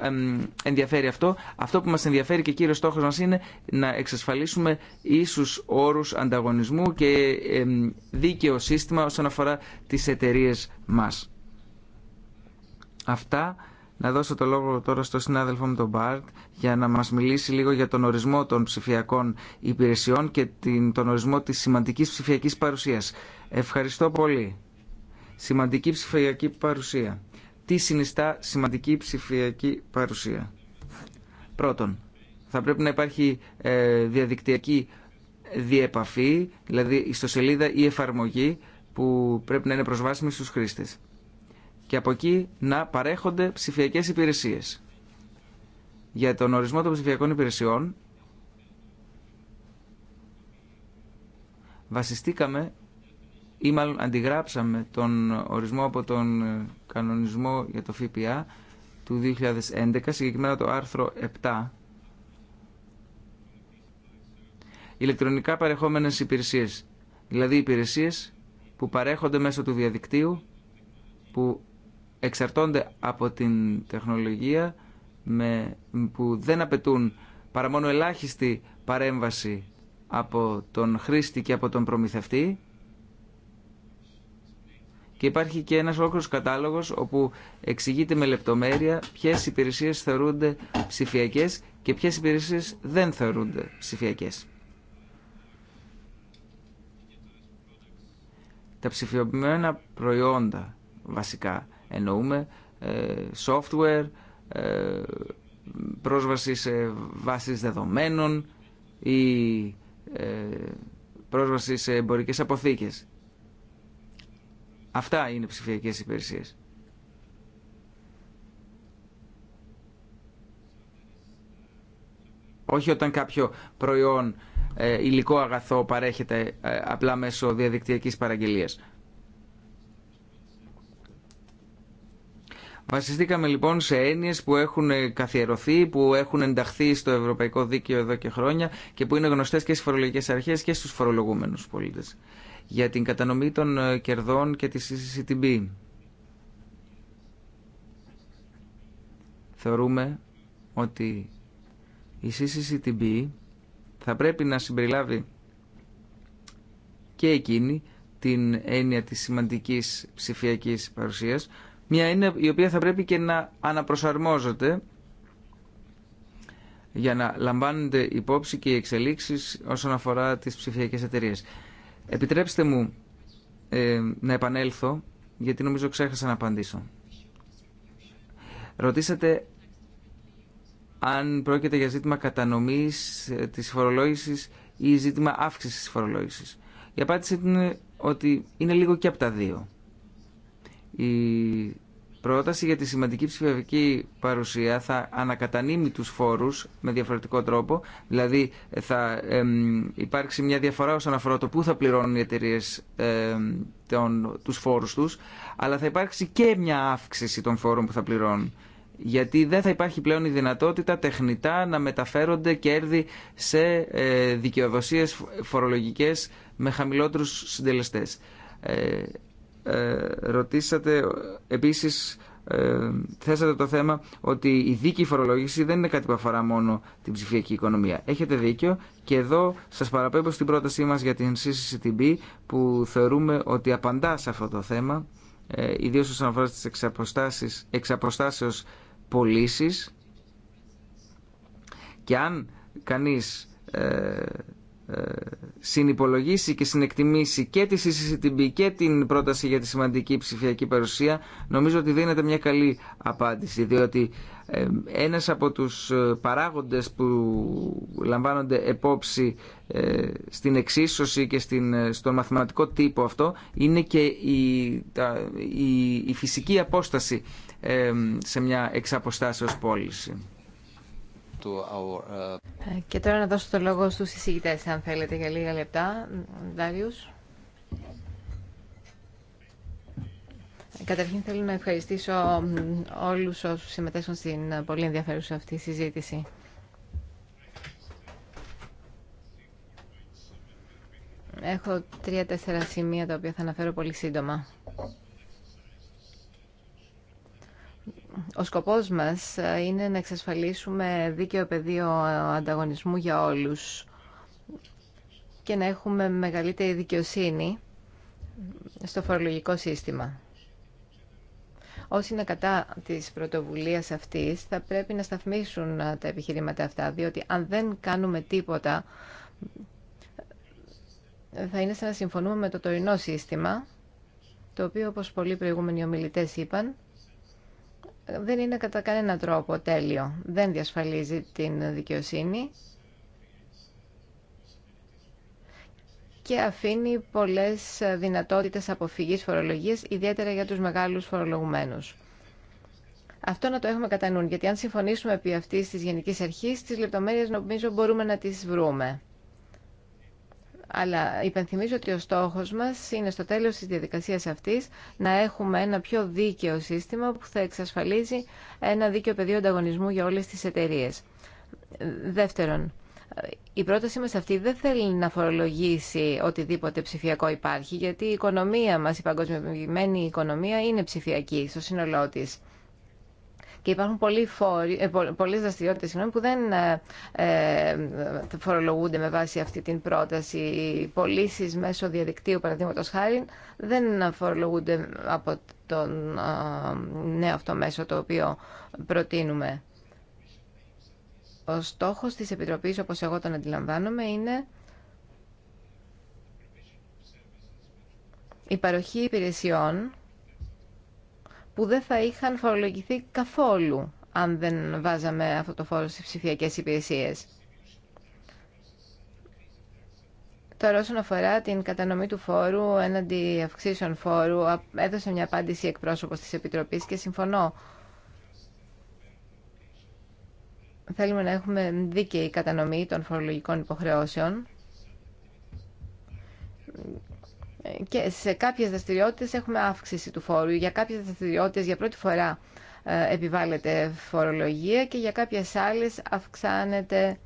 S2: ενδιαφέρει αυτό. Αυτό που μας ενδιαφέρει και κύριο στόχος μας είναι να εξασφαλίσουμε ίσου όρου ανταγωνισμού και δίκαιο σύστημα όσον αφορά τις εταιρείε μας. Αυτά να δώσω το λόγο τώρα στον συνάδελφο μου τον Μπάρτ για να μας μιλήσει λίγο για τον ορισμό των ψηφιακών υπηρεσιών και τον ορισμό της σημαντικής ψηφιακής παρουσίας. Ευχαριστώ πολύ. Σημαντική ψηφιακή παρουσία. Τι συνιστά σημαντική ψηφιακή παρουσία. Πρώτον, θα πρέπει να υπάρχει ε, διαδικτυακή διεπαφή, δηλαδή ιστοσελίδα ή εφαρμογή που πρέπει να είναι προσβάσιμη στους χρήστες και από εκεί να παρέχονται ψηφιακές υπηρεσίες. Για τον ορισμό των ψηφιακών υπηρεσιών βασιστήκαμε ή μάλλον αντιγράψαμε τον ορισμό από τον κανονισμό για το ΦΠΑ του 2011, συγκεκριμένα το άρθρο 7. Ηλεκτρονικά παρεχόμενες υπηρεσίες, δηλαδή υπηρεσίες που παρέχονται μέσω του διαδικτύου, που εξαρτώνται από την τεχνολογία με, που δεν απαιτούν παρά μόνο ελάχιστη παρέμβαση από τον χρήστη και από τον προμηθευτή και υπάρχει και ένας ολόκληρος κατάλογος όπου εξηγείται με λεπτομέρεια ποιες υπηρεσίες θεωρούνται ψηφιακές και ποιες υπηρεσίες δεν θεωρούνται ψηφιακές. Τα ψηφιοποιημένα προϊόντα βασικά εννοούμε ε, software, ε, πρόσβαση σε βάσεις δεδομένων ή ε, πρόσβαση σε εμπορικές αποθήκες. Αυτά είναι ψηφιακές υπηρεσίες. Όχι όταν κάποιο προϊόν, υλικό αγαθό παρέχεται απλά μέσω διαδικτυακής παραγγελίας. Βασιστήκαμε λοιπόν σε έννοιες που έχουν καθιερωθεί, που έχουν ενταχθεί στο ευρωπαϊκό δίκαιο εδώ και χρόνια και που είναι γνωστές και στις φορολογικές αρχές και στους φορολογούμενους πολίτες. Για την κατανομή των ε, κερδών και τη CCTB. Θεωρούμε ότι η CCTB θα πρέπει να συμπεριλάβει και εκείνη την έννοια της σημαντικής ψηφιακής παρουσίας μια είναι η οποία θα πρέπει και να αναπροσαρμόζεται για να λαμβάνονται υπόψη και οι εξελίξεις όσον αφορά τις ψηφιακές εταιρείες. Επιτρέψτε μου ε, να επανέλθω, γιατί νομίζω ξέχασα να απαντήσω. Ρωτήσατε αν πρόκειται για ζήτημα κατανομής ε, της φορολόγησης ή ζήτημα αύξησης της φορολόγησης. Η απάντηση είναι ότι είναι λίγο και από τα δύο. Η πρόταση για τη σημαντική ψηφιακή παρουσία θα ανακατανείμει τους φόρους με διαφορετικό τρόπο, δηλαδή θα υπάρξει μια διαφορά όσον αφορά το πού θα πληρώνουν οι εταιρείε τους φόρους τους, αλλά θα υπάρξει και μια αύξηση των φόρων που θα πληρώνουν. Γιατί δεν θα υπάρχει πλέον η δυνατότητα τεχνητά να μεταφέρονται κέρδη σε ε, δικαιοδοσίες φορολογικές με χαμηλότερους συντελεστές. Ε, ε, ρωτήσατε επίσης ε, θέσατε το θέμα ότι η δίκη φορολόγηση δεν είναι κάτι που αφορά μόνο την ψηφιακή οικονομία. Έχετε δίκιο και εδώ σας παραπέμπω στην πρότασή μας για την CCCTB που θεωρούμε ότι απαντά σε αυτό το θέμα ε, ιδίως όσον αφορά τις εξαποστάσεις, εξαποστάσεως πωλήσει. και αν κανείς ε, ε, συνυπολογίσει και συνεκτιμήσει και τη CCTV και την πρόταση για τη σημαντική ψηφιακή παρουσία νομίζω ότι δίνεται μια καλή απάντηση διότι ε, ένας από τους ε, παράγοντες που λαμβάνονται επόψη στην εξίσωση και στον μαθηματικό τύπο αυτό είναι και η, φυσική απόσταση σε μια εξαποστάσεως πώληση. Uh,
S3: Και τώρα να δώσω το λόγο στους συζητητές, αν θέλετε, για λίγα λεπτά. Καταρχήν θέλω να ευχαριστήσω όλους όσους συμμετέχουν στην ε, πολύ ενδιαφέρουσα αυτή συζήτηση. Έχω τρία-τέσσερα σημεία τα οποία θα αναφέρω πολύ σύντομα. ο σκοπός μας ε, είναι να εξασφαλίσουμε δίκαιο πεδίο ανταγωνισμού για όλους και να έχουμε μεγαλύτερη δικαιοσύνη στο φορολογικό σύστημα. Όσοι είναι κατά της πρωτοβουλίας αυτής θα πρέπει να σταθμίσουν ε, τα επιχειρήματα αυτά, διότι αν δεν κάνουμε τίποτα θα είναι σαν να συμφωνούμε με το τωρινό σύστημα, το οποίο όπως πολλοί προηγούμενοι ομιλητές είπαν, δεν είναι κατά κανένα τρόπο τέλειο. Δεν διασφαλίζει την δικαιοσύνη και αφήνει πολλές δυνατότητες αποφυγής φορολογίας, ιδιαίτερα για τους μεγάλους φορολογουμένους. Αυτό να το έχουμε κατά νου, γιατί αν συμφωνήσουμε επί αυτής της γενικής αρχής, τις λεπτομέρειες νομίζω μπορούμε να τις βρούμε. Αλλά υπενθυμίζω ότι ο στόχος μας είναι στο τέλος της διαδικασίας αυτής να έχουμε ένα πιο δίκαιο σύστημα που θα εξασφαλίζει ένα δίκαιο πεδίο ανταγωνισμού για όλες τις εταιρείε. Δεύτερον, η πρότασή μας αυτή δεν θέλει να φορολογήσει οτιδήποτε ψηφιακό υπάρχει, γιατί η οικονομία μας, η παγκοσμιοποιημένη οικονομία, είναι ψηφιακή στο σύνολό της. Και υπάρχουν πολλοί φόροι, ε, πολλές δραστηριότητες που δεν ε, ε, φορολογούνται με βάση αυτή την πρόταση. Οι πωλήσει μέσω διαδικτύου, παραδείγματο χάρη, δεν φορολογούνται από τον νέο αυτό μέσο το οποίο προτείνουμε. Ο στόχος της Επιτροπής, όπως εγώ τον αντιλαμβάνομαι, είναι η παροχή υπηρεσιών που δεν θα είχαν φορολογηθεί καθόλου αν δεν βάζαμε αυτό το φόρο στις ψηφιακές υπηρεσίες. Τώρα όσον αφορά την κατανομή του φόρου έναντι αυξήσεων φόρου, έδωσε μια απάντηση εκπρόσωπος της Επιτροπής και συμφωνώ. Θέλουμε να έχουμε δίκαιη κατανομή των φορολογικών υποχρεώσεων και σε κάποιες δραστηριότητες έχουμε αύξηση του φόρου. Για κάποιες δραστηριότητες για πρώτη φορά ε, επιβάλλεται φορολογία και για κάποιες άλλες αυξάνεται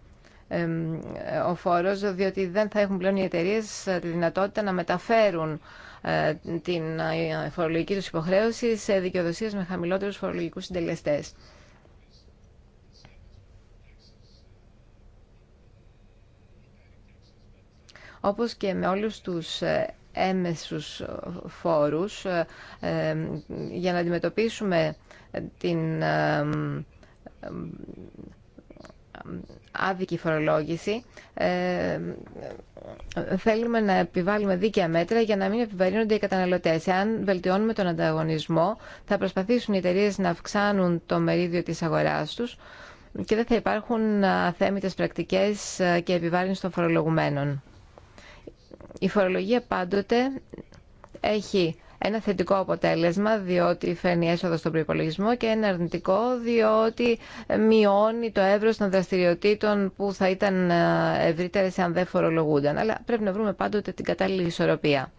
S3: ο φόρος διότι δεν θα έχουν πλέον οι εταιρείε τη δυνατότητα να μεταφέρουν ε, την ε, φορολογική τους υποχρέωση σε δικαιοδοσίες με χαμηλότερους φορολογικούς συντελεστές. Όπως και με όλους τους έμεσους φόρους ε, ε, για να αντιμετωπίσουμε την ε, άδικη φορολόγηση. Ε, θέλουμε να επιβάλλουμε δίκαια μέτρα για να μην επιβαρύνονται οι καταναλωτές. Αν βελτιώνουμε τον ανταγωνισμό, θα προσπαθήσουν οι εταιρείε να αυξάνουν το μερίδιο της αγοράς τους και δεν θα υπάρχουν αθέμητες πρακτικές και επιβάρυνση των φορολογουμένων. Η φορολογία πάντοτε έχει ένα θετικό αποτέλεσμα διότι φέρνει έσοδο στον προπολογισμό και ένα αρνητικό διότι μειώνει το εύρος των δραστηριοτήτων που θα ήταν ε, ευρύτερες αν δεν φορολογούνταν. Αλλά πρέπει να βρούμε πάντοτε την κατάλληλη ισορροπία.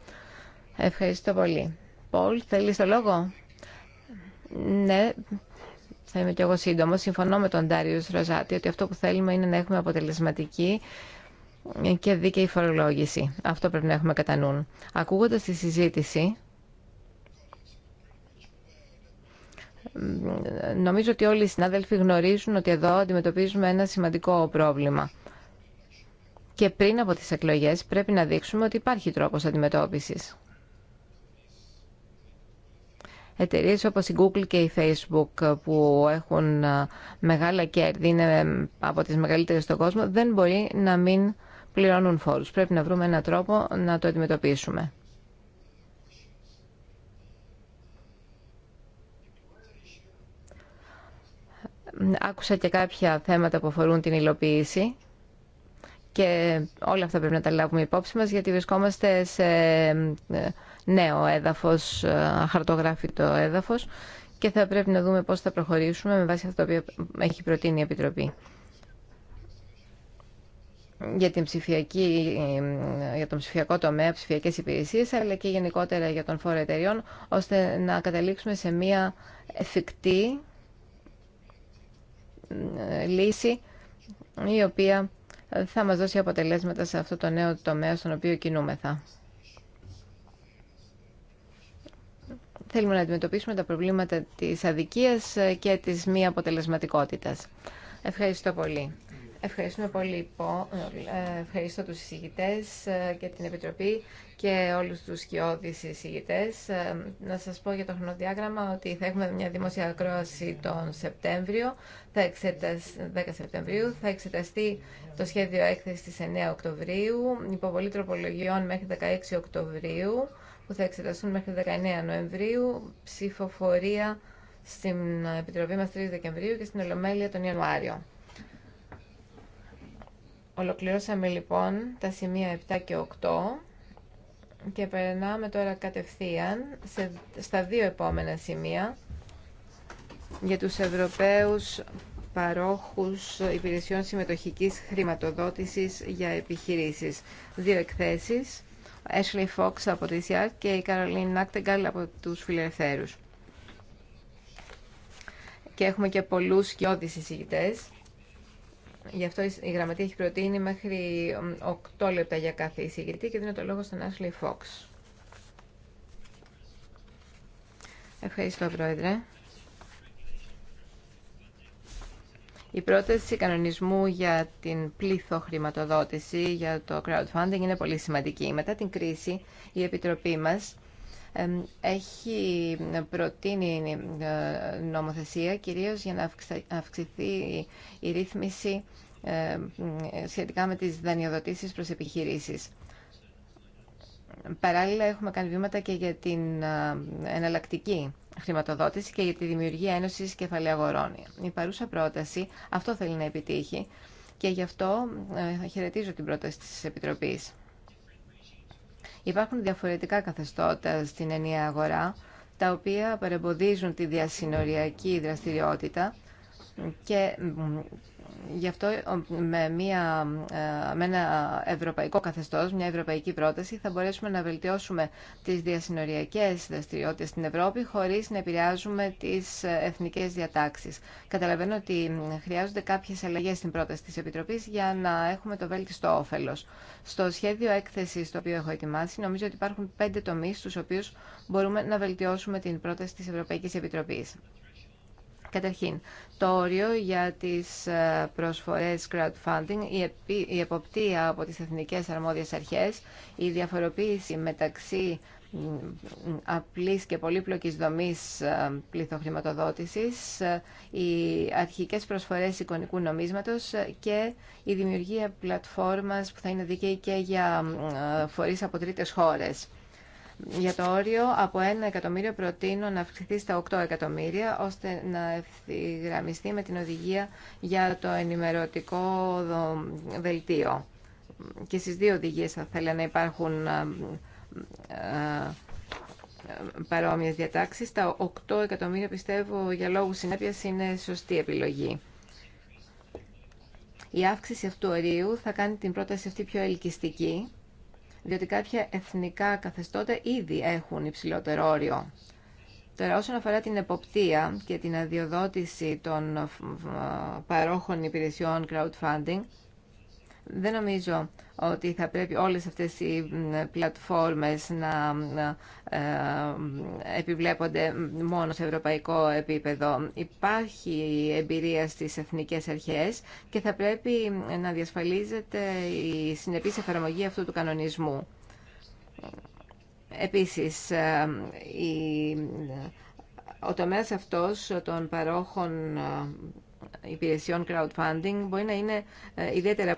S3: Ευχαριστώ πολύ. Πολ, θέλεις το λόγο? Ναι, θα είμαι κι εγώ σύντομο. Συμφωνώ με τον Τάριο Ροζάτη ότι αυτό που θέλουμε είναι να έχουμε αποτελεσματική και δίκαιη φορολόγηση. Αυτό πρέπει να έχουμε κατά νου. Ακούγοντας τη συζήτηση, νομίζω ότι όλοι οι συνάδελφοι γνωρίζουν ότι εδώ αντιμετωπίζουμε ένα σημαντικό πρόβλημα. Και πριν από τις εκλογές πρέπει να δείξουμε ότι υπάρχει τρόπος αντιμετώπισης. Εταιρείε όπως η Google και η Facebook που έχουν ε, μεγάλα κέρδη, είναι από τις μεγαλύτερες στον κόσμο, δεν μπορεί να μην πληρώνουν φόρους. Πρέπει να βρούμε έναν τρόπο να το αντιμετωπίσουμε. Άκουσα και κάποια θέματα που αφορούν την υλοποίηση και όλα αυτά πρέπει να τα λάβουμε υπόψη μας γιατί βρισκόμαστε σε ε, νέο έδαφος, ε, χαρτογράφητο έδαφος και θα πρέπει να δούμε πώς θα προχωρήσουμε με βάση αυτό που έχει προτείνει η Επιτροπή για, την για τον ψηφιακό τομέα, ψηφιακές υπηρεσίες, αλλά και γενικότερα για τον φόρο εταιριών, ώστε να καταλήξουμε σε μία εφικτή ε, λύση η οποία θα μας δώσει αποτελέσματα σε αυτό το νέο τομέα στον οποίο κινούμεθα. Θέλουμε να αντιμετωπίσουμε τα προβλήματα της αδικίας και της μη αποτελεσματικότητας. Ευχαριστώ πολύ. Ευχαριστούμε πολύ, ε, Ευχαριστώ τους εισηγητές ε, και την Επιτροπή και όλους τους σκιώδεις εισηγητές. Ε, να σας πω για το χρονοδιάγραμμα ότι θα έχουμε μια δημόσια ακρόαση τον Σεπτέμβριο, θα 10 Σεπτεμβρίου, θα εξεταστεί το σχέδιο έκθεση στις 9 Οκτωβρίου, υποβολή τροπολογιών μέχρι 16 Οκτωβρίου, που θα εξεταστούν μέχρι 19 Νοεμβρίου, ψηφοφορία στην Επιτροπή μας 3 Δεκεμβρίου και στην Ολομέλεια τον Ιανουάριο. Ολοκληρώσαμε λοιπόν τα σημεία 7 και 8 και περνάμε τώρα κατευθείαν σε, στα δύο επόμενα σημεία για τους Ευρωπαίους παρόχους υπηρεσιών συμμετοχικής χρηματοδότησης για επιχειρήσεις. Δύο εκθέσεις, Ashley Fox από τη ΣΙΑΡ και η Καρολίν Νάκτεγκαλ από τους Φιλελευθέρους. Και έχουμε και πολλούς σκιώδη εισηγητές. Γι' αυτό η γραμματεία έχει προτείνει μέχρι 8 λεπτά για κάθε εισηγητή και δίνω το λόγο στον Ashley Φόξ. Ευχαριστώ, Πρόεδρε. Η πρόταση κανονισμού για την πλήθο χρηματοδότηση για το crowdfunding είναι πολύ σημαντική. Μετά την κρίση, η Επιτροπή μας έχει προτείνει ε, νομοθεσία κυρίως για να αυξηθεί η ρύθμιση ε, σχετικά με τις δανειοδοτήσεις προς επιχειρήσεις. Παράλληλα, έχουμε κάνει βήματα και για την ε, εναλλακτική χρηματοδότηση και για τη δημιουργία Ένωσης Κεφαλαίου Η παρούσα πρόταση αυτό θέλει να επιτύχει και γι' αυτό χαιρετίζω την πρόταση της Επιτροπής. Υπάρχουν διαφορετικά καθεστώτα στην ενιαία αγορά, τα οποία παρεμποδίζουν τη διασυνοριακή δραστηριότητα και Γι' αυτό με, μια, ε, με ένα ευρωπαϊκό καθεστώς, μια ευρωπαϊκή πρόταση, θα μπορέσουμε να βελτιώσουμε τις διασυνοριακές δραστηριότητε στην Ευρώπη χωρίς να επηρεάζουμε τις ε, εθνικές διατάξεις. Καταλαβαίνω ότι χρειάζονται κάποιες αλλαγές στην πρόταση της Επιτροπής για να έχουμε το βέλτιστο όφελος. Στο σχέδιο έκθεση το οποίο έχω ετοιμάσει, νομίζω ότι υπάρχουν πέντε τομείς στους οποίους μπορούμε να βελτιώσουμε την πρόταση της Ευρωπαϊκή Επιτροπή. Καταρχήν, το όριο για τις ε, προσφορές crowdfunding, η εποπτεία από τις εθνικές αρμόδιες αρχές, η διαφοροποίηση μεταξύ απλής και πολύπλοκης δομής ε, πληθοχρηματοδότησης, ε, οι αρχικές προσφορές εικονικού νομίσματος και η δημιουργία πλατφόρμας που θα είναι δίκαιη και για φορείς από τρίτες χώρες για το όριο από 1 εκατομμύριο προτείνω να αυξηθεί στα 8 εκατομμύρια ώστε να ευθυγραμμιστεί με την οδηγία για το ενημερωτικό δελτίο. Και στις δύο οδηγίες θα θέλει να υπάρχουν παρόμοιες διατάξεις. Τα 8 εκατομμύρια πιστεύω για λόγους συνέπειας είναι σωστή επιλογή. Η αύξηση αυτού ορίου θα κάνει την πρόταση αυτή πιο ελκυστική διότι κάποια εθνικά καθεστώτα ήδη έχουν υψηλότερο όριο. Τώρα, όσον αφορά την εποπτεία και την αδειοδότηση των παρόχων υπηρεσιών crowdfunding, δεν νομίζω ότι θα πρέπει όλες αυτές οι πλατφόρμες να ε, επιβλέπονται μόνο σε ευρωπαϊκό επίπεδο. Υπάρχει εμπειρία στις εθνικές αρχές και θα πρέπει να διασφαλίζεται η συνεπής εφαρμογή αυτού του κανονισμού. Επίσης, ε, η... ο τομέας αυτός των παρόχων υπηρεσιών crowdfunding μπορεί να είναι ε, ιδιαίτερα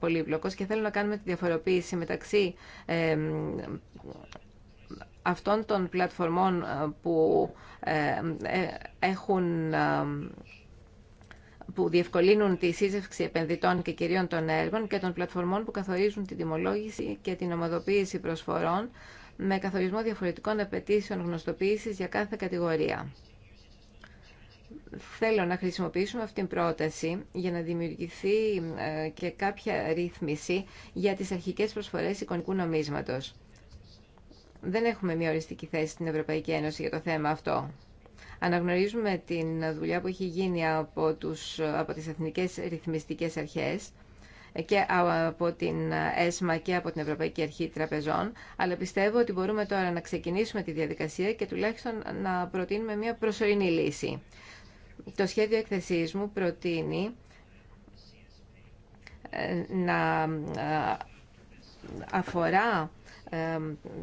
S3: πολύπλοκος και θέλω να κάνουμε τη διαφοροποίηση μεταξύ αυτών των πλατφορμών ε, που ε, έχουν που διευκολύνουν τη σύζευξη επενδυτών και κυρίων των έργων και των πλατφορμών που καθορίζουν την τιμολόγηση και την ομοδοποίηση προσφορών με καθορισμό διαφορετικών απαιτήσεων γνωστοποίησης για κάθε κατηγορία θέλω να χρησιμοποιήσουμε αυτήν την πρόταση για να δημιουργηθεί ε, και κάποια ρύθμιση για τις αρχικές προσφορές εικονικού νομίσματος. Δεν έχουμε μια οριστική θέση στην Ευρωπαϊκή Ένωση για το θέμα αυτό. Αναγνωρίζουμε την δουλειά που έχει γίνει από, τους, από τις εθνικές ρυθμιστικές αρχές και από την ΕΣΜΑ και από την Ευρωπαϊκή Αρχή Τραπεζών, αλλά πιστεύω ότι μπορούμε τώρα να ξεκινήσουμε τη διαδικασία και τουλάχιστον να προτείνουμε μια προσωρινή λύση. Το σχέδιο εκθεσής μου προτείνει ε, να ε, αφορά ε,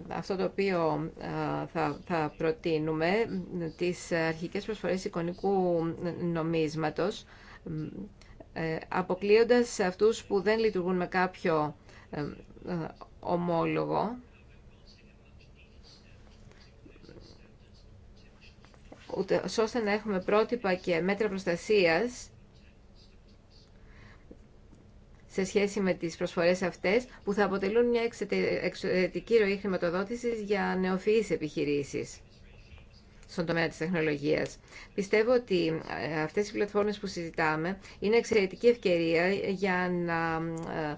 S3: αυτό το οποίο θα, θα προτείνουμε, τις αρχικές προσφορές εικονικού νομίσματος, αποκλείοντας αυτούς που δεν λειτουργούν με κάποιο ομόλογο ούτε, ώστε να έχουμε πρότυπα και μέτρα προστασίας σε σχέση με τις προσφορές αυτές που θα αποτελούν μια εξαιρετική ροή χρηματοδότησης για νεοφυείς επιχειρήσεις στον τομέα της τεχνολογίας. Πιστεύω ότι ε, αυτές οι πλατφόρμες που συζητάμε είναι εξαιρετική ευκαιρία για να ε,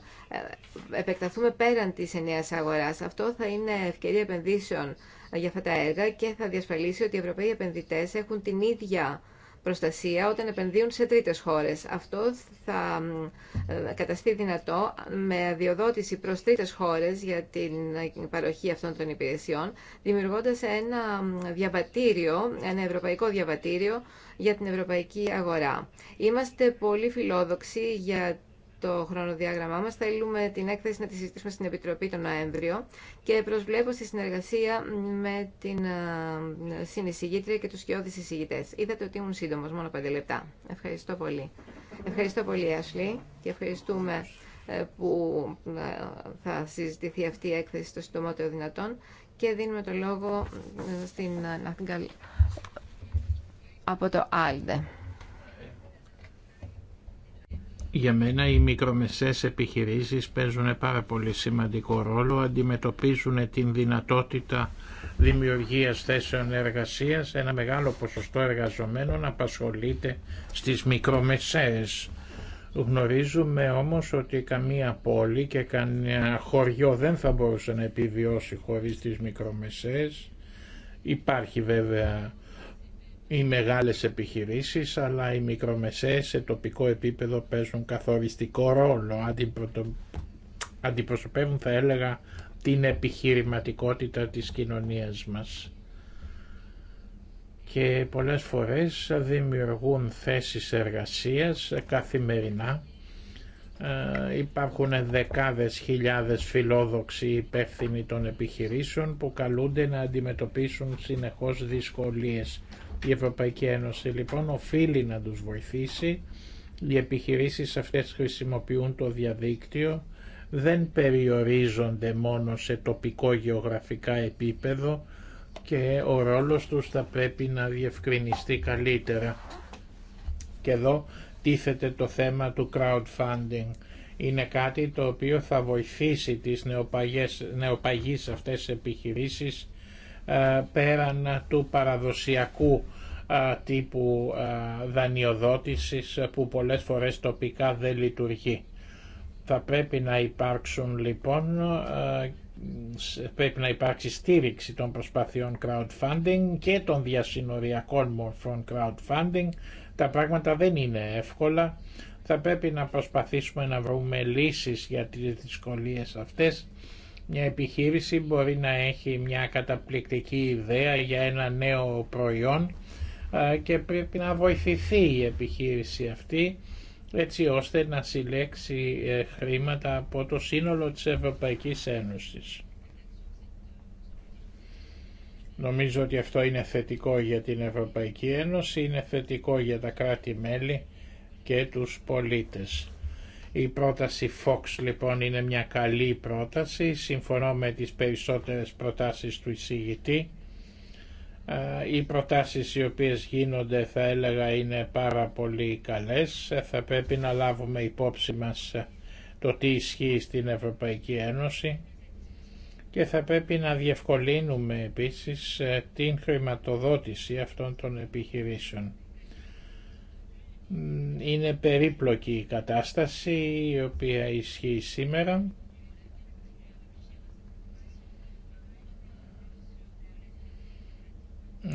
S3: ε, επεκταθούμε πέραν της ενιαίας αγοράς. Αυτό θα είναι ευκαιρία επενδύσεων για αυτά τα έργα και θα διασφαλίσει ότι οι Ευρωπαίοι επενδυτές έχουν την ίδια προστασία όταν επενδύουν σε τρίτες χώρες. Αυτό θα ε, καταστεί δυνατό με αδειοδότηση προς τρίτες χώρες για την παροχή αυτών των υπηρεσιών, δημιουργώντας ένα διαβατήριο, ένα ευρωπαϊκό διαβατήριο για την ευρωπαϊκή αγορά. Είμαστε πολύ φιλόδοξοι για το χρονοδιάγραμμά μα. Θέλουμε την έκθεση να τη συζητήσουμε στην Επιτροπή τον Νοέμβριο και προσβλέπω στη συνεργασία με την συνεισηγήτρια και τους σκιώδεις συζητητέ. Είδατε ότι ήμουν σύντομο, μόνο πέντε λεπτά. Ευχαριστώ πολύ. Ευχαριστώ πολύ, Άσλη, και ευχαριστούμε ε, που ε, θα συζητηθεί αυτή η έκθεση στο συντομότερο δυνατόν και δίνουμε το λόγο ε, στην Ναθγκαλ από το ΑΛΔΕ.
S1: Για μένα οι μικρομεσαίες επιχειρήσεις παίζουν πάρα πολύ σημαντικό ρόλο, αντιμετωπίζουν την δυνατότητα δημιουργίας θέσεων εργασίας, ένα μεγάλο ποσοστό εργαζομένων απασχολείται στις μικρομεσαίες. Γνωρίζουμε όμως ότι καμία πόλη και κανένα χωριό δεν θα μπορούσε να επιβιώσει χωρίς τις μικρομεσαίες. Υπάρχει βέβαια οι μεγάλες επιχειρήσεις αλλά οι μικρομεσαίες σε τοπικό επίπεδο παίζουν καθοριστικό ρόλο, αντιπροσωπεύουν θα έλεγα την επιχειρηματικότητα της κοινωνίας μας και πολλές φορές δημιουργούν θέσεις εργασίας καθημερινά. Ε, υπάρχουν δεκάδες χιλιάδες φιλόδοξοι υπεύθυνοι των επιχειρήσεων που καλούνται να αντιμετωπίσουν συνεχώς δυσκολίες. Η Ευρωπαϊκή Ένωση λοιπόν οφείλει να τους βοηθήσει. Οι επιχειρήσεις αυτές χρησιμοποιούν το διαδίκτυο, δεν περιορίζονται μόνο σε τοπικό γεωγραφικά επίπεδο και ο ρόλος τους θα πρέπει να διευκρινιστεί καλύτερα. Και εδώ τίθεται το θέμα του crowdfunding. Είναι κάτι το οποίο θα βοηθήσει τις νεοπαγές, νεοπαγείς αυτές επιχειρήσεις ε, πέραν του παραδοσιακού ε, τύπου ε, δανειοδότησης που πολλές φορές τοπικά δεν λειτουργεί. Θα πρέπει να υπάρξουν λοιπόν πρέπει να υπάρξει στήριξη των προσπαθειών crowdfunding και των διασυνοριακών μορφών crowdfunding. Τα πράγματα δεν είναι εύκολα. Θα πρέπει να προσπαθήσουμε να βρούμε λύσεις για τις δυσκολίες αυτές μια επιχείρηση μπορεί να έχει μια καταπληκτική ιδέα για ένα νέο προϊόν και πρέπει να βοηθηθεί η επιχείρηση αυτή έτσι ώστε να συλλέξει ε, χρήματα από το σύνολο της Ευρωπαϊκής Ένωσης. Νομίζω ότι αυτό είναι θετικό για την Ευρωπαϊκή Ένωση, είναι θετικό για τα κράτη-μέλη και τους πολίτες. Η πρόταση Fox λοιπόν είναι μια καλή πρόταση, συμφωνώ με τις περισσότερες προτάσεις του εισηγητή. Ε, οι προτάσεις οι οποίες γίνονται θα έλεγα είναι πάρα πολύ καλές. Θα πρέπει να λάβουμε υπόψη μας το τι ισχύει στην Ευρωπαϊκή Ένωση και θα πρέπει να διευκολύνουμε επίσης ε, την χρηματοδότηση αυτών των επιχειρήσεων. Είναι περίπλοκη η κατάσταση η οποία ισχύει σήμερα.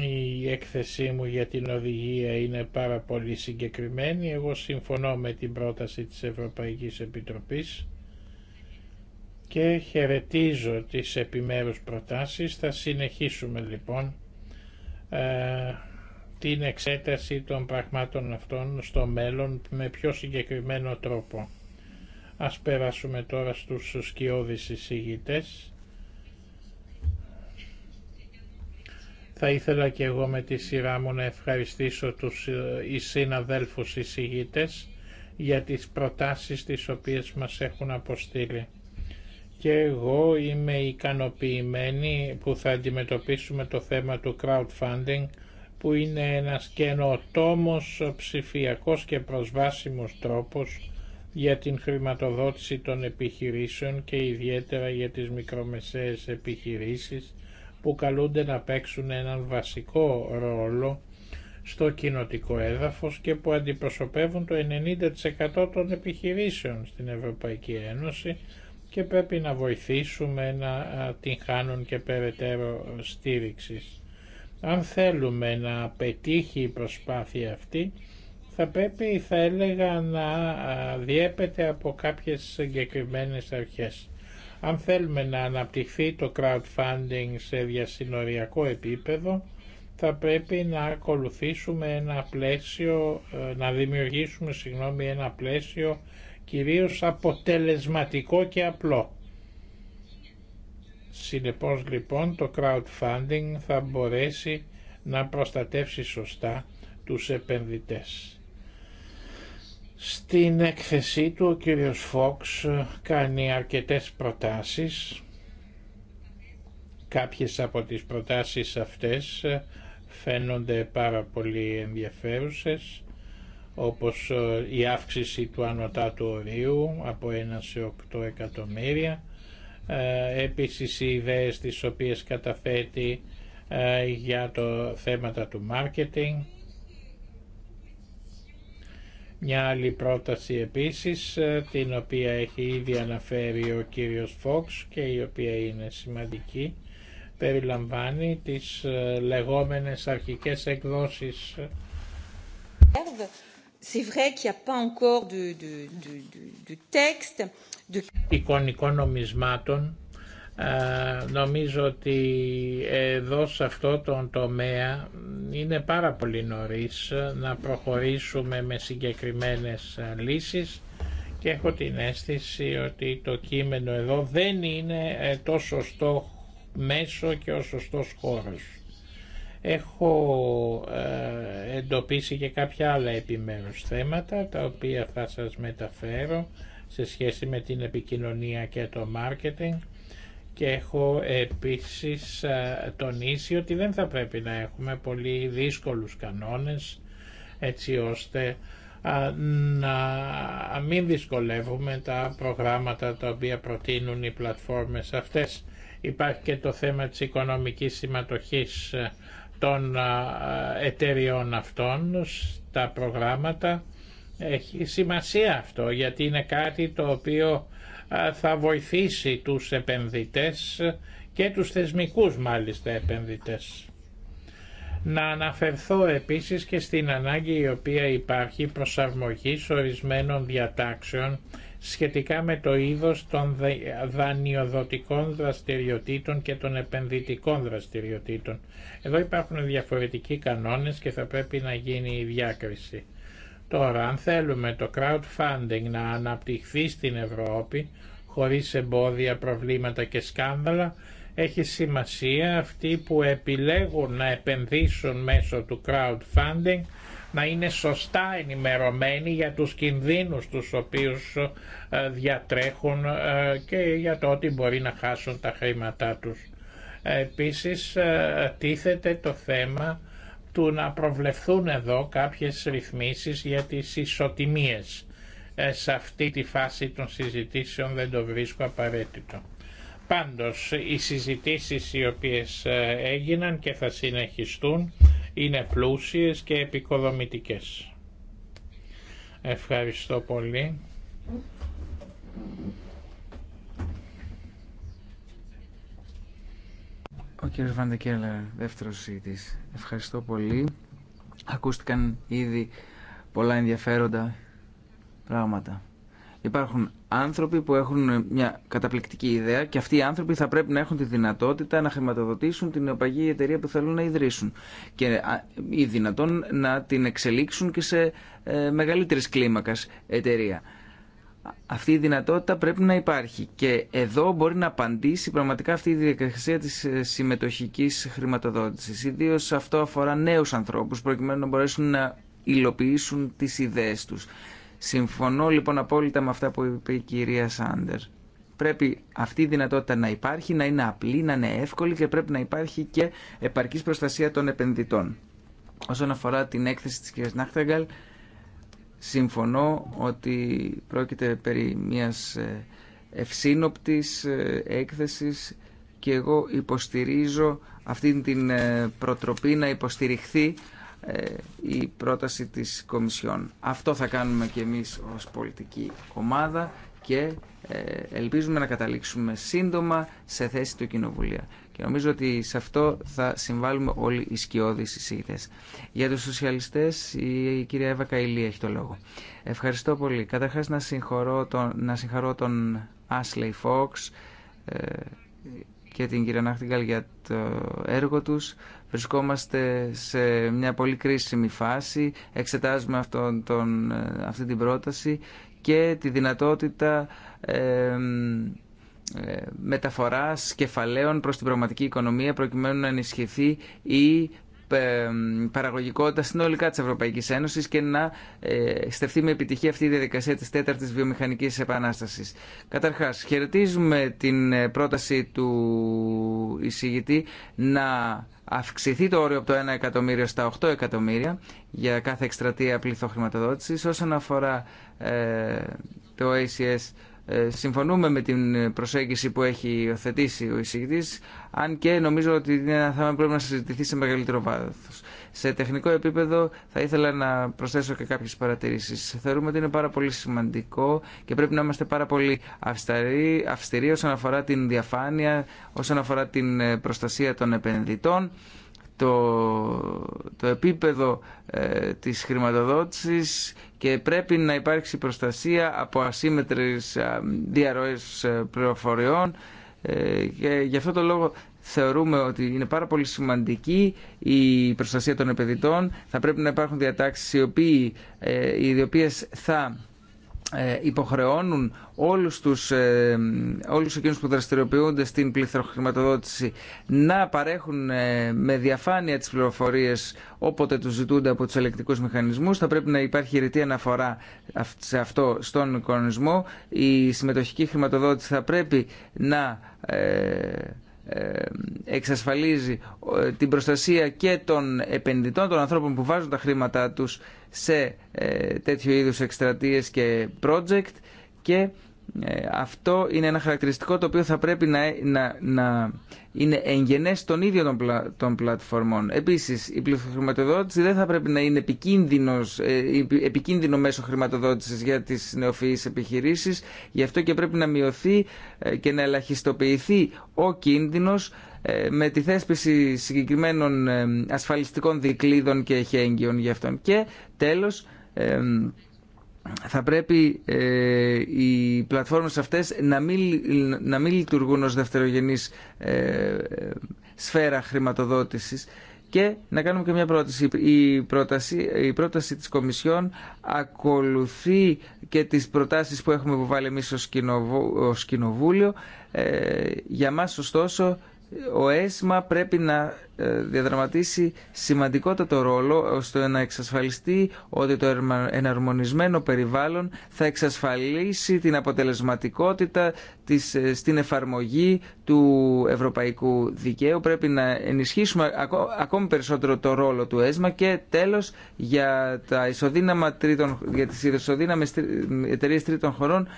S1: Η έκθεσή μου για την οδηγία είναι πάρα πολύ συγκεκριμένη. Εγώ συμφωνώ με την πρόταση της Ευρωπαϊκής Επιτροπής και χαιρετίζω τις επιμέρους προτάσεις. Θα συνεχίσουμε λοιπόν ε, την εξέταση των πραγμάτων αυτών στο μέλλον με πιο συγκεκριμένο τρόπο. Ας περάσουμε τώρα στους σκιώδεις εισηγητές. Θα ήθελα και εγώ με τη σειρά μου να ευχαριστήσω τους ε, συναδέλφους εισηγητές για τις προτάσεις τις οποίες μας έχουν αποστείλει. Και εγώ είμαι ικανοποιημένη που θα αντιμετωπίσουμε το θέμα του crowdfunding που είναι ένας καινοτόμος ψηφιακός και προσβάσιμος τρόπος για την χρηματοδότηση των επιχειρήσεων και ιδιαίτερα για τις μικρομεσαίες επιχειρήσεις που καλούνται να παίξουν έναν βασικό ρόλο στο κοινοτικό έδαφος και που αντιπροσωπεύουν το 90% των επιχειρήσεων στην Ευρωπαϊκή Ένωση και πρέπει να βοηθήσουμε να την χάνουν και περαιτέρω στήριξης. Αν θέλουμε να πετύχει η προσπάθεια αυτή, θα πρέπει, θα έλεγα, να διέπεται από κάποιες συγκεκριμένε αρχές. Αν θέλουμε να αναπτυχθεί το crowdfunding σε διασυνοριακό επίπεδο, θα πρέπει να ακολουθήσουμε ένα πλαίσιο, ε, να δημιουργήσουμε, συγγνώμη, ένα πλαίσιο κυρίως αποτελεσματικό και απλό. Συνεπώς λοιπόν το crowdfunding θα μπορέσει να προστατεύσει σωστά τους επενδυτές. Στην έκθεσή του ο κύριος Φόξ κάνει αρκετές προτάσεις. Κάποιες από τις προτάσεις αυτές φαίνονται πάρα πολύ ενδιαφέρουσες όπως η αύξηση του ανωτάτου ορίου από 1 σε 8 εκατομμύρια ε, επίσης οι ιδέες τις οποίες καταθέτει ε, για το θέματα του μάρκετινγκ. Μια άλλη πρόταση επίσης, ε, την οποία έχει ήδη αναφέρει ο κύριος Φόξ και η οποία είναι σημαντική, περιλαμβάνει τις λεγόμενες αρχικές εκδόσεις c'est vrai qu'il n'y a pas encore de, de, de, de texte. De... Εικονικών νομισμάτων. Ε, νομίζω ότι εδώ σε αυτό τον τομέα είναι πάρα πολύ νωρίς να προχωρήσουμε με συγκεκριμένες λύσεις και έχω την αίσθηση ότι το κείμενο εδώ δεν είναι ε, το σωστό μέσο και ο σωστός χώρος. Έχω ε, εντοπίσει και κάποια άλλα επιμέρους θέματα τα οποία θα σας μεταφέρω σε σχέση με την επικοινωνία και το μάρκετινγκ και έχω επίσης ε, τονίσει ότι δεν θα πρέπει να έχουμε πολύ δύσκολους κανόνες έτσι ώστε να μην δυσκολεύουμε τα προγράμματα τα οποία προτείνουν οι πλατφόρμες αυτές. Υπάρχει και το θέμα της οικονομικής συμμετοχής ε, των εταιριών αυτών στα προγράμματα έχει σημασία αυτό γιατί είναι κάτι το οποίο θα βοηθήσει τους επενδυτές και τους θεσμικούς μάλιστα επενδυτές. Να αναφερθώ επίσης και στην ανάγκη η οποία υπάρχει προσαρμογής ορισμένων διατάξεων σχετικά με το είδος των δανειοδοτικών δραστηριοτήτων και των επενδυτικών δραστηριοτήτων. Εδώ υπάρχουν διαφορετικοί κανόνες και θα πρέπει να γίνει η διάκριση. Τώρα, αν θέλουμε το crowdfunding να αναπτυχθεί στην Ευρώπη χωρίς εμπόδια, προβλήματα και σκάνδαλα, έχει σημασία αυτοί που επιλέγουν να επενδύσουν μέσω του crowdfunding να είναι σωστά ενημερωμένοι για τους κινδύνους τους οποίους ε, διατρέχουν ε, και για το ότι μπορεί να χάσουν τα χρήματά τους. Επίσης ε, τίθεται το θέμα του να προβλεφθούν εδώ κάποιες ρυθμίσεις για τις ισοτιμίες. Σε αυτή τη φάση των συζητήσεων δεν το βρίσκω απαραίτητο. Πάντως οι συζητήσεις οι οποίες έγιναν και θα συνεχιστούν είναι πλούσιες και επικοδομητικές. Ευχαριστώ πολύ.
S2: Ο κύριος Βαντεκέλα, δεύτερος σύντης. Ευχαριστώ πολύ. Ακούστηκαν ήδη πολλά ενδιαφέροντα πράγματα. Υπάρχουν άνθρωποι που έχουν μια καταπληκτική ιδέα και αυτοί οι άνθρωποι θα πρέπει να έχουν τη δυνατότητα να χρηματοδοτήσουν την νεοπαγή εταιρεία που θέλουν να ιδρύσουν και ή δυνατόν να την εξελίξουν και σε ε, μεγαλύτερης κλίμακας εταιρεία. Αυτή η δυνατότητα πρέπει να υπάρχει και εδώ μπορεί να απαντήσει πραγματικά αυτή η διαδικασία της ε, συμμετοχικής χρηματοδότησης. Ιδίως αυτό αφορά νέους ανθρώπους προκειμένου να μπορέσουν να υλοποιήσουν τις ιδέες τους. Συμφωνώ λοιπόν απόλυτα με αυτά που είπε η κυρία Σάντερ. Πρέπει αυτή η δυνατότητα να υπάρχει, να είναι απλή, να είναι εύκολη και πρέπει να υπάρχει και επαρκής προστασία των επενδυτών. Όσον αφορά την έκθεση της κυρίας Νάχταγκαλ, συμφωνώ ότι πρόκειται περί μιας ε, ευσύνοπτης ε, έκθεσης και εγώ υποστηρίζω αυτή την ε, προτροπή να υποστηριχθεί ε, η πρόταση της Κομισιόν. Αυτό θα κάνουμε και εμείς ως πολιτική ομάδα και ε, ελπίζουμε να καταλήξουμε σύντομα σε θέση του Κοινοβουλία. Και νομίζω ότι σε αυτό θα συμβάλλουμε όλοι οι σκιώδεις εισηγητές. Για τους σοσιαλιστές η κυρία Εύα Καηλή έχει το λόγο. Ευχαριστώ πολύ. Καταρχάς να, συγχωρώ τον, να συγχαρώ τον Ashley Fox ε, και την κυρία Νάχτιγκαλ για το έργο τους. Βρισκόμαστε σε μια πολύ κρίσιμη φάση, εξετάζουμε αυτόν, τον, ε, αυτή την πρόταση και τη δυνατότητα ε, μεταφοράς κεφαλαίων προς την πραγματική οικονομία προκειμένου να ενισχυθεί η ε, παραγωγικότητα συνολικά τη Ευρωπαϊκή Ένωση και να ε, στεφθεί με επιτυχία αυτή η διαδικασία τη τέταρτη βιομηχανική επανάσταση. Καταρχά, χαιρετίζουμε την ε, πρόταση του εισηγητή να αυξηθεί το όριο από το 1 εκατομμύριο στα 8 εκατομμύρια για κάθε εκστρατεία πληθό χρηματοδότηση. Όσον αφορά το ACS ε, συμφωνούμε με την προσέγγιση που έχει υιοθετήσει ο εισηγητής, αν και νομίζω ότι είναι ένα θέμα που πρέπει να συζητηθεί σε μεγαλύτερο βάθο. Σε τεχνικό επίπεδο θα ήθελα να προσθέσω και κάποιες παρατηρήσεις. Θεωρούμε ότι είναι πάρα πολύ σημαντικό και πρέπει να είμαστε πάρα πολύ αυστηροί, αυστηροί όσον αφορά την διαφάνεια, όσον αφορά την ε, προστασία των επενδυτών το, το επίπεδο ε, της χρηματοδότησης και πρέπει να υπάρξει προστασία από ασύμετρες ε, διαρροές ε, πληροφοριών ε, και γι' αυτό το λόγο θεωρούμε ότι είναι πάρα πολύ σημαντική η προστασία των επενδυτών. Θα πρέπει να υπάρχουν διατάξεις οι, οποίοι, οι οποίες θα ε, υποχρεώνουν όλους, τους, ε, όλους εκείνους που δραστηριοποιούνται στην πληθροχρηματοδότηση να παρέχουν ε, με διαφάνεια τις πληροφορίες όποτε τους ζητούνται από τους ελεκτικούς μηχανισμούς. Θα πρέπει να υπάρχει ρητή αναφορά σε αυτό στον οικονομισμό. Η συμμετοχική χρηματοδότηση θα πρέπει να ε, εξασφαλίζει ε, την προστασία και των επενδυτών, των ανθρώπων που βάζουν τα χρήματά τους σε ε, τέτοιου είδους εκστρατείες και project και ε, αυτό είναι ένα χαρακτηριστικό το οποίο θα πρέπει να, να, είναι εγγενές των ίδιων των, πλα, των πλατφορμών. Επίσης, η πληθυσματοδότηση δεν θα πρέπει να είναι επικίνδυνος, ε, επικίνδυνο μέσο χρηματοδότησης για τις νεοφυείς επιχειρήσεις. Γι' αυτό και πρέπει να μειωθεί ε, και να ελαχιστοποιηθεί ο κίνδυνος με τη θέσπιση συγκεκριμένων ασφαλιστικών δικλείδων και εχέγγυων γι' αυτόν. Και τέλος, θα πρέπει ε, οι πλατφόρμες αυτές να μην, να μην λειτουργούν ως δευτερογενής ε, σφαίρα χρηματοδότησης και να κάνουμε και μια πρόταση. Η πρόταση, η πρόταση της Κομισιόν ακολουθεί και τις προτάσεις που έχουμε βάλει εμείς ως Κοινοβούλιο. Ε, για μας ωστόσο ο ΕΣΜΑ πρέπει να ε, διαδραματίσει σημαντικότατο ρόλο ώστε να εξασφαλιστεί ότι το εναρμονισμένο περιβάλλον θα εξασφαλίσει την αποτελεσματικότητα της, ε, στην εφαρμογή του ευρωπαϊκού δικαίου. Πρέπει να ενισχύσουμε ακόμη περισσότερο το ρόλο του ΕΣΜΑ και τέλος για, τα ισοδύναμα τρίτων, για τις ισοδύναμες ε, εταιρείε τρίτων χωρών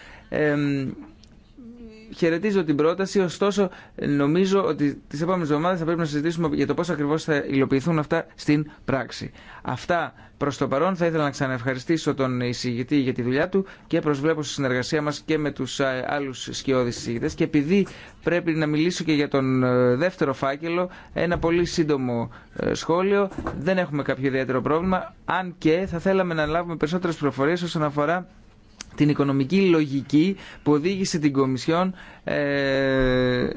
S2: χαιρετίζω την πρόταση, ωστόσο νομίζω ότι τις επόμενες εβδομάδες θα πρέπει να συζητήσουμε για το πώς ακριβώς θα υλοποιηθούν αυτά στην πράξη. Αυτά προς το παρόν θα ήθελα να ξαναευχαριστήσω τον εισηγητή για τη δουλειά του και προσβλέπω στη συνεργασία μας και με τους ε, άλλους σκιώδεις εισηγητές και επειδή πρέπει να μιλήσω και για τον ε, δεύτερο φάκελο ένα πολύ σύντομο ε, σχόλιο δεν έχουμε κάποιο ιδιαίτερο πρόβλημα αν και θα θέλαμε να λάβουμε περισσότερες προφορίες όσον αφορά την οικονομική λογική που οδήγησε την Κομισιόν ε,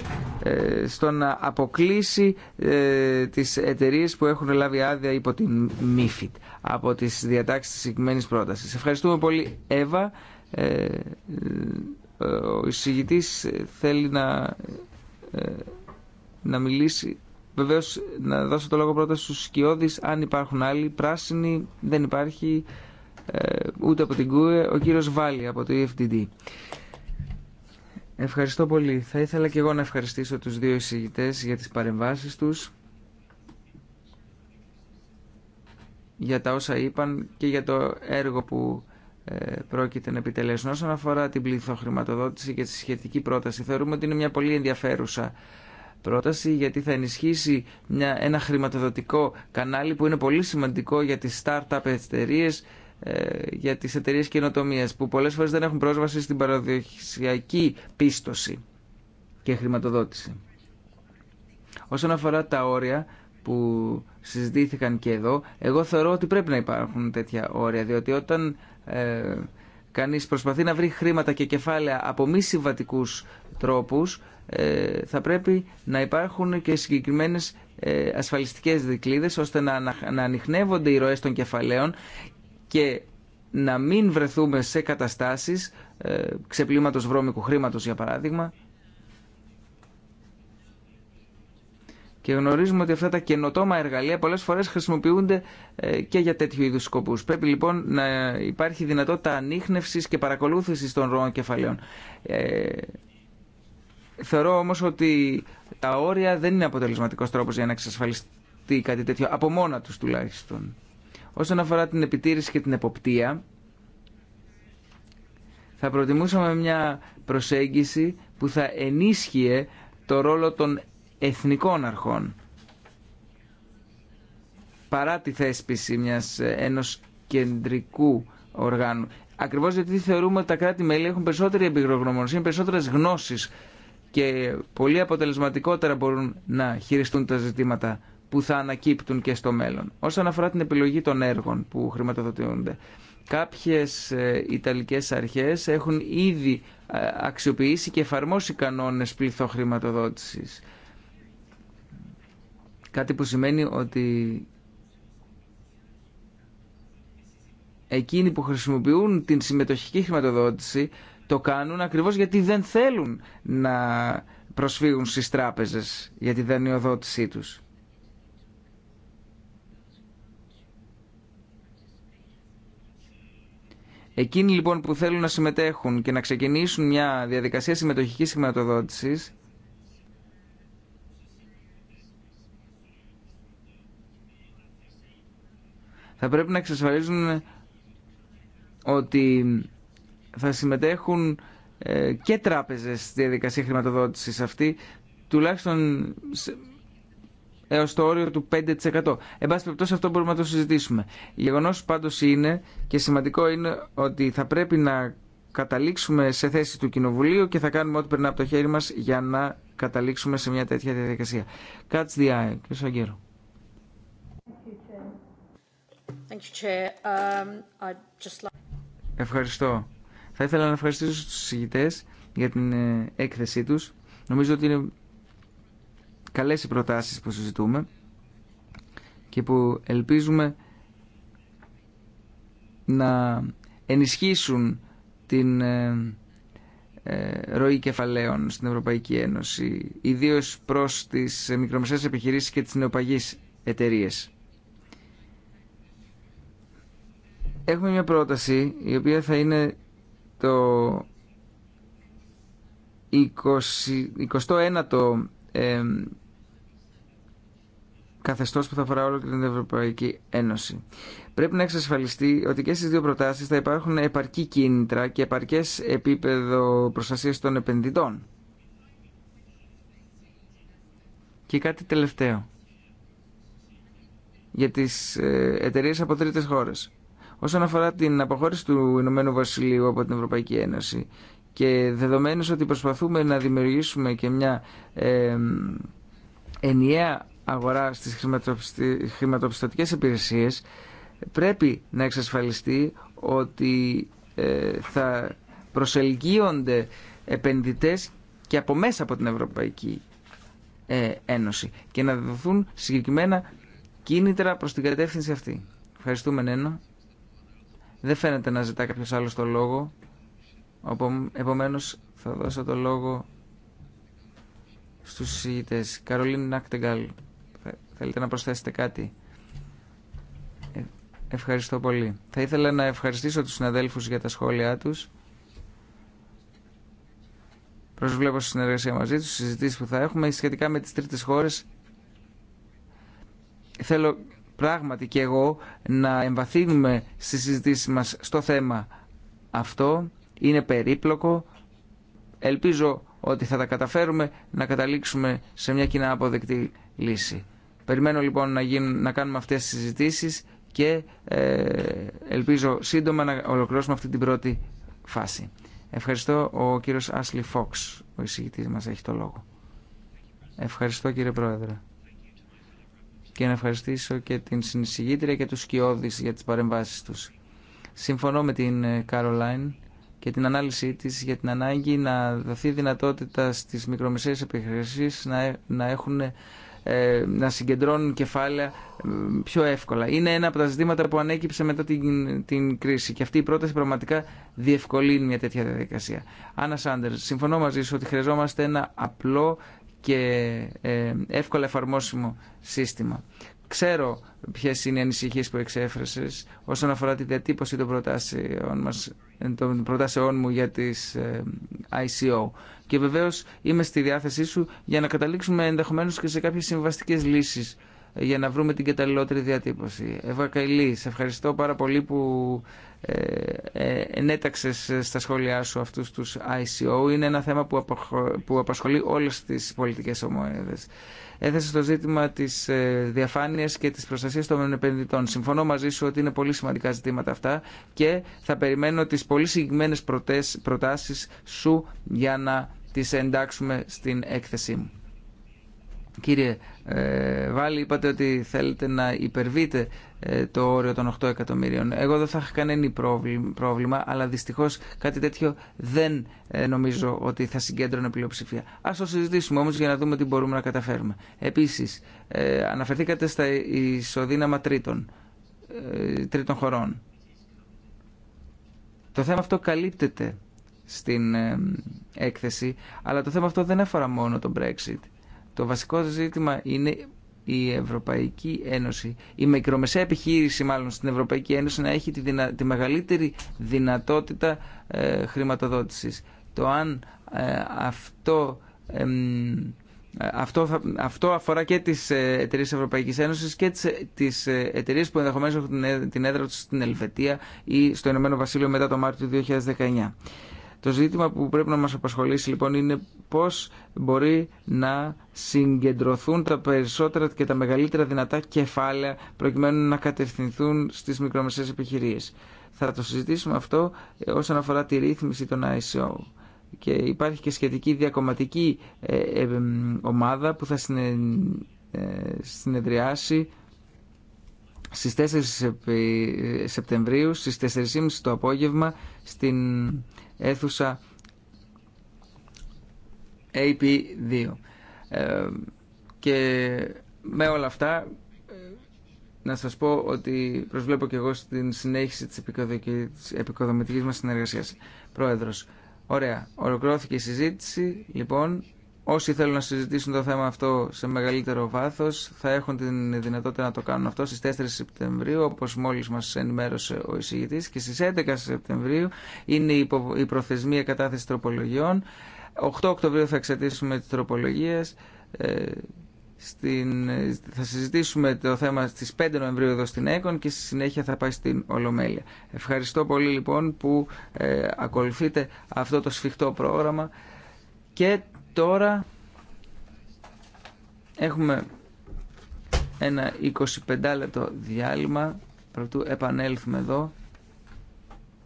S2: ε, στο να αποκλείσει ε, τις εταιρείε που έχουν λάβει άδεια υπό την MIFID από τις διατάξεις της συγκεκριμένης πρότασης. Ευχαριστούμε πολύ Εύα. Ε, ο εισηγητής θέλει να, να μιλήσει. Βεβαίως να δώσω το λόγο πρώτα στους σκιώδεις αν υπάρχουν άλλοι. Πράσινοι δεν υπάρχει. Ε, ούτε από την ΚΟΕ, ο κύριος Βάλη από το EFTD. Ευχαριστώ πολύ. Θα ήθελα και εγώ να ευχαριστήσω τους δύο εισηγητές για τις παρεμβάσεις τους, για τα όσα είπαν και για το έργο που ε, πρόκειται να επιτελέσουν. Όσον αφορά την πληθοχρηματοδότηση και τη σχετική πρόταση, θεωρούμε ότι είναι μια πολύ ενδιαφέρουσα πρόταση γιατί θα ενισχύσει μια, ένα χρηματοδοτικό κανάλι που είναι πολύ σημαντικό για τις startup εταιρείε ε, για τις εταιρείε καινοτομία που πολλέ φορέ δεν έχουν πρόσβαση στην παραδοσιακή πίστοση και χρηματοδότηση. Όσον αφορά τα όρια που συζητήθηκαν και εδώ, εγώ θεωρώ ότι πρέπει να υπάρχουν τέτοια όρια, διότι όταν ε, κανείς προσπαθεί να βρει χρήματα και κεφάλαια από μη συμβατικού τρόπους, ε, θα πρέπει να υπάρχουν και συγκεκριμένες ε, ασφαλιστικές δικλείδες ώστε να, να, ανοιχνεύονται οι ροές των κεφαλαίων και να μην βρεθούμε σε καταστάσεις ε, ξεπλήματος βρώμικου χρήματος για παράδειγμα και γνωρίζουμε ότι αυτά τα καινοτόμα εργαλεία πολλές φορές χρησιμοποιούνται ε, και για τέτοιου είδους σκοπούς. Πρέπει λοιπόν να υπάρχει δυνατότητα ανείχνευσης και παρακολούθησης των ροών κεφαλαίων. Ε, θεωρώ όμως ότι τα όρια δεν είναι αποτελεσματικός τρόπος για να εξασφαλιστεί κάτι τέτοιο, από μόνα τους τουλάχιστον. Όσον αφορά την επιτήρηση και την εποπτεία, θα προτιμούσαμε μια προσέγγιση που θα ενίσχυε το ρόλο των εθνικών αρχών παρά τη θέσπιση μιας, ε, ενός κεντρικού οργάνου. Ακριβώς γιατί θεωρούμε ότι τα κράτη-μέλη έχουν περισσότερη εμπειρογνωμονωσία, περισσότερες γνώσεις και πολύ αποτελεσματικότερα μπορούν να χειριστούν τα ζητήματα που θα ανακύπτουν και στο μέλλον. Όσον αφορά την επιλογή των έργων που χρηματοδοτούνται, κάποιες ε, Ιταλικές αρχές έχουν ήδη ε, αξιοποιήσει και εφαρμόσει κανόνες πληθοχρηματοδότησης. Κάτι που σημαίνει ότι εκείνοι που χρησιμοποιούν την συμμετοχική χρηματοδότηση το κάνουν ακριβώς γιατί δεν θέλουν να προσφύγουν στις τράπεζες για τη δανειοδότησή τους. Εκείνοι λοιπόν που θέλουν να συμμετέχουν και να ξεκινήσουν μια διαδικασία συμμετοχικής χρηματοδότησης θα πρέπει να εξασφαλίζουν ότι θα συμμετέχουν ε, και τράπεζες στη διαδικασία χρηματοδότησης αυτή τουλάχιστον έως το όριο του 5%. Εν πάση περιπτώσει αυτό μπορούμε να το συζητήσουμε. γεγονό πάντω είναι και σημαντικό είναι ότι θα πρέπει να καταλήξουμε σε θέση του Κοινοβουλίου και θα κάνουμε ό,τι περνά από το χέρι μας για να καταλήξουμε σε μια τέτοια διαδικασία. Κάτσε διά, κύριε Σαγκέρο.
S4: Um,
S2: Ευχαριστώ. Θα ήθελα να ευχαριστήσω τους συζητητές για την ε, έκθεσή τους. Νομίζω ότι είναι καλές οι προτάσεις που συζητούμε και που ελπίζουμε να ενισχύσουν την ε, ε, ροή κεφαλαίων στην Ευρωπαϊκή Ένωση, ιδίως προς τις μικρομεσαίες επιχειρήσεις και τις νεοπαγείς εταιρείες. Έχουμε μια πρόταση η οποία θα είναι το 20, 29ο καθεστώς που θα αφορά και την Ευρωπαϊκή Ένωση. Πρέπει να εξασφαλιστεί ότι και στις δύο προτάσει θα υπάρχουν επαρκή κίνητρα και επαρκές επίπεδο προστασίας των επενδυτών. Και κάτι τελευταίο για τις ε, εταιρείες από τρίτες χώρες. Όσον αφορά την αποχώρηση του Ηνωμένου Βασιλείου από την Ευρωπαϊκή Ένωση και δεδομένως ότι προσπαθούμε να δημιουργήσουμε και μια ε, ενιαία αγορά στις χρηματοπιστωτικές υπηρεσίες πρέπει να εξασφαλιστεί ότι ε, θα προσελκύονται επενδυτές και από μέσα από την Ευρωπαϊκή ε, Ένωση και να δοθούν συγκεκριμένα κίνητρα προς την κατεύθυνση αυτή. Ευχαριστούμε Νένο. Δεν φαίνεται να ζητά κάποιος άλλος το λόγο. Επομένως θα δώσω το λόγο στους συζητητές. Καρολίνη Νακτεγκάλ. Θέλετε να προσθέσετε κάτι. Ε, ευχαριστώ πολύ. Θα ήθελα να ευχαριστήσω τους συναδέλφους για τα σχόλιά τους. Προσβλέπω στη συνεργασία μαζί τους, συζητήσεις που θα έχουμε σχετικά με τις τρίτες χώρες. Θέλω πράγματι και εγώ να εμβαθύνουμε στη συζητήση μας στο θέμα αυτό. Είναι περίπλοκο. Ελπίζω ότι θα τα καταφέρουμε να καταλήξουμε σε μια κοινά αποδεκτή λύση. Περιμένω λοιπόν να, γίνουν, να κάνουμε αυτές τις συζητήσεις και ε, ελπίζω σύντομα να ολοκληρώσουμε αυτή την πρώτη φάση. Ευχαριστώ ο κύριος Άσλι Φόξ, ο εισηγητής μας έχει το λόγο. Ευχαριστώ κύριε Πρόεδρε. Και να ευχαριστήσω και την συνεισηγήτρια και τους σκιώδεις για τις παρεμβάσεις τους. Συμφωνώ με την Καρολάιν ε, και την ανάλυση της για την ανάγκη να δοθεί δυνατότητα στις μικρομεσαίες επιχειρήσεις να έχουν ε, ε, να συγκεντρώνουν κεφάλαια ε, πιο εύκολα. Είναι ένα από τα ζητήματα που ανέκυψε μετά την, την κρίση και αυτή η πρόταση πραγματικά διευκολύνει μια τέτοια διαδικασία. Άννα Σάντερ, συμφωνώ μαζί σου ότι χρειαζόμαστε ένα απλό και ε, εύκολα εφαρμόσιμο σύστημα ξέρω ποιε είναι οι ανησυχίε που εξέφρασε όσον αφορά τη διατύπωση των προτάσεών, μας, των προτάσεών μου για τι ε, ICO. Και βεβαίω είμαι στη διάθεσή σου για να καταλήξουμε ενδεχομένω και σε κάποιε συμβαστικέ λύσει ε, για να βρούμε την καταλληλότερη διατύπωση. Εύα Καηλή, σε ευχαριστώ πάρα πολύ που ε, ενέταξες στα σχόλιά σου αυτούς τους ICO. Είναι ένα θέμα που απασχολεί όλες τις πολιτικές ομάδες έθεσε το ζήτημα τη ε, διαφάνεια και τη προστασία των επενδυτών. Συμφωνώ μαζί σου ότι είναι πολύ σημαντικά ζητήματα αυτά και θα περιμένω τι πολύ συγκεκριμένε προτάσει σου για να τις εντάξουμε στην έκθεσή μου. Κύριε ε, είπατε ότι θέλετε να υπερβείτε ε, το όριο των 8 εκατομμύριων. Εγώ δεν θα είχα κανένα πρόβλημα, αλλά δυστυχώς κάτι τέτοιο δεν ε, νομίζω ότι θα συγκέντρωνε πλειοψηφία. Α το συζητήσουμε όμω για να δούμε τι μπορούμε να καταφέρουμε. Επίσης, ε, αναφερθήκατε στα ισοδύναμα τρίτων, τρίτων χωρών. Το θέμα αυτό καλύπτεται στην έκθεση, αλλά το θέμα αυτό δεν αφορά μόνο τον Brexit το βασικό ζήτημα είναι η Ευρωπαϊκή Ένωση, η μικρομεσαία επιχείρηση μάλλον στην Ευρωπαϊκή Ένωση να έχει τη, τη μεγαλύτερη δυνατότητα ε, χρηματοδότησης. Το αν ε, αυτό... αυτό, αυτό αφορά και τις ε, εταιρείε της Ευρωπαϊκής Ένωσης και τις, ε, τις εταιρείες που ενδεχομένως έχουν την έδρα τους στην Ελβετία ή στο Ηνωμένο Βασίλειο μετά το Μάρτιο του 2019. Το ζήτημα που πρέπει να μας απασχολήσει λοιπόν είναι πώς μπορεί να συγκεντρωθούν τα περισσότερα και τα μεγαλύτερα δυνατά κεφάλαια προκειμένου να κατευθυνθούν στις μικρομεσαίες επιχειρήσεις. Θα το συζητήσουμε αυτό ε, όσον αφορά τη ρύθμιση των ICO. Και υπάρχει και σχετική διακομματική ε, ε, ομάδα που θα συνεδριάσει στις 4 Σεπτεμβρίου, στις 4.30 το απόγευμα, στην αίθουσα AP2. Ε, και με όλα αυτά ε, να σας πω ότι προσβλέπω και εγώ στην συνέχιση της επικοδομητικής μας συνεργασίας. Πρόεδρος, ωραία. Ολοκληρώθηκε η συζήτηση. Λοιπόν, Όσοι θέλουν να συζητήσουν το θέμα αυτό σε μεγαλύτερο βάθος θα έχουν την δυνατότητα να το κάνουν αυτό στις 4 Σεπτεμβρίου όπως μόλις μα ενημέρωσε ο εισηγητή, και στις 11 Σεπτεμβρίου είναι η προθεσμία κατάθεση τροπολογιών. 8 Οκτωβρίου θα εξετήσουμε τι τροπολογίε. Ε, στην... Θα συζητήσουμε το θέμα στις 5 Νοεμβρίου εδώ στην ΕΚΟΝ και στη συνέχεια θα πάει στην Ολομέλεια. Ευχαριστώ πολύ λοιπόν που ε, ακολουθείτε αυτό το σφιχτό πρόγραμμα και Τώρα έχουμε ένα 25 λεπτό διάλειμμα πρωτού επανέλθουμε εδώ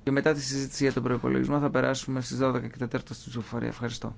S2: και μετά τη συζήτηση για τον προϋπολογισμό θα περάσουμε στις 12 και 4 στην ψηφοφορία. Ευχαριστώ.